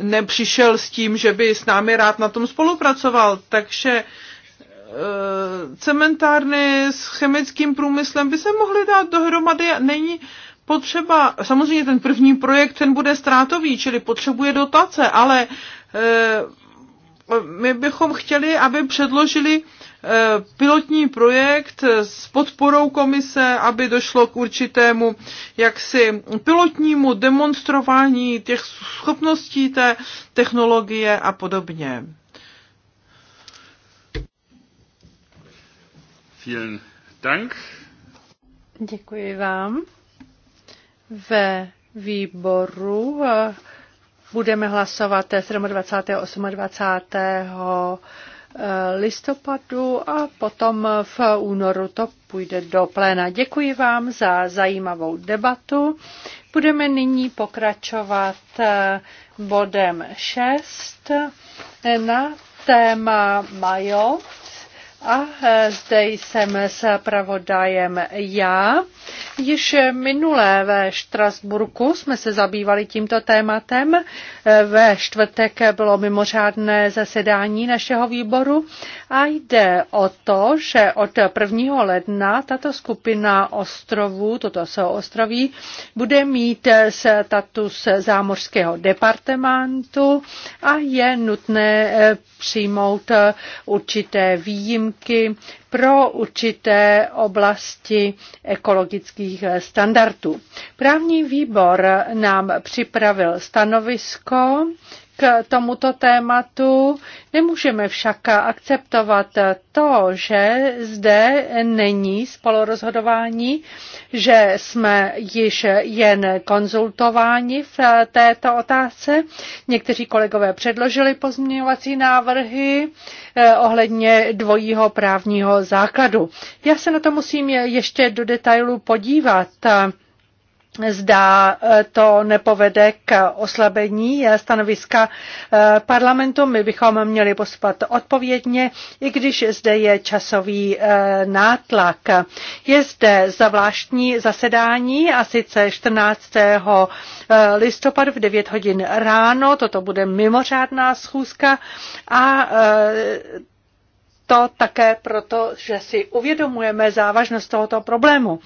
nepřišel s tím, že by s námi rád na tom spolupracoval. Takže e, cementárny s chemickým průmyslem by se mohly dát dohromady. Není potřeba, samozřejmě ten první projekt, ten bude ztrátový, čili potřebuje dotace, ale Eh, my bychom chtěli, aby předložili eh, pilotní projekt s podporou komise, aby došlo k určitému jaksi pilotnímu demonstrování těch schopností té technologie a podobně. Vielen Dank. Děkuji vám. Ve výboru eh, Budeme hlasovat 27. 28. Eh, listopadu a potom v únoru to půjde do pléna. Děkuji vám za zajímavou debatu. Budeme nyní pokračovat eh, bodem 6 eh, na téma Majo. A e, zde jsem s pravodajem já. Již minulé ve Štrasburku jsme se zabývali tímto tématem. E, ve čtvrtek bylo mimořádné zasedání našeho výboru a jde o to, že od 1. ledna tato skupina ostrovů, toto jsou ostroví, bude mít status zámořského departementu a je nutné e, přijmout určité výjimky výjimky pro určité oblasti ekologických standardů. Právní výbor nám připravil stanovisko, k tomuto tématu. Nemůžeme však akceptovat to, že zde není spolorozhodování, že jsme již jen konzultováni v této otázce. Někteří kolegové předložili pozměňovací návrhy eh, ohledně dvojího právního základu. Já se na to musím ještě do detailu podívat zda eh, to nepovede k oslabení eh, stanoviska eh, parlamentu. My bychom měli postupovat odpovědně, i když zde je časový nátlak. Je zde zvláštní zasedání a sice 14. listopadu v 9 hodin ráno, toto bude mimořádná schůzka a to také proto, že si uvědomujeme závažnost tohoto problému.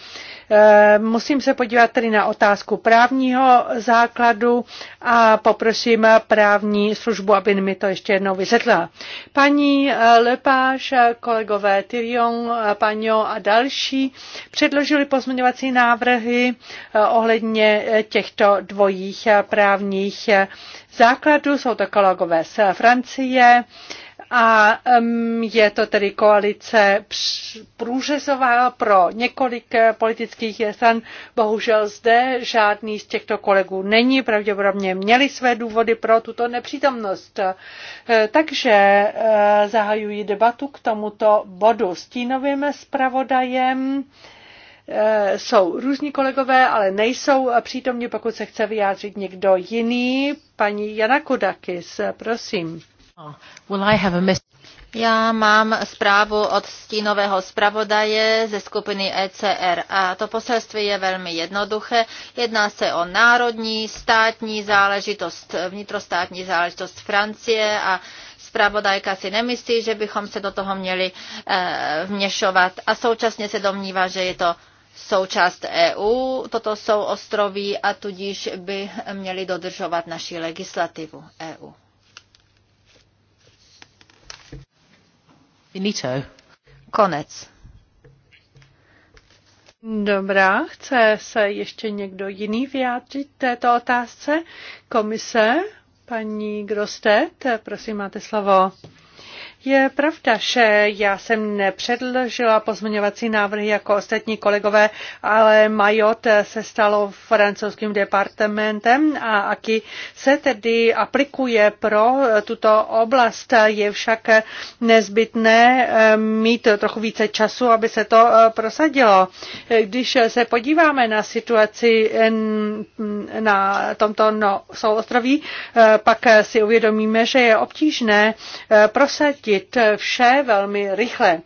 E, musím se podívat tedy na otázku právního základu a poprosím právní službu, aby mi to ještě jednou vysvětlila. Paní Lepáš, kolegové Tyrion, Paňo a další předložili pozměňovací návrhy e, ohledně těchto dvojích právních základů. Jsou to kolegové z Francie, a je to tedy koalice průřezová pro několik eh, politických stran. Bohužel zde žádný z těchto kolegů není, pravděpodobně měli své důvody pro tuto nepřítomnost. Eh, takže eh, zahajuji debatu k tomuto bodu. Stínovým zpravodajem jsou různí kolegové, ale nejsou přítomní, pokud se chce vyjádřit někdo jiný. Paní Jana Kudakis, prosím. Já mám zprávu od stínového zpravodaje ze skupiny ECR a to poselství je velmi jednoduché. Jedná se o národní, státní záležitost, vnitrostátní záležitost Francie a zpravodajka si nemyslí, že bychom se do toho měli e, vměšovat a současně se domnívá, že je to součást EU, toto jsou ostroví a tudíž by měli dodržovat naši legislativu EU. Finito. Konec. Dobrá, chce se ještě někdo jiný vyjádřit této otázce? Komise, paní Grostet, prosím, máte slovo. Je pravda, že já jsem nepředložila pozměňovací návrhy jako ostatní kolegové, ale Majot se stalo francouzským departementem a aký se tedy aplikuje pro tuto oblast. Je však nezbytné eh, mít trochu více času, aby se to eh, prosadilo. Když se podíváme na situaci na tomto no, souostroví, eh, pak si uvědomíme, že je obtížné prosadit vyřešit vše velmi rychle.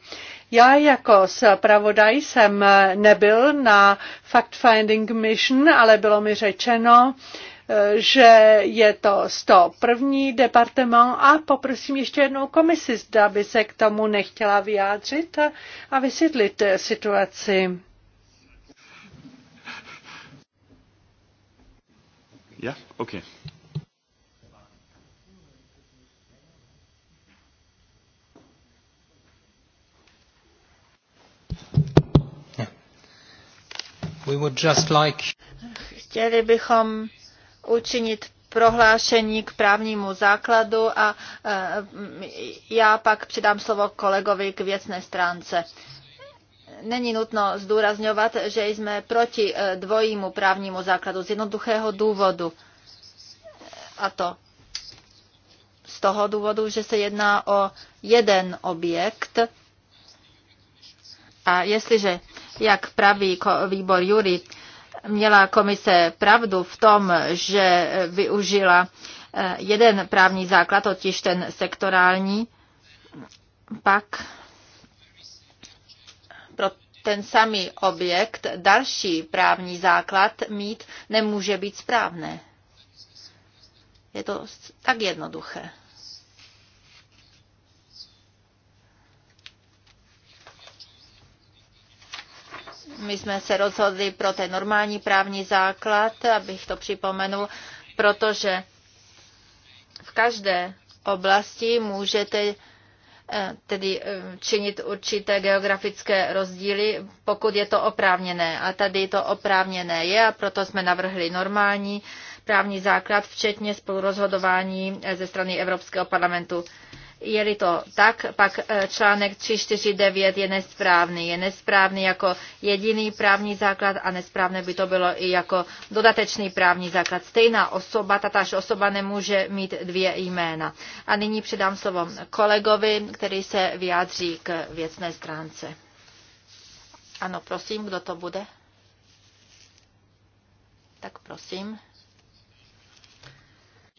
Já jako zpravodaj jsem nebyl na fact-finding mission, ale bylo mi řečeno, že je to 101. departement a poprosím ještě jednou komisi, zda by se k tomu nechtěla vyjádřit a vysvětlit situaci. Yeah? Okay. Chtěli bychom učinit prohlášení k právnímu základu a e, já pak předám slovo kolegovi k věcné stránce. Není nutno zdůrazňovat, že jsme proti e, dvojímu právnímu základu z jednoduchého důvodu. A to z toho důvodu, že se jedná o jeden objekt. A jestliže jak praví výbor Jury, měla komise pravdu v tom, že využila eh, jeden právní základ, totiž ten sektorální, pak pro ten samý objekt další právní základ mít nemůže být správné. Je to tak jednoduché. My jsme se rozhodli pro ten normální právní základ, abych to připomenul, protože v každé oblasti můžete eh, tedy eh, činit určité geografické rozdíly, pokud je to oprávněné. A tady to oprávněné je a proto jsme navrhli normální právní základ, včetně spolurozhodování eh, ze strany Evropského parlamentu. Je-li to tak, pak e, článek 349 je nesprávný. Je nesprávný jako jediný právní základ a nesprávné by to bylo i jako dodatečný právní základ. Stejná osoba, tatáž osoba nemůže mít dvě jména. A nyní předám slovo kolegovi, který se vyjádří k věcné stránce. Ano, prosím, kdo to bude? Tak prosím.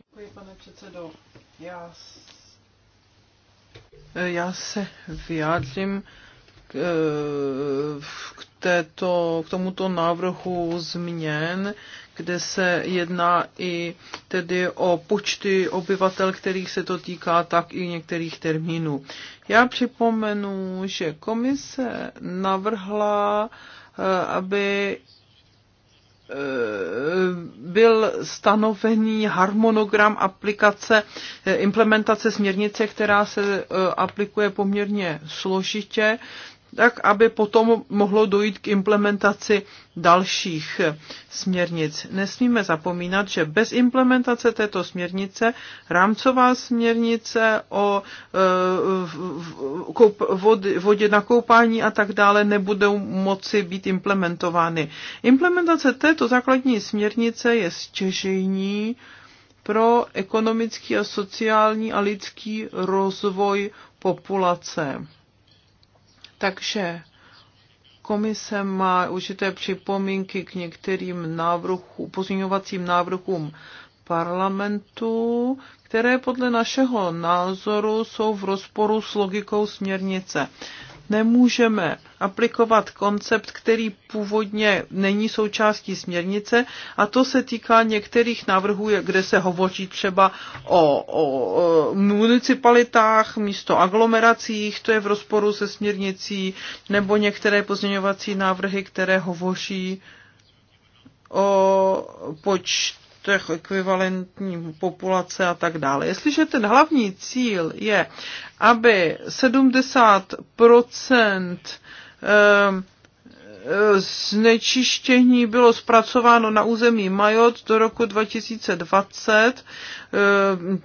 Děkuji, pane předsedo. Já já se vyjádřím k, eh, této, k tomuto návrhu změn, kde se jedná i tedy o počty obyvatel, kterých se to týká, tak i některých termínů. Já připomenu, že komise navrhla, eh, aby Eh, byl stanovený harmonogram aplikace, eh, implementace směrnice, která se eh, aplikuje poměrně složitě tak aby potom mohlo dojít k implementaci dalších směrnic. Nesmíme zapomínat, že bez implementace této směrnice rámcová směrnice o e, vodě na koupání a tak dále nebudou moci být implementovány. Implementace této základní směrnice je stěžejní pro ekonomický a sociální a lidský rozvoj populace takže komise má určité připomínky k některým návrhu, pozměňovacím návrhům parlamentu, které podle našeho názoru jsou v rozporu s logikou směrnice nemůžeme aplikovat koncept, který původně není součástí směrnice a to se týká některých návrhů, kde se hovoří třeba o, o, o municipalitách místo aglomeracích, to je v rozporu se směrnicí, nebo některé pozměňovací návrhy, které hovoří o počtu počtech ekvivalentní populace a tak dále. Jestliže ten hlavní cíl je, aby 70 ehm, e, znečištění bylo zpracováno na území Majot do roku 2020.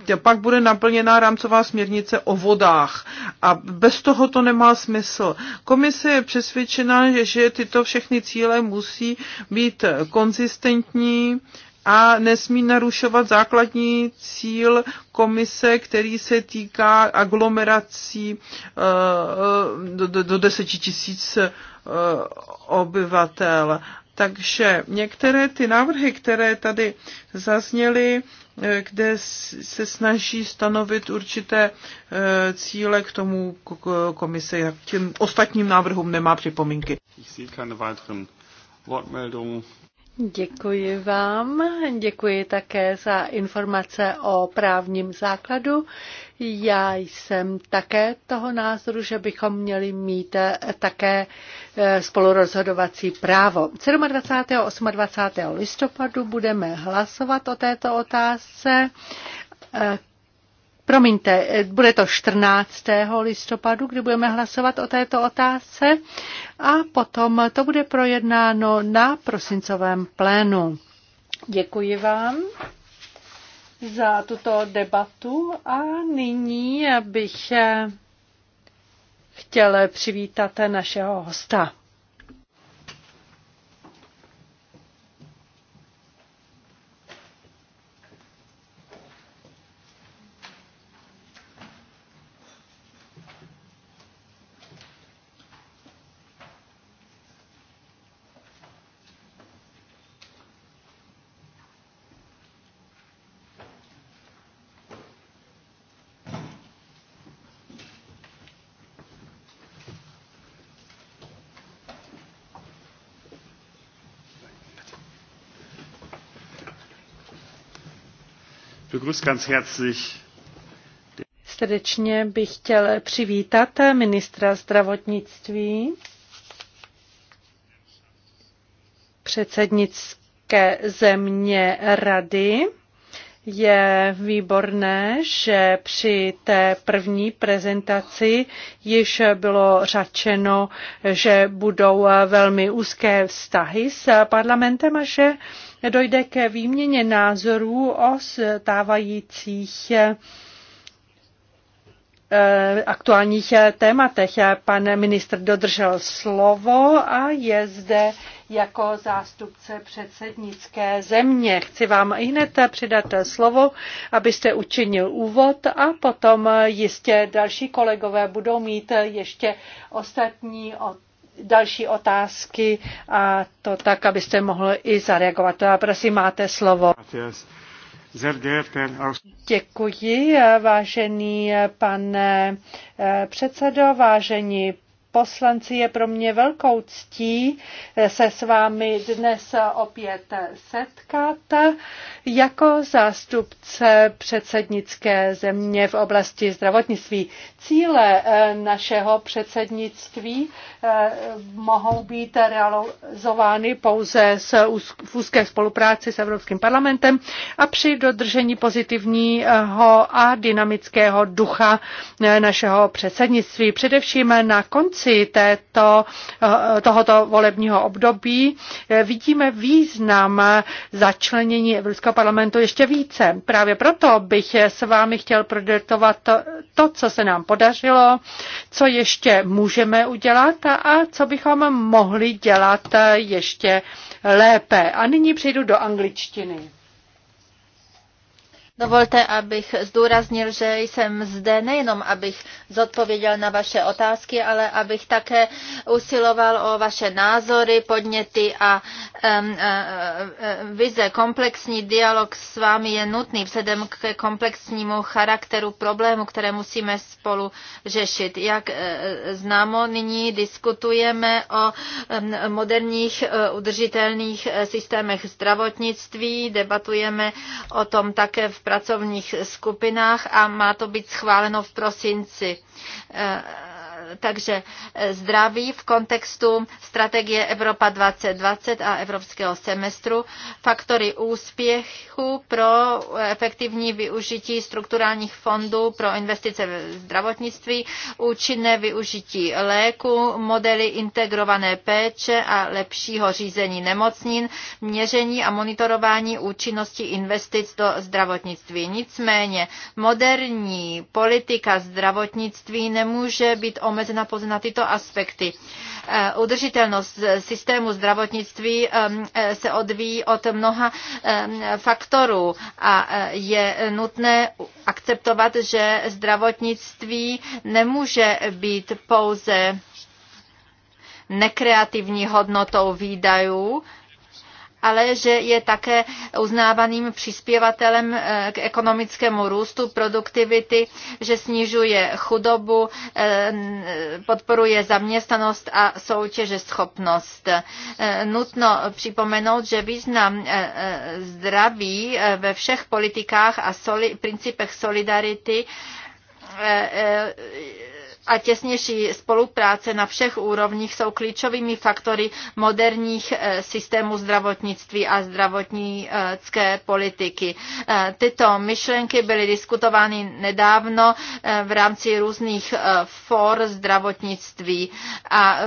Ehm, pak bude naplněná rámcová směrnice o vodách. A bez toho to nemá smysl. Komise je přesvědčená, že tyto všechny cíle musí být konzistentní a nesmí narušovat základní cíl komise, který se týká aglomerací eh, eh, do, deseti tisíc eh, obyvatel. Takže některé ty návrhy, které tady zazněly, kde se snaží stanovit určité cíle k tomu komise, jak těm ostatním návrhům nemá připomínky. Děkuji vám. Děkuji také za informace o právním základu. Já jsem také toho názoru, že bychom měli mít eh, také eh, spolurozhodovací právo. 27. a 28. listopadu budeme hlasovat o této otázce. Eh, Promiňte, eh, bude to 14. listopadu, kdy budeme hlasovat o této otázce a potom to bude projednáno na prosincovém plénu. Děkuji vám za tuto debatu a nyní bych eh, chtěl přivítat našeho hosta. Srdečně bych chtěl přivítat ministra zdravotnictví, předsednické země rady je výborné, že při té první prezentaci již bylo řečeno, že budou velmi úzké vztahy s parlamentem a že dojde ke výměně názorů o stávajících Eh, aktuálních eh, tématech. Eh, pan ministr dodržel slovo a je zde jako zástupce předsednické země. Chci vám hned přidat slovo, abyste učinil úvod a potom jistě další kolegové budou mít ještě ostatní od další otázky a to tak, abyste mohli i zareagovat. A prosím, máte slovo. Děkuji, vážený pane předsedo, vážení poslanci, je pro mě velkou ctí eh, se s vámi dnes eh, opět eh, setkat jako zástupce předsednické země v oblasti zdravotnictví. Cíle našeho předsednictví mohou být realizovány pouze v úzké spolupráci s Evropským parlamentem a při dodržení pozitivního a dynamického ducha našeho předsednictví. Především na konci konci této, eh, tohoto volebního období eh, vidíme význam začlenění Evropského parlamentu ještě více. Právě proto bych s vámi chtěl prodetovat to, to, co se nám podařilo, co ještě můžeme udělat a co bychom mohli dělat ještě lépe. A nyní přejdu do angličtiny. Dovolte, abych zdůraznil, že jsem zde nejenom, abych zodpověděl na vaše otázky, ale abych také usiloval o vaše názory, podněty a um, uh, vize. Komplexní dialog s vámi je nutný vzhledem k komplexnímu charakteru problému, které musíme spolu řešit. Jak uh, známo, nyní diskutujeme o um, moderních uh, udržitelných systémech zdravotnictví, debatujeme o tom také v pracovních skupinách a má to být schváleno v prosinci. Takže eh, zdraví v kontextu strategie Evropa 2020 a evropského semestru, faktory úspěchu pro efektivní využití strukturálních fondů pro investice v zdravotnictví, účinné využití léku, modely integrované péče a lepšího řízení nemocnin, měření a monitorování účinnosti investic do zdravotnictví. Nicméně moderní politika zdravotnictví nemůže být omezena omezena pouze na tyto aspekty. Eh, udržitelnost systému zdravotnictví ehm, eh, se odvíjí od mnoha ehm, faktorů a eh, je nutné akceptovat, že zdravotnictví nemůže být pouze nekreativní hodnotou výdajů, ale že je také uznávaným přispěvatelem eh, k ekonomickému růstu, produktivity, že snižuje chudobu, eh, podporuje zaměstnanost a schopnost. Eh, nutno připomenout, že význam zdraví ve všech politikách a soli, principech solidarity a těsnější spolupráce na všech úrovních jsou klíčovými faktory moderních eh, systémů zdravotnictví a zdravotnické politiky. Eh, tyto myšlenky byly diskutovány nedávno eh, v rámci různých for zdravotnictví a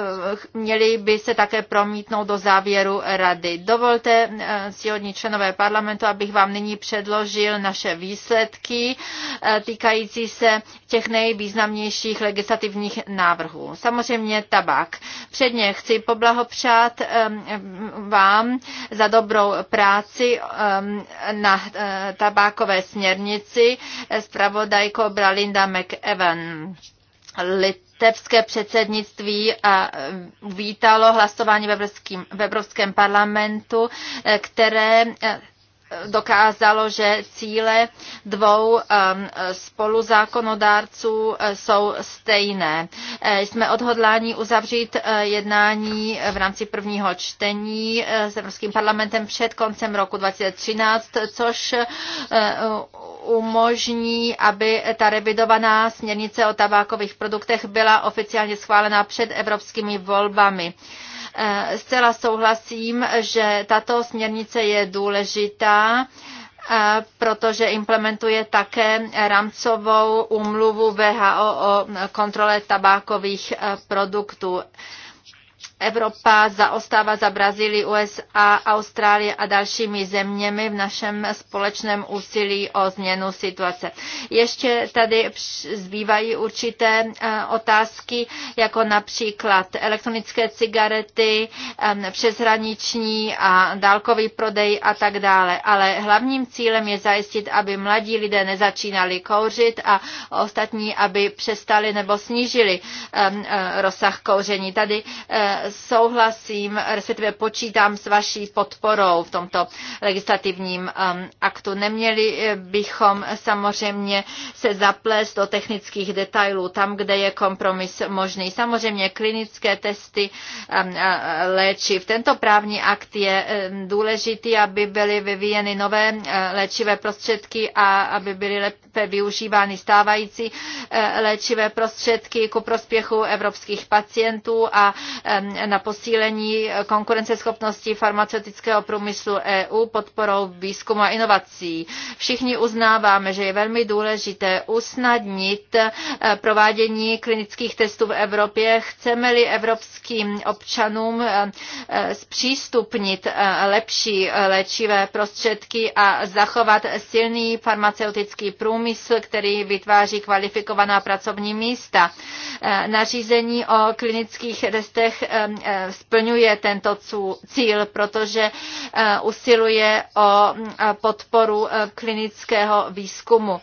měly by se také promítnout do závěru rady. Dovolte, hodní členové parlamentu, abych vám nyní předložil naše výsledky týkající se těch nejvýznamnějších legislativních legislativních návrhů. Samozřejmě tabák. Předně chci poblahopřát vám za dobrou práci na e, tabákové směrnici zpravodajko Bralinda McEwan. Litevské předsednictví a e, vítalo hlasování v Evropském parlamentu, e, které dokázalo, že cíle dvou um, spoluzákonodárců uh, jsou stejné. Uh, jsme odhodláni uzavřít uh, jednání v rámci prvního čtení s Evropským parlamentem před koncem roku 2013, což umožní, aby ta revidovaná směrnice o tabákových produktech byla oficiálně schválena před evropskými volbami. Eh, zcela souhlasím, že tato směrnice je důležitá eh, protože implementuje také rámcovou úmluvu VHO o kontrole tabákových eh, produktů. Evropa zaostává za Brazílii, USA, Austrálie a dalšími zeměmi v našem společném úsilí o změnu situace. Ještě tady zbývají určité eh, otázky, jako například elektronické cigarety, eh, přeshraniční a dálkový prodej a tak dále. Ale hlavním cílem je zajistit, aby mladí lidé nezačínali kouřit a ostatní, aby přestali nebo snížili eh, rozsah kouření. Tady souhlasím, respektive počítám s vaší podporou v tomto legislativním um, aktu. Neměli eh, bychom samozřejmě se zaplést do technických detailů tam, kde je kompromis možný. Samozřejmě klinické testy um, léčiv. Tento právní akt je um, důležitý, aby byly vyvíjeny nové uh, léčivé prostředky a aby byly lépe využívány stávající uh, léčivé prostředky ku prospěchu evropských pacientů a na posílení konkurenceschopnosti farmaceutického průmyslu EU podporou výzkumu a inovací. Všichni uznáváme, že je velmi důležité usnadnit eh, provádění klinických testů v Evropě. Chceme-li evropským občanům eh, eh, zpřístupnit lepší léčivé prostředky a zachovat silný farmaceutický průmysl, který vytváří kvalifikovaná pracovní místa. Nařízení o klinických testech Eh, splňuje tento cíl, protože eh, usiluje o eh, podporu klinického výzkumu.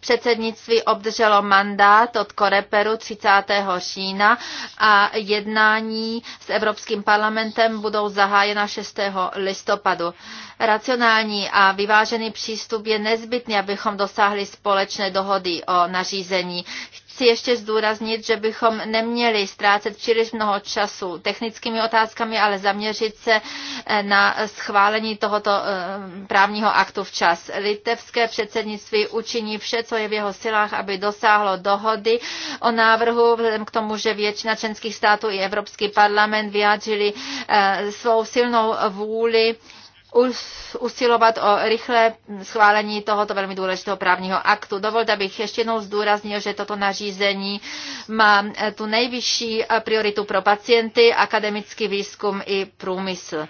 Předsednictví obdrželo mandát od Koreperu 30. října a jednání s Evropským parlamentem budou zahájena 6. listopadu. Racionální a vyvážený přístup je nezbytný, abychom dosáhli společné dohody o nařízení chci ještě zdůraznit, že bychom neměli ztrácet příliš mnoho času technickými otázkami, ale zaměřit se eh, na schválení tohoto eh, právního aktu včas. Litevské předsednictví učiní vše, co je v jeho silách, aby dosáhlo dohody o návrhu, vzhledem k tomu, že většina členských států i Evropský parlament vyjádřili eh, svou silnou vůli usilovat o rychlé schválení tohoto velmi důležitého právního aktu. Dovolte, abych ještě jednou zdůraznil, že toto nařízení má eh, tu nejvyšší eh, prioritu pro pacienty, akademický výzkum i průmysl.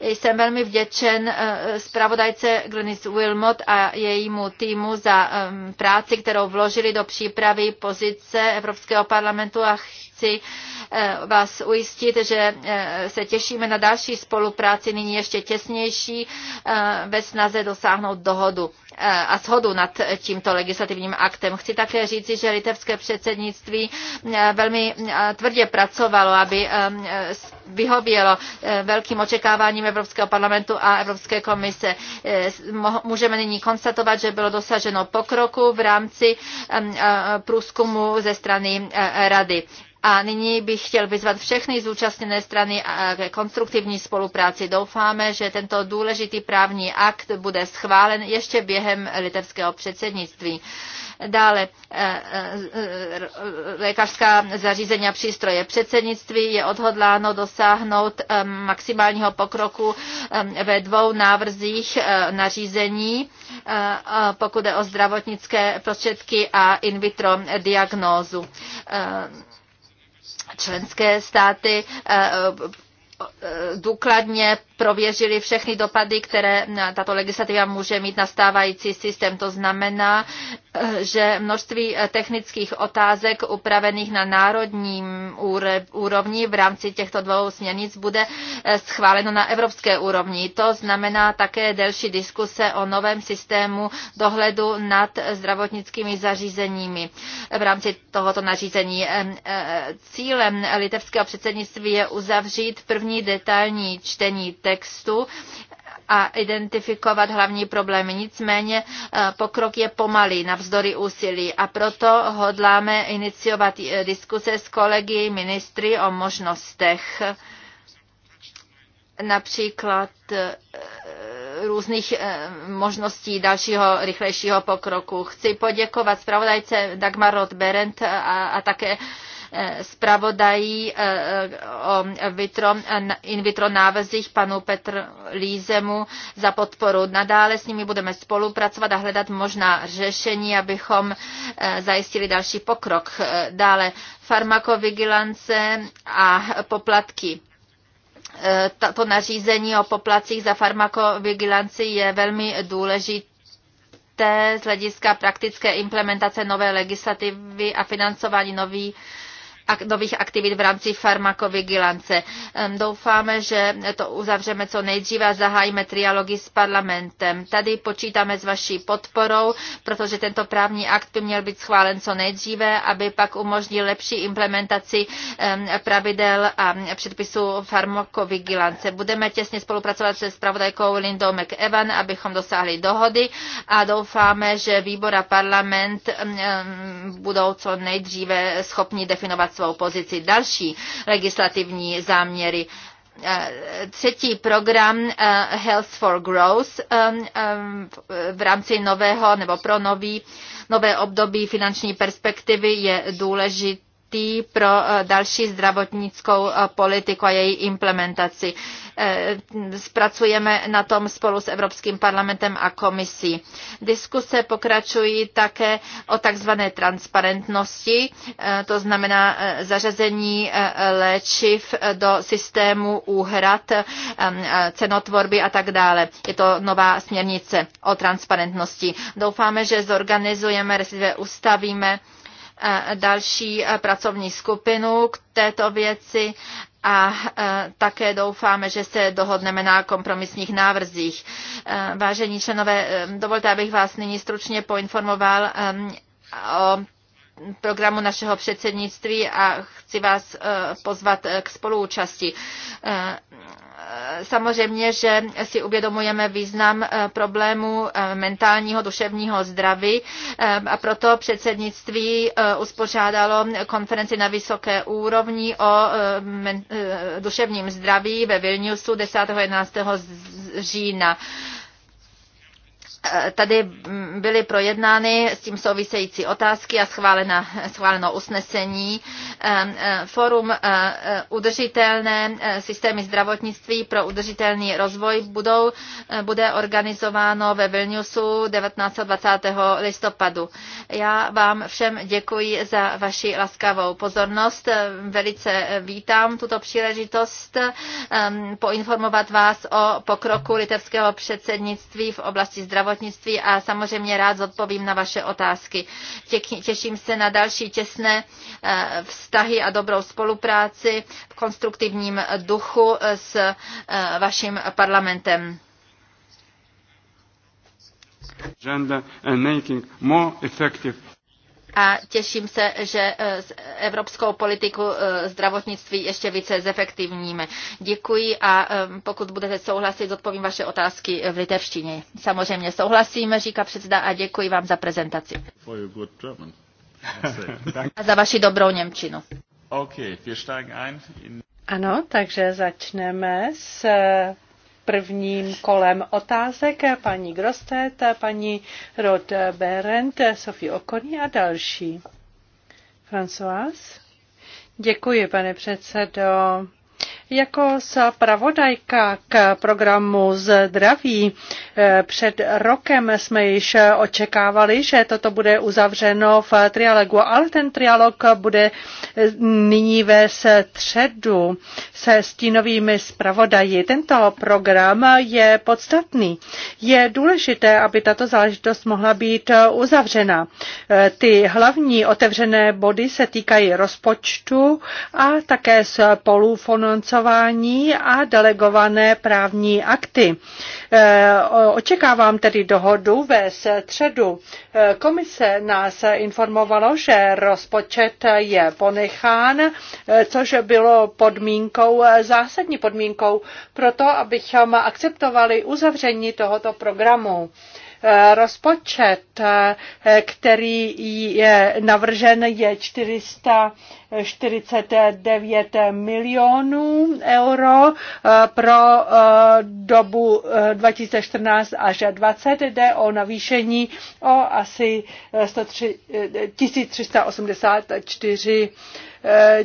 Jsem velmi vděčen eh, zpravodajce Glenis Wilmot a jejímu týmu za práci, kterou vložili do přípravy pozice Evropského parlamentu a chci eh, vás ujistit, že eh, se těšíme na další spolupráci, nyní ještě těsnější, eh, ve snaze dosáhnout dohodu a shodu nad tímto legislativním aktem. Chci také říci, že litevské předsednictví velmi tvrdě pracovalo, aby vyhovělo velkým očekáváním Evropského parlamentu a Evropské komise. Můžeme nyní konstatovat, že bylo dosaženo pokroku v rámci průzkumu ze strany Rady. A nyní bych chtěl vyzvat všechny zúčastněné strany k konstruktivní spolupráci. Doufáme, že tento důležitý právní akt bude schválen ještě během litevského předsednictví. Dále eh, eh, lékařská zařízení a přístroje předsednictví je odhodláno dosáhnout eh, maximálního pokroku ve dvou návrzích nařízení, pokud je o zdravotnické prostředky a in vitro diagnózu členské státy eh, Eh, důkladně prověřili všechny dopady, které tato legislativa může mít na stávající systém. To znamená, eh, že množství eh, technických otázek upravených na národním úrovni v rámci těchto dvou směrnic bude schváleno na evropské úrovni. To znamená také delší diskuse o novém systému dohledu nad zdravotnickými zařízeními v rámci tohoto nařízení. Cílem litevského předsednictví je uzavřít první právní detailní čtení textu a identifikovat hlavní problémy. Nicméně eh, pokrok je pomalý navzdory úsilí a proto hodláme iniciovat eh, diskuse s kolegy ministry o možnostech například eh, různých možností dalšího rychlejšího pokroku. Chci poděkovat zpravodajce Dagmar Roth-Berendt a, a také zpravodají eh, eh, o vitro, in vitro návezích panu Petr Lízemu za podporu. Nadále s nimi budeme spolupracovat a hledat možná řešení, abychom eh, zajistili další pokrok. Dále farmakovigilance a poplatky to nařízení o poplacích za farmakovigilanci je velmi důležité z hlediska praktické implementace nové legislativy a financování nových nových aktivit v rámci farmakovigilance. Doufáme, že to uzavřeme co nejdříve a zahájíme trialogy s parlamentem. Tady počítáme s vaší podporou, protože tento právní akt by měl být schválen co nejdříve, aby pak umožnil lepší implementaci pravidel a předpisů farmakovigilance. Budeme těsně spolupracovat se spravodajkou Lindou McEvan, abychom dosáhli dohody a doufáme, že výbor a parlament budou co nejdříve schopni definovat svou pozici. Další legislativní záměry eh, třetí program eh, Health for Growth eh, v rámci nového nebo pro nový, nové období finanční perspektivy je důležitý důležitý pro eh, další zdravotnickou eh, politiku a její implementaci. Spracujeme eh, na tom spolu s Evropským parlamentem a komisí. Diskuse pokračují také o takzvané transparentnosti, to znamená zařazení léčiv do systému úhrad, cenotvorby a tak dále. Je to nová směrnice o transparentnosti. Doufáme, že zorganizujeme, respektive ustavíme další pracovní skupinu k této věci a také doufáme, že se dohodneme na kompromisních návrzích. Vážení členové, dovolte, abych vás nyní stručně poinformoval o programu našeho předsednictví a chci vás pozvat k spoluúčasti samozřejmě, že si uvědomujeme význam eh, problému eh, mentálního duševního zdraví eh, a proto předsednictví uspořádalo konferenci na vysoké úrovni o duševním zdraví ve Vilniusu 10. 11. října. Eh, tady mm, byly projednány s tím související otázky a schválena, schváleno usnesení. Ehm, eh, Forum eh, udržitelné systémy zdravotnictví pro udržitelný rozvoj budou, bude organizováno ve Vilniusu 19. 20. listopadu. Já vám všem děkuji za vaši laskavou pozornost. Velice vítám tuto příležitost ehm, poinformovat vás o pokroku litevského předsednictví v oblasti zdravotnictví zdravotnictví a samozřejmě rád zodpovím na vaše otázky. Těším se na další těsné eh, vztahy a dobrou spolupráci v konstruktivním duchu s eh, vaším parlamentem a těším se, že e, evropskou politiku e, zdravotnictví ještě více zefektivníme. Děkuji a e, pokud budete souhlasit, odpovím vaše otázky v litevštině. Samozřejmě souhlasíme, říká předseda a děkuji vám za prezentaci. A za vaši dobrou Němčinu. Ano, takže začneme s prvním kolem otázek paní Grostet, paní Rod Berendt, Sofie Okoni a další. François? Děkuji, pane předsedo. Jako zpravodajka k programu Zdraví eh, před rokem jsme již očekávali, že toto bude uzavřeno v trialogu, ale ten trialog bude eh, nyní ve středu se stínovými zpravodaji. Tento program je podstatný. Je důležité, aby tato záležitost mohla být uzavřena. Eh, ty hlavní otevřené body se týkají rozpočtu a také spolufinancování financování a delegované právní akty. Eh, očekávám tedy dohodu ve středu. Eh, komise nás informovalo, že rozpočet je ponechán, eh, což bylo podmínkou, zásadní podmínkou pro to, abychom akceptovali uzavření tohoto programu rozpočet, který je navržen, je 400 49 milionů euro eh, pro eh, dobu 2014 eh, až 2020. Jde o navýšení o asi 1384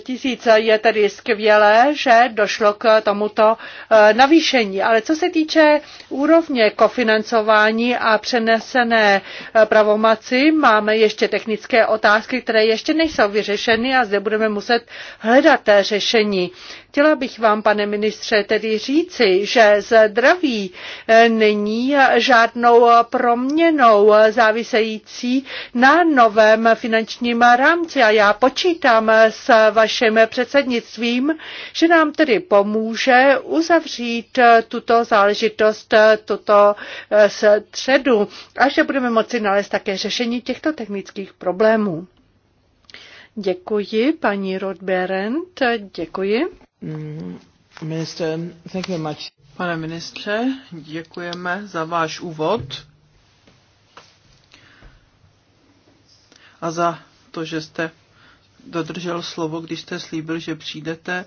tisíc. Je tedy skvělé, že došlo k tomuto navýšení. Ale co se týče úrovně kofinancování a přenesené pravomaci, máme ještě technické otázky, které ještě nejsou vyřešeny a zde bude budeme muset hledat řešení. Chtěla bych vám, pane ministře, tedy říci, že zdraví eh, není žádnou proměnou závisející na novém finančním rámci a já počítám s vaším předsednictvím, že nám tedy pomůže uzavřít eh, tuto záležitost, eh, tuto středu a že budeme moci nalézt také řešení těchto technických problémů. Děkuji, paní Rodberent, děkuji. Mm, minister, thank you much. Pane ministře, děkujeme za váš úvod a za to, že jste dodržel slovo, když jste slíbil, že přijdete.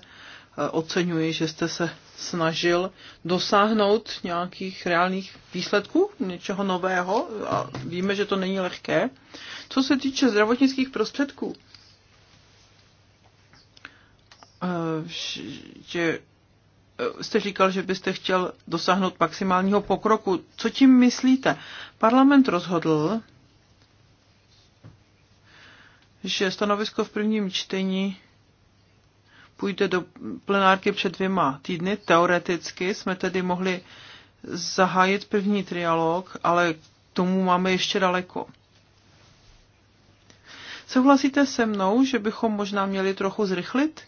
Oceňuji, že jste se snažil dosáhnout nějakých reálných výsledků, něčeho nového a víme, že to není lehké. Co se týče zdravotnických prostředků, Eh, že eh, jste říkal, že byste chtěl dosáhnout maximálního pokroku. Co tím myslíte? Parlament rozhodl, že stanovisko v prvním čtení půjde do plenárky před dvěma týdny. Teoreticky jsme tedy mohli zahájit první trialog, ale k tomu máme ještě daleko. Souhlasíte se mnou, že bychom možná měli trochu zrychlit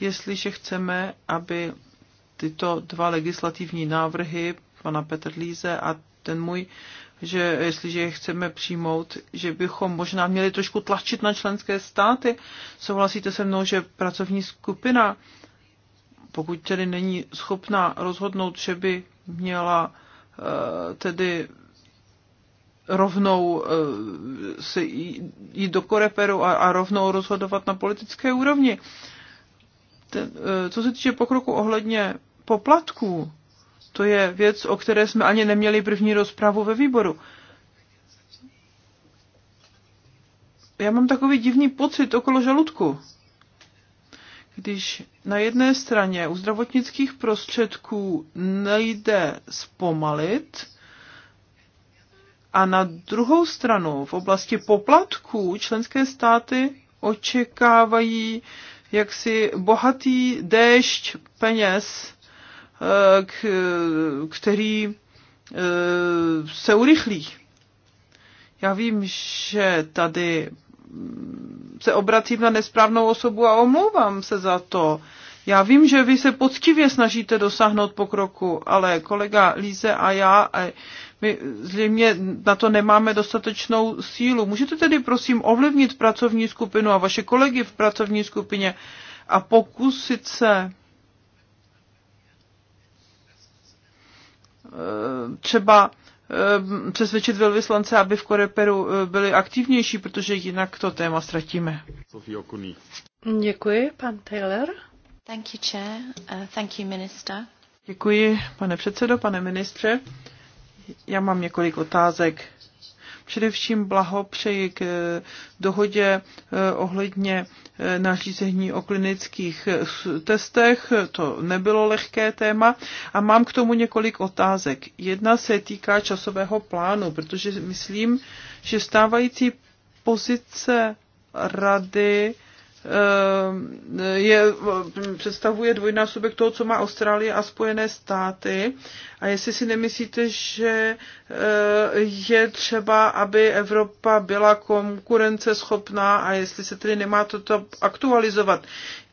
jestliže chceme, aby tyto dva legislativní návrhy pana Petr Líze a ten můj, že jestliže je chceme přijmout, že bychom možná měli trošku tlačit na členské státy. Souhlasíte se mnou, že pracovní skupina, pokud tedy není schopná rozhodnout, že by měla eh, tedy rovnou eh, se jít do koreperu a, a rovnou rozhodovat na politické úrovni. Ten, eh, co se týče pokroku ohledně poplatků, to je věc, o které jsme ani neměli první rozpravu ve výboru. Já mám takový divný pocit okolo žaludku. Když na jedné straně u zdravotnických prostředků nejde zpomalit, a na druhou stranu v oblasti poplatků členské státy očekávají jaksi bohatý déšť peněz, eh, k, který eh, se urychlí. Já vím, že tady mm, se obracím na nesprávnou osobu a omlouvám se za to. Já vím, že vy se poctivě snažíte dosáhnout pokroku, ale kolega Líze a já a my zřejmě na to nemáme dostatečnou sílu. Můžete tedy prosím ovlivnit pracovní skupinu a vaše kolegy v pracovní skupině a pokusit se eh, třeba eh, přesvědčit velvyslance, aby v Koreperu eh, byli aktivnější, protože jinak to téma ztratíme. Děkuji, pan Taylor. Thank you, chair. Uh, thank you, minister. Děkuji, pane předsedo, pane ministře. Já mám několik otázek. Především blahopřeji k eh, dohodě eh, ohledně eh, nařízení o klinických testech. To nebylo lehké téma a mám k tomu několik otázek. Jedna se týká časového plánu, protože myslím, že stávající pozice rady Eh, je, eh, představuje dvojnásobek toho, co má Austrálie a Spojené státy. A jestli si nemyslíte, že eh, je třeba, aby Evropa byla konkurenceschopná a jestli se tedy nemá toto aktualizovat.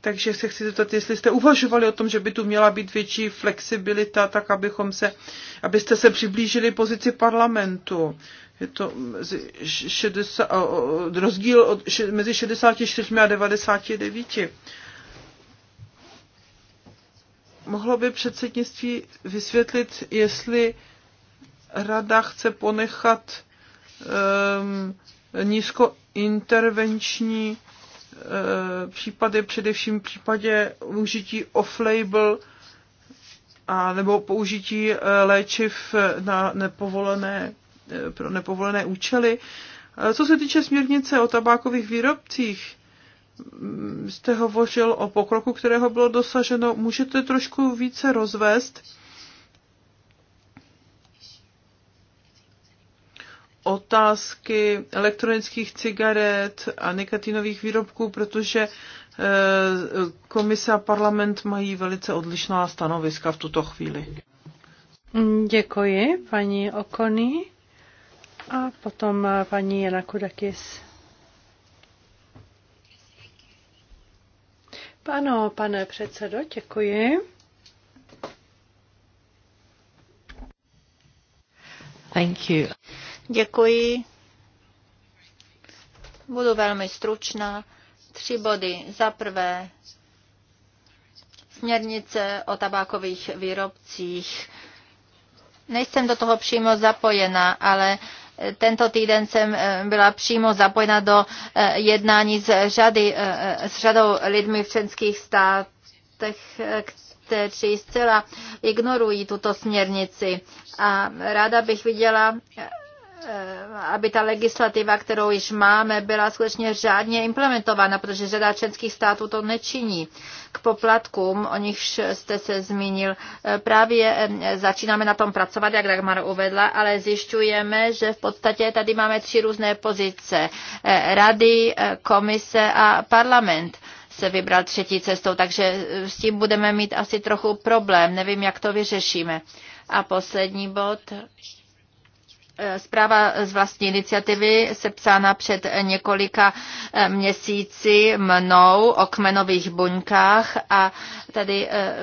Takže se chci zeptat, jestli jste uvažovali o tom, že by tu měla být větší flexibilita, tak abychom se, abyste se přiblížili pozici parlamentu je to mezi 60, rozdíl od, mezi 64 a 99. Mohlo by předsednictví vysvětlit, jestli rada chce ponechat um, nízkointervenční um, případy, především v případě užití off-label a nebo použití eh, léčiv na nepovolené Eh, pro nepovolené účely. Eh, co se týče směrnice o tabákových výrobcích, mm, jste hovořil o pokroku, kterého bylo dosaženo. Můžete trošku více rozvést otázky elektronických cigaret a nikotinových výrobků, protože eh, komise a parlament mají velice odlišná stanoviska v tuto chvíli. Děkuji, paní Okony. A potom eh, paní Jana Kudakis. Ano, pane předsedo, děkuji. Thank you. Děkuji. Budu velmi stručná. Tři body. Za prvé, směrnice o tabákových výrobcích. Nejsem do toho přímo zapojena, ale uh, tento týden jsem eh, byla přímo zapojena do eh, jednání s, řady, eh, s řadou lidmi v členských státech, kteří zcela ignorují tuto směrnici. A ráda bych viděla Eh, aby ta legislativa, kterou již máme, byla skutečně řádně implementována, protože řada členských států to nečiní. K poplatkům, o nichž jste se zmínil, eh, právě eh, začínáme na tom pracovat, jak Dagmar uvedla, ale zjišťujeme, že v podstatě tady máme tři různé pozice. Rady, komise a parlament se vybral třetí cestou, takže s tím budeme mít asi trochu problém. Nevím, jak to vyřešíme. A poslední bod Eh, zpráva z vlastní iniciativy se psána před několika eh, měsíci mnou o kmenových buňkách a tady eh,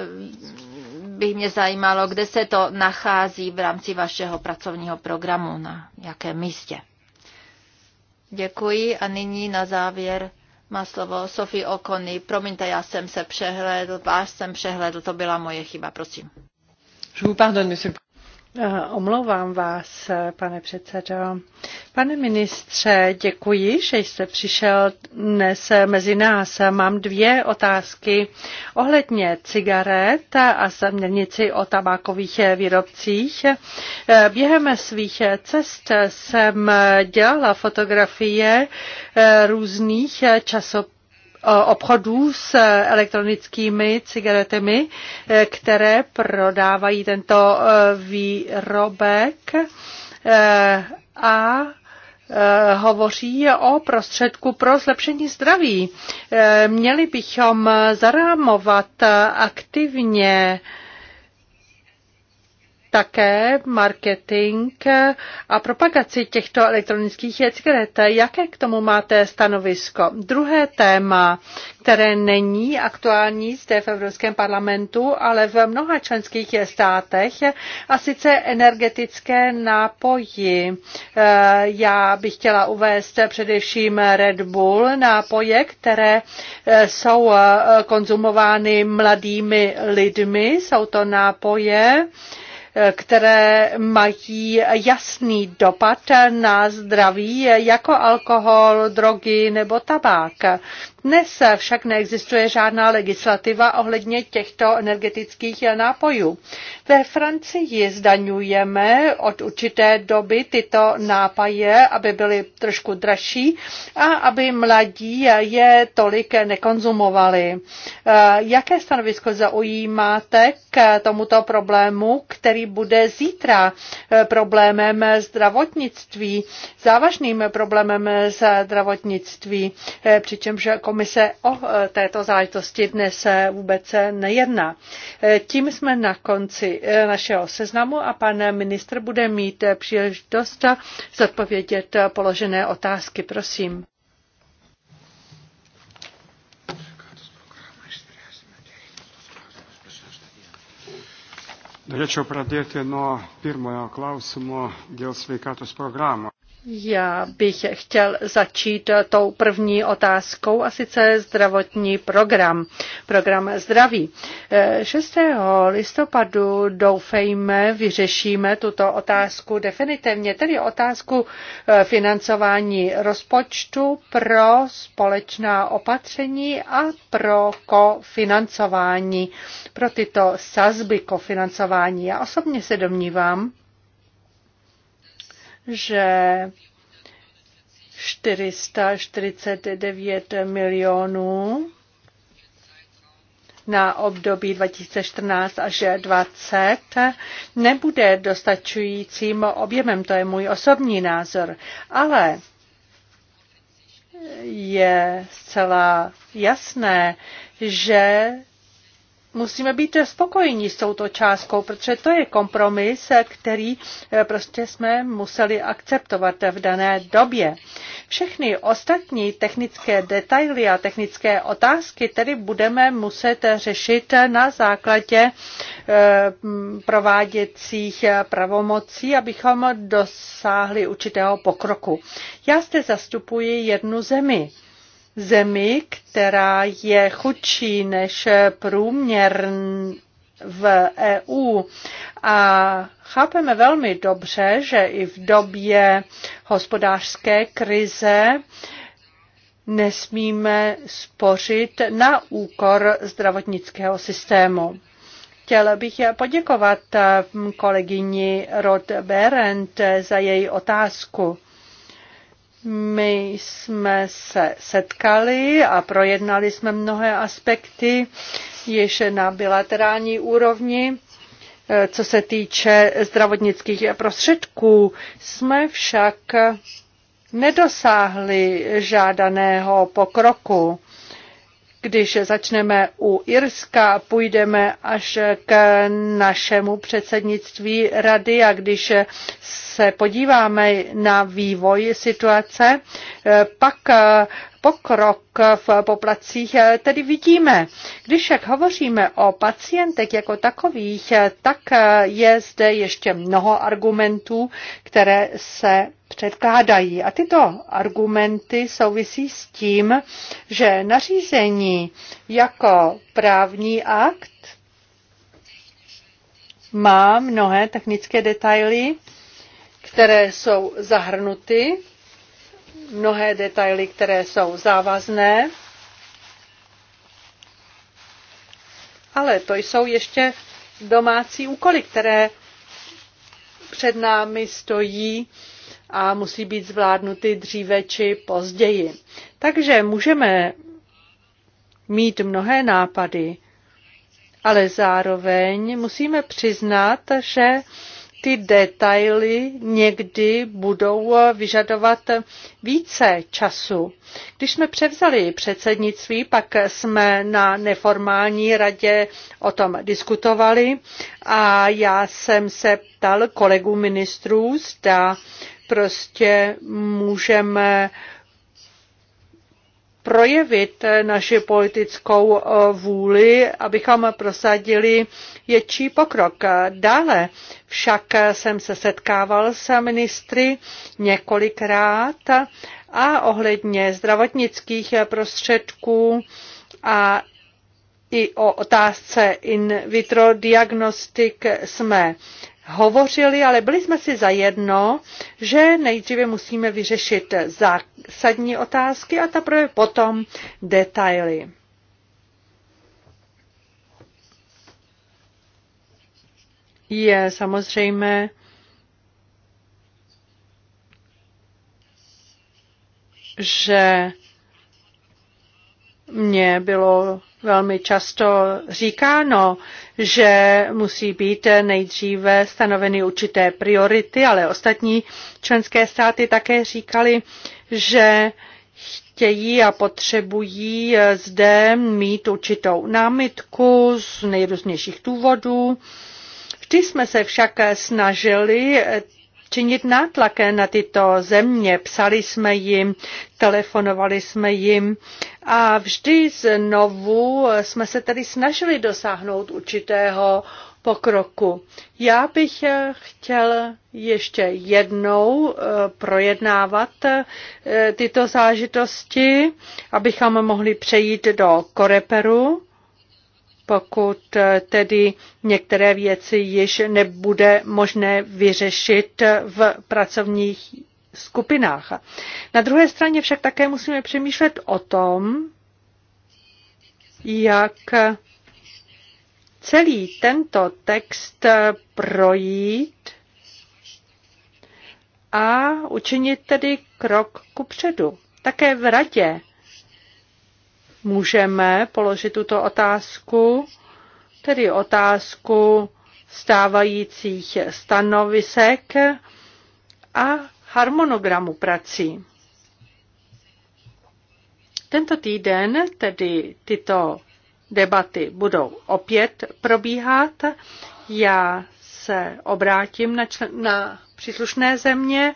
by mě zajímalo, kde se to nachází v rámci vašeho pracovního programu, na jakém místě. Děkuji a nyní na závěr má slovo Sofie Okony. Promiňte, já jsem se přehlédl, vás jsem přehlédl, to byla moje chyba, prosím. Je vous pardonne, monsieur. Eh, omlouvám vás, eh, pane předsedo. Pane ministře, děkuji, že jste přišel dnes eh, mezi nás. Mám dvě otázky ohledně cigaret a směrnici o tabákových výrobcích. Během svých cest jsem dělala fotografie různých časopisů obchodů s elektronickými cigaretami, e, které prodávají tento e, výrobek e, a hovoří o prostředku pro zlepšení zdraví. Měli bychom zarámovat aktivně také marketing a propagaci těchto elektronických cigaret. Jaké k tomu máte stanovisko? Druhé téma, které není aktuální zde v Evropském parlamentu, ale v mnoha členských státech, a sice energetické nápoji. Já bych chtěla uvést především Red Bull nápoje, které jsou konzumovány mladými lidmi. Jsou to nápoje, které mají jasný dopad na zdraví, jako alkohol, drogy nebo tabák. Dnes však neexistuje žádná legislativa ohledně těchto energetických nápojů. Ve Francii zdaňujeme od určité doby tyto nápaje, aby byly trošku dražší a aby mladí je tolik nekonzumovali. Jaké stanovisko zaujímáte k tomuto problému, který bude zítra problémem zdravotnictví, závažným problémem zdravotnictví, přičemž komise o e, této záležitosti dnes vůbec nejedná. E, tím jsme na konci e, našeho seznamu a pan ministr bude mít příležitost zodpovědět položené otázky. Prosím. Norėčiau pradėti nuo pirmojo klausimo dėl sveikatos programų. Já bych chtěl začít tou první otázkou, a sice zdravotní program, program zdraví. 6. listopadu doufejme, vyřešíme tuto otázku definitivně, tedy otázku eh, financování rozpočtu pro společná opatření a pro kofinancování, pro tyto sazby kofinancování. Já osobně se domnívám, že 449 milionů na období 2014 až 2020 nebude dostačujícím objemem, to je můj osobní názor, ale je zcela jasné, že musíme být spokojeni s touto částkou, protože to je kompromis, který eh, prostě jsme museli akceptovat v dané době. Všechny ostatní technické detaily a technické otázky tedy budeme muset řešit na základě eh, prováděcích pravomocí, abychom dosáhli určitého pokroku. Já zde zastupuji jednu zemi zemi, která je chudší než průměr v EU. A chápeme velmi dobře, že i v době hospodářské krize nesmíme spořit na úkor zdravotnického systému. Chtěl bych poděkovat kolegyni Rod Berendt za její otázku. My jsme se setkali a projednali jsme mnohé aspekty již na bilaterální úrovni. E, co se týče zdravotnických prostředků, jsme však nedosáhli žádaného pokroku. Když začneme u Irska, půjdeme až k našemu předsednictví rady a když se podíváme na vývoj situace, pak pokrok v poplacích tedy vidíme. Když však hovoříme o pacientech jako takových, tak je zde ještě mnoho argumentů, které se předkládají. A tyto argumenty souvisí s tím, že nařízení jako právní akt má mnohé technické detaily, které jsou zahrnuty mnohé detaily, které jsou závazné, ale to jsou ještě domácí úkoly, které před námi stojí a musí být zvládnuty dříve či později. Takže můžeme mít mnohé nápady, ale zároveň musíme přiznat, že ty detaily někdy budou vyžadovat více času. Když jsme převzali předsednictví, pak jsme na neformální radě o tom diskutovali a já jsem se ptal kolegů ministrů, zda prostě můžeme projevit naši politickou eh, vůli, abychom prosadili větší pokrok. Dále však jsem se setkával s ministry několikrát a ohledně zdravotnických prostředků a i o otázce in vitro diagnostik jsme hovořili, ale byli jsme si zajedno, že nejdříve musíme vyřešit zásadní otázky a teprve potom detaily. Je samozřejmé, že mě bylo velmi často říkáno, že musí být nejdříve stanoveny určité priority, ale ostatní členské státy také říkali, že chtějí a potřebují zde mít určitou námitku z nejrůznějších důvodů. Vždy jsme se však snažili činit nátlak na tyto země. Psali jsme jim, telefonovali jsme jim a vždy znovu jsme se tedy snažili dosáhnout určitého pokroku. Já bych chtěl ještě jednou eh, projednávat eh, tyto zážitosti, abychom mohli přejít do Koreperu pokud eh, tedy některé věci již nebude možné vyřešit v pracovních skupinách. Na druhé straně však také musíme přemýšlet o tom, jak celý tento text projít a učinit tedy krok ku předu. Také v radě můžeme položit tuto otázku, tedy otázku stávajících stanovisek a harmonogramu prací. Tento týden tedy tyto debaty budou opět probíhat. Já se obrátím na, čl- na příslušné země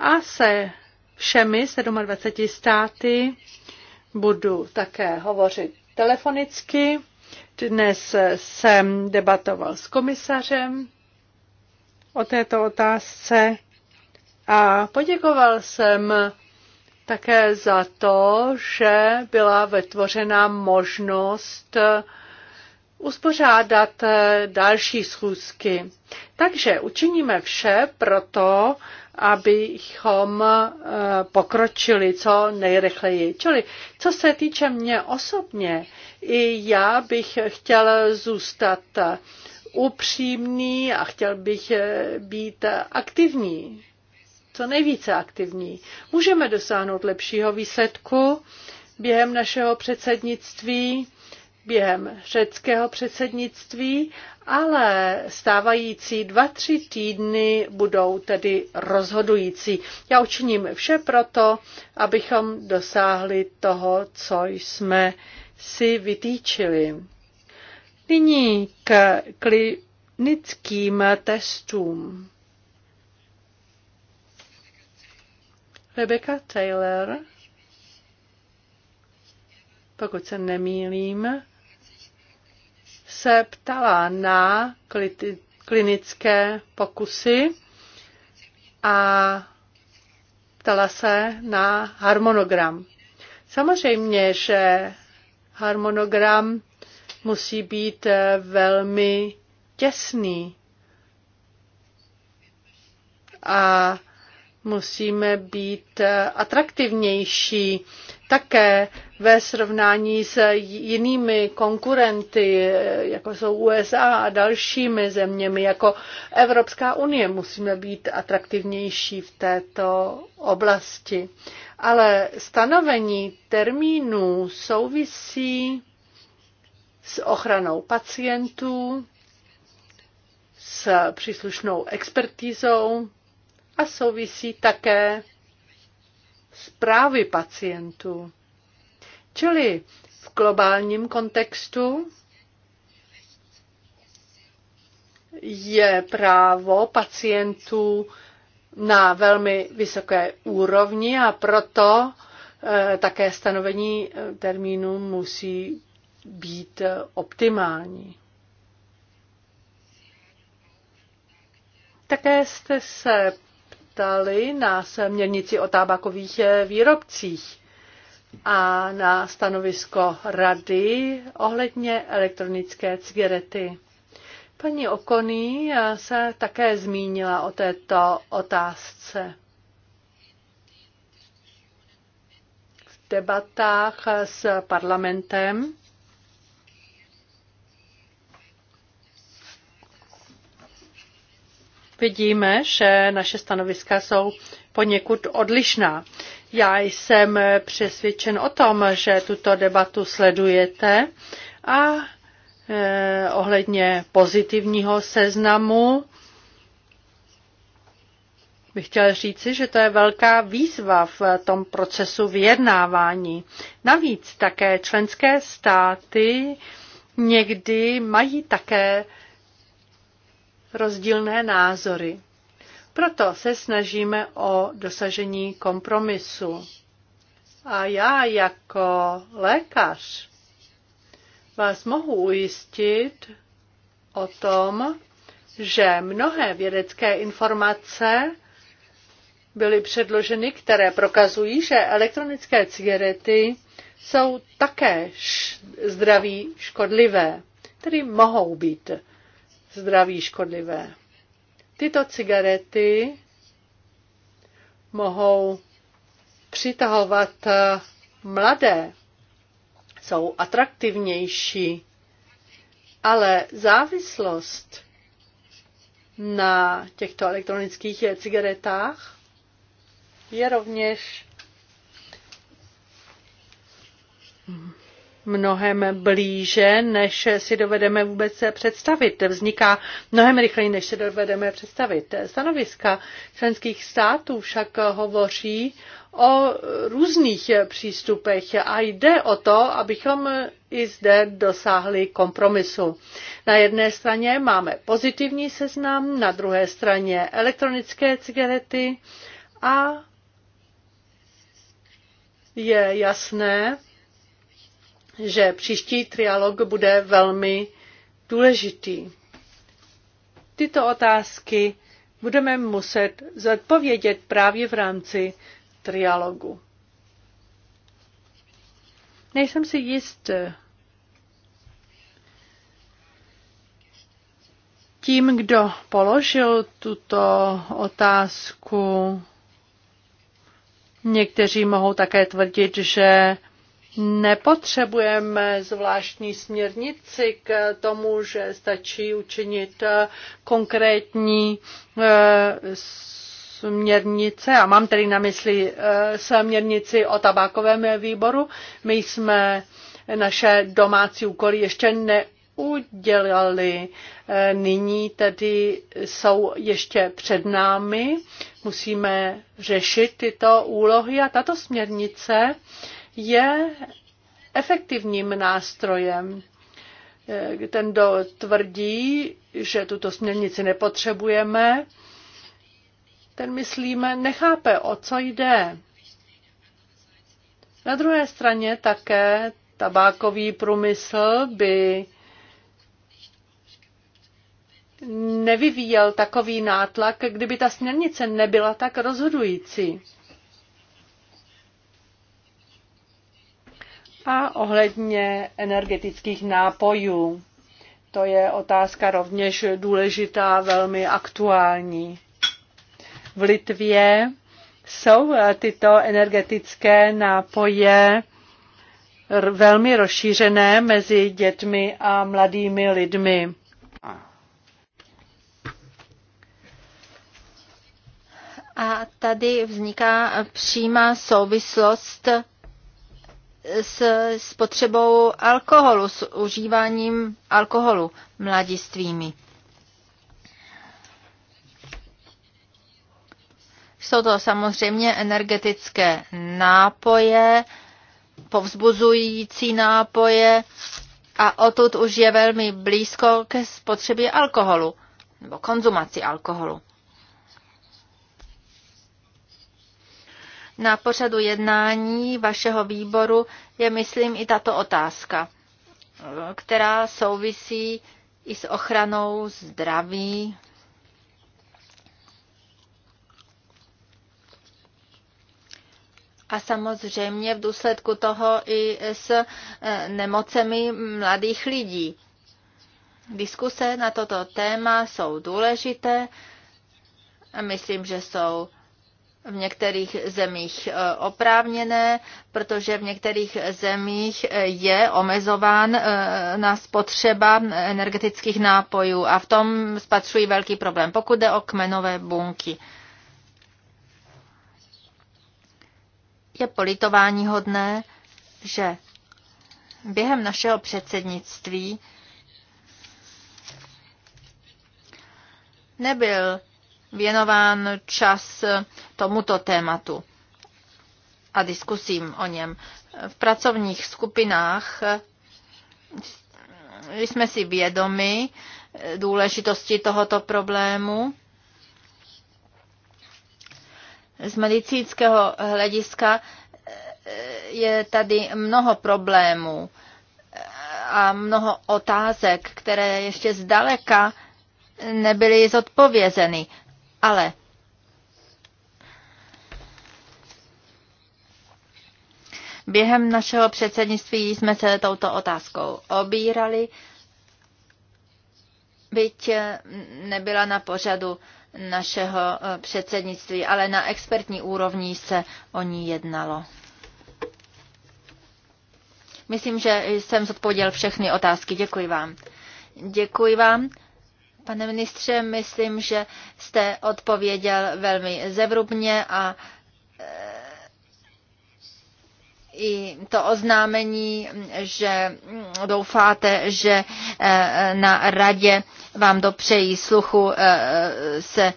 a se všemi 27 státy Budu také hovořit telefonicky. Dnes jsem debatoval s komisařem o této otázce a poděkoval jsem také za to, že byla vytvořena možnost uspořádat další schůzky. Takže učiníme vše pro to, abychom eh, pokročili co nejrychleji. Čili co se týče mě osobně, i já bych chtěl zůstat upřímný a chtěl bych eh, být aktivní, co nejvíce aktivní. Můžeme dosáhnout lepšího výsledku během našeho předsednictví během řeckého předsednictví, ale stávající dva, tři týdny budou tedy rozhodující. Já učiním vše proto, abychom dosáhli toho, co jsme si vytýčili. Nyní k klinickým testům. Rebecca Taylor, pokud se nemýlím, se ptala na klinické pokusy a ptala se na harmonogram. Samozřejmě, že harmonogram musí být eh, velmi těsný a musíme být eh, atraktivnější také ve srovnání s jinými konkurenty, jako jsou USA a dalšími zeměmi, jako Evropská unie, musíme být atraktivnější v této oblasti. Ale stanovení termínů souvisí s ochranou pacientů, s příslušnou expertízou a souvisí také zprávy pacientů. Čili v globálním kontextu je právo pacientů na velmi vysoké úrovni a proto eh, také stanovení eh, termínu musí být eh, optimální. Také jste se ptali na směrnici o tábakových eh, výrobcích a na stanovisko rady ohledně elektronické cigarety. Paní Okoný eh, se také zmínila o této otázce. V debatách s parlamentem vidíme, že naše stanoviska jsou poněkud odlišná. Já jsem přesvědčen o tom, že tuto debatu sledujete a e, ohledně pozitivního seznamu bych chtěl říci, že to je velká výzva v tom procesu vyjednávání. Navíc také členské státy někdy mají také rozdílné názory. Proto se snažíme o dosažení kompromisu. A já jako lékař vás mohu ujistit o tom, že mnohé vědecké informace byly předloženy, které prokazují, že elektronické cigarety jsou také zdraví škodlivé, tedy mohou být zdraví škodlivé. Tyto cigarety mohou přitahovat eh, mladé, jsou atraktivnější, ale závislost na těchto elektronických cigaretách je rovněž mnohem blíže, než si dovedeme vůbec představit. Vzniká mnohem rychleji, než si dovedeme představit. Stanoviska členských států však hovoří o různých přístupech a jde o to, abychom i zde dosáhli kompromisu. Na jedné straně máme pozitivní seznam, na druhé straně elektronické cigarety a je jasné, že příští trialog bude velmi důležitý. Tyto otázky budeme muset zodpovědět právě v rámci trialogu. Nejsem si jist tím, kdo položil tuto otázku. Někteří mohou také tvrdit, že Nepotřebujeme zvláštní směrnici k tomu, že stačí učinit eh, konkrétní eh, směrnice, a mám tedy na mysli eh, směrnici o tabákovém výboru. My jsme naše domácí úkoly ještě neudělali. Nyní tedy jsou ještě před námi. Musíme řešit tyto úlohy a tato směrnice je efektivním nástrojem. Eh, ten, kdo tvrdí, že tuto směrnici nepotřebujeme, ten, myslíme, nechápe, o co jde. Na druhé straně také tabákový průmysl by nevyvíjel takový nátlak, kdyby ta směrnice nebyla tak rozhodující. a ohledně energetických nápojů. To je otázka rovněž důležitá, velmi aktuální. V Litvě jsou eh, tyto energetické nápoje velmi rozšířené mezi dětmi a mladými lidmi. A tady vzniká přímá souvislost s spotřebou alkoholu, s užíváním alkoholu mladistvými. Jsou to samozřejmě energetické nápoje, povzbuzující nápoje a odtud už je velmi blízko ke spotřebě alkoholu nebo konzumaci alkoholu. na pořadu jednání vašeho výboru je, myslím, i tato otázka, která souvisí i s ochranou zdraví a samozřejmě v důsledku toho i s eh, nemocemi mladých lidí. Diskuse na toto téma jsou důležité a myslím, že jsou v některých zemích eh, oprávněné, protože v některých zemích eh, je omezován eh, na spotřeba energetických nápojů a v tom spatřují velký problém, pokud jde o kmenové bunky. Je politování hodné, že během našeho předsednictví nebyl věnován čas tomuto tématu a diskusím o něm. V pracovních skupinách jsme si vědomi důležitosti tohoto problému. Z medicínského hlediska je tady mnoho problémů a mnoho otázek, které ještě zdaleka nebyly zodpovězeny. Ale Během našeho předsednictví jsme se touto otázkou obírali, byť eh, nebyla na pořadu našeho eh, předsednictví, ale na expertní úrovni se o ní jednalo. Myslím, že jsem zodpověděl všechny otázky. Děkuji vám. Děkuji vám. Pane ministře, myslím, že jste odpověděl velmi zevrubně a eh, i to oznámení, že doufáte, že eh, na radě vám dopřejí sluchu eh, se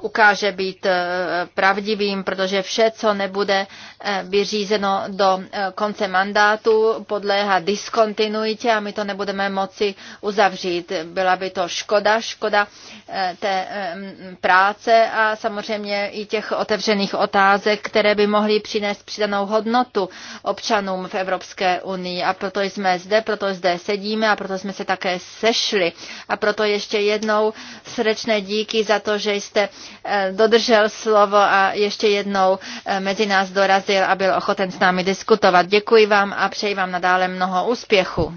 ukáže být eh, pravdivým, protože vše, co nebude eh, vyřízeno do eh, konce mandátu, podléhá diskontinuitě a my to nebudeme moci uzavřít. Byla by to škoda, škoda té práce a samozřejmě i těch otevřených otázek, které by mohly přinést přidanou hodnotu občanům v Evropské unii. A proto jsme zde, proto zde sedíme a proto jsme se také sešli. A proto ještě jednou srdečné díky za to, že jste Eh, dodržel slovo a ještě jednou eh, mezi nás dorazil a byl ochoten s námi diskutovat. Děkuji vám a přeji vám nadále mnoho úspěchu.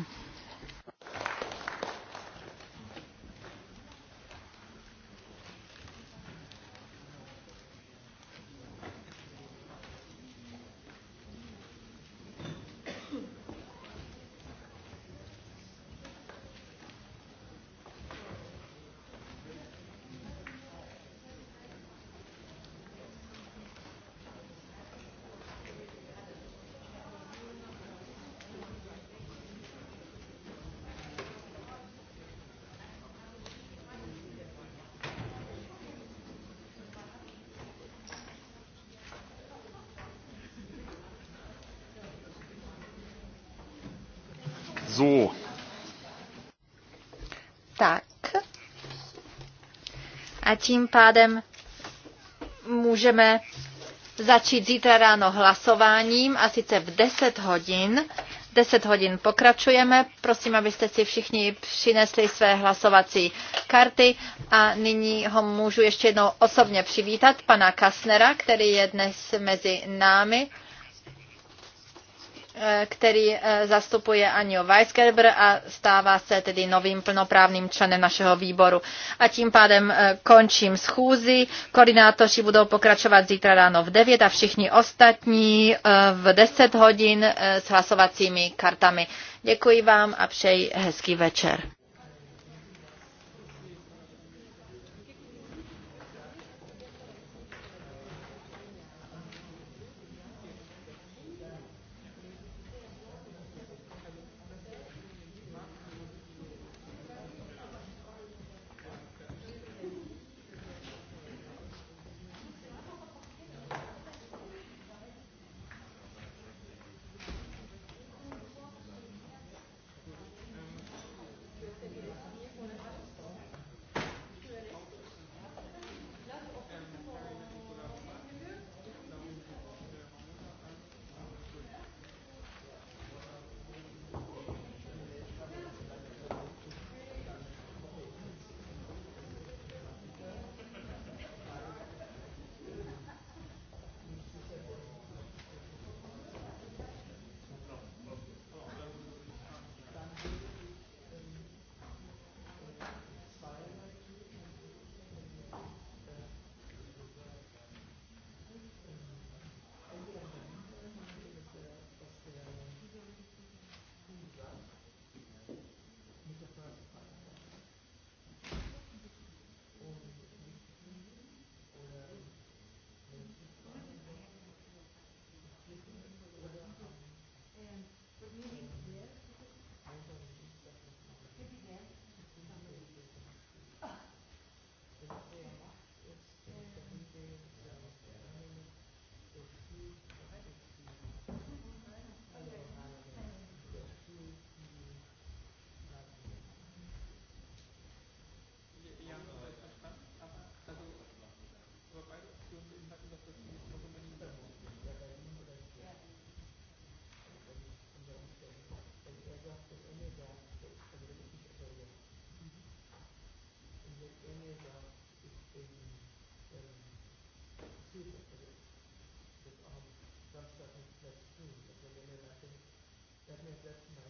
tím pádem můžeme začít zítra ráno hlasováním a sice v 10 hodin. 10 hodin pokračujeme. Prosím, abyste si všichni přinesli své hlasovací karty a nyní ho můžu ještě jednou osobně přivítat, pana Kasnera, který je dnes mezi námi který eh, zastupuje Anjo Weisgerber a stává se tedy novým plnoprávným členem našeho výboru. A tím pádem eh, končím schůzi. Koordinátoři budou pokračovat zítra ráno v 9 a všichni ostatní eh, v 10 hodin s hlasovacími kartami. Děkuji vám a přeji hezký večer. that um, some stuff is that's true, but then, then I think that means that's not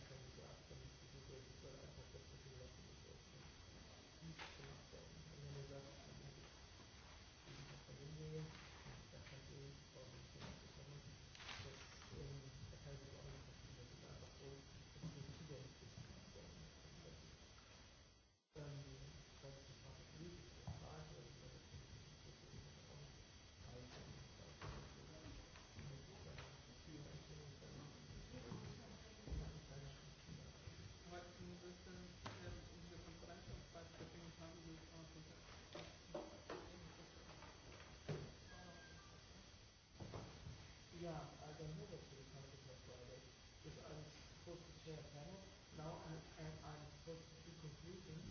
that's too confusing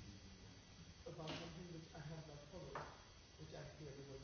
about something which I have not followed, which I clearly was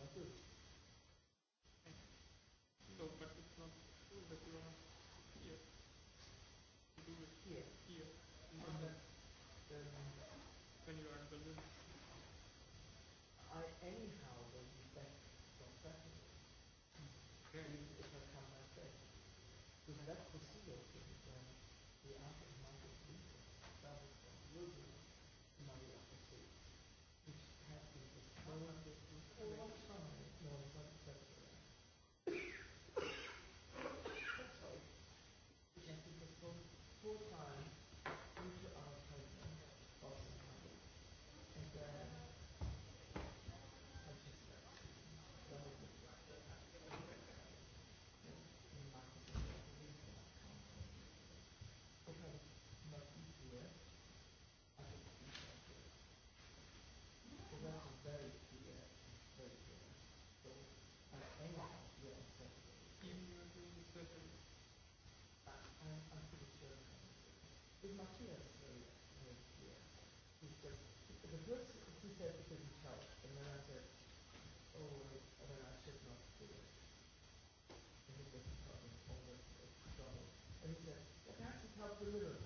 minutes.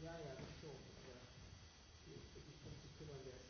Ja, ja, das schon. Aber die, die Kunst zu kümmern, der ist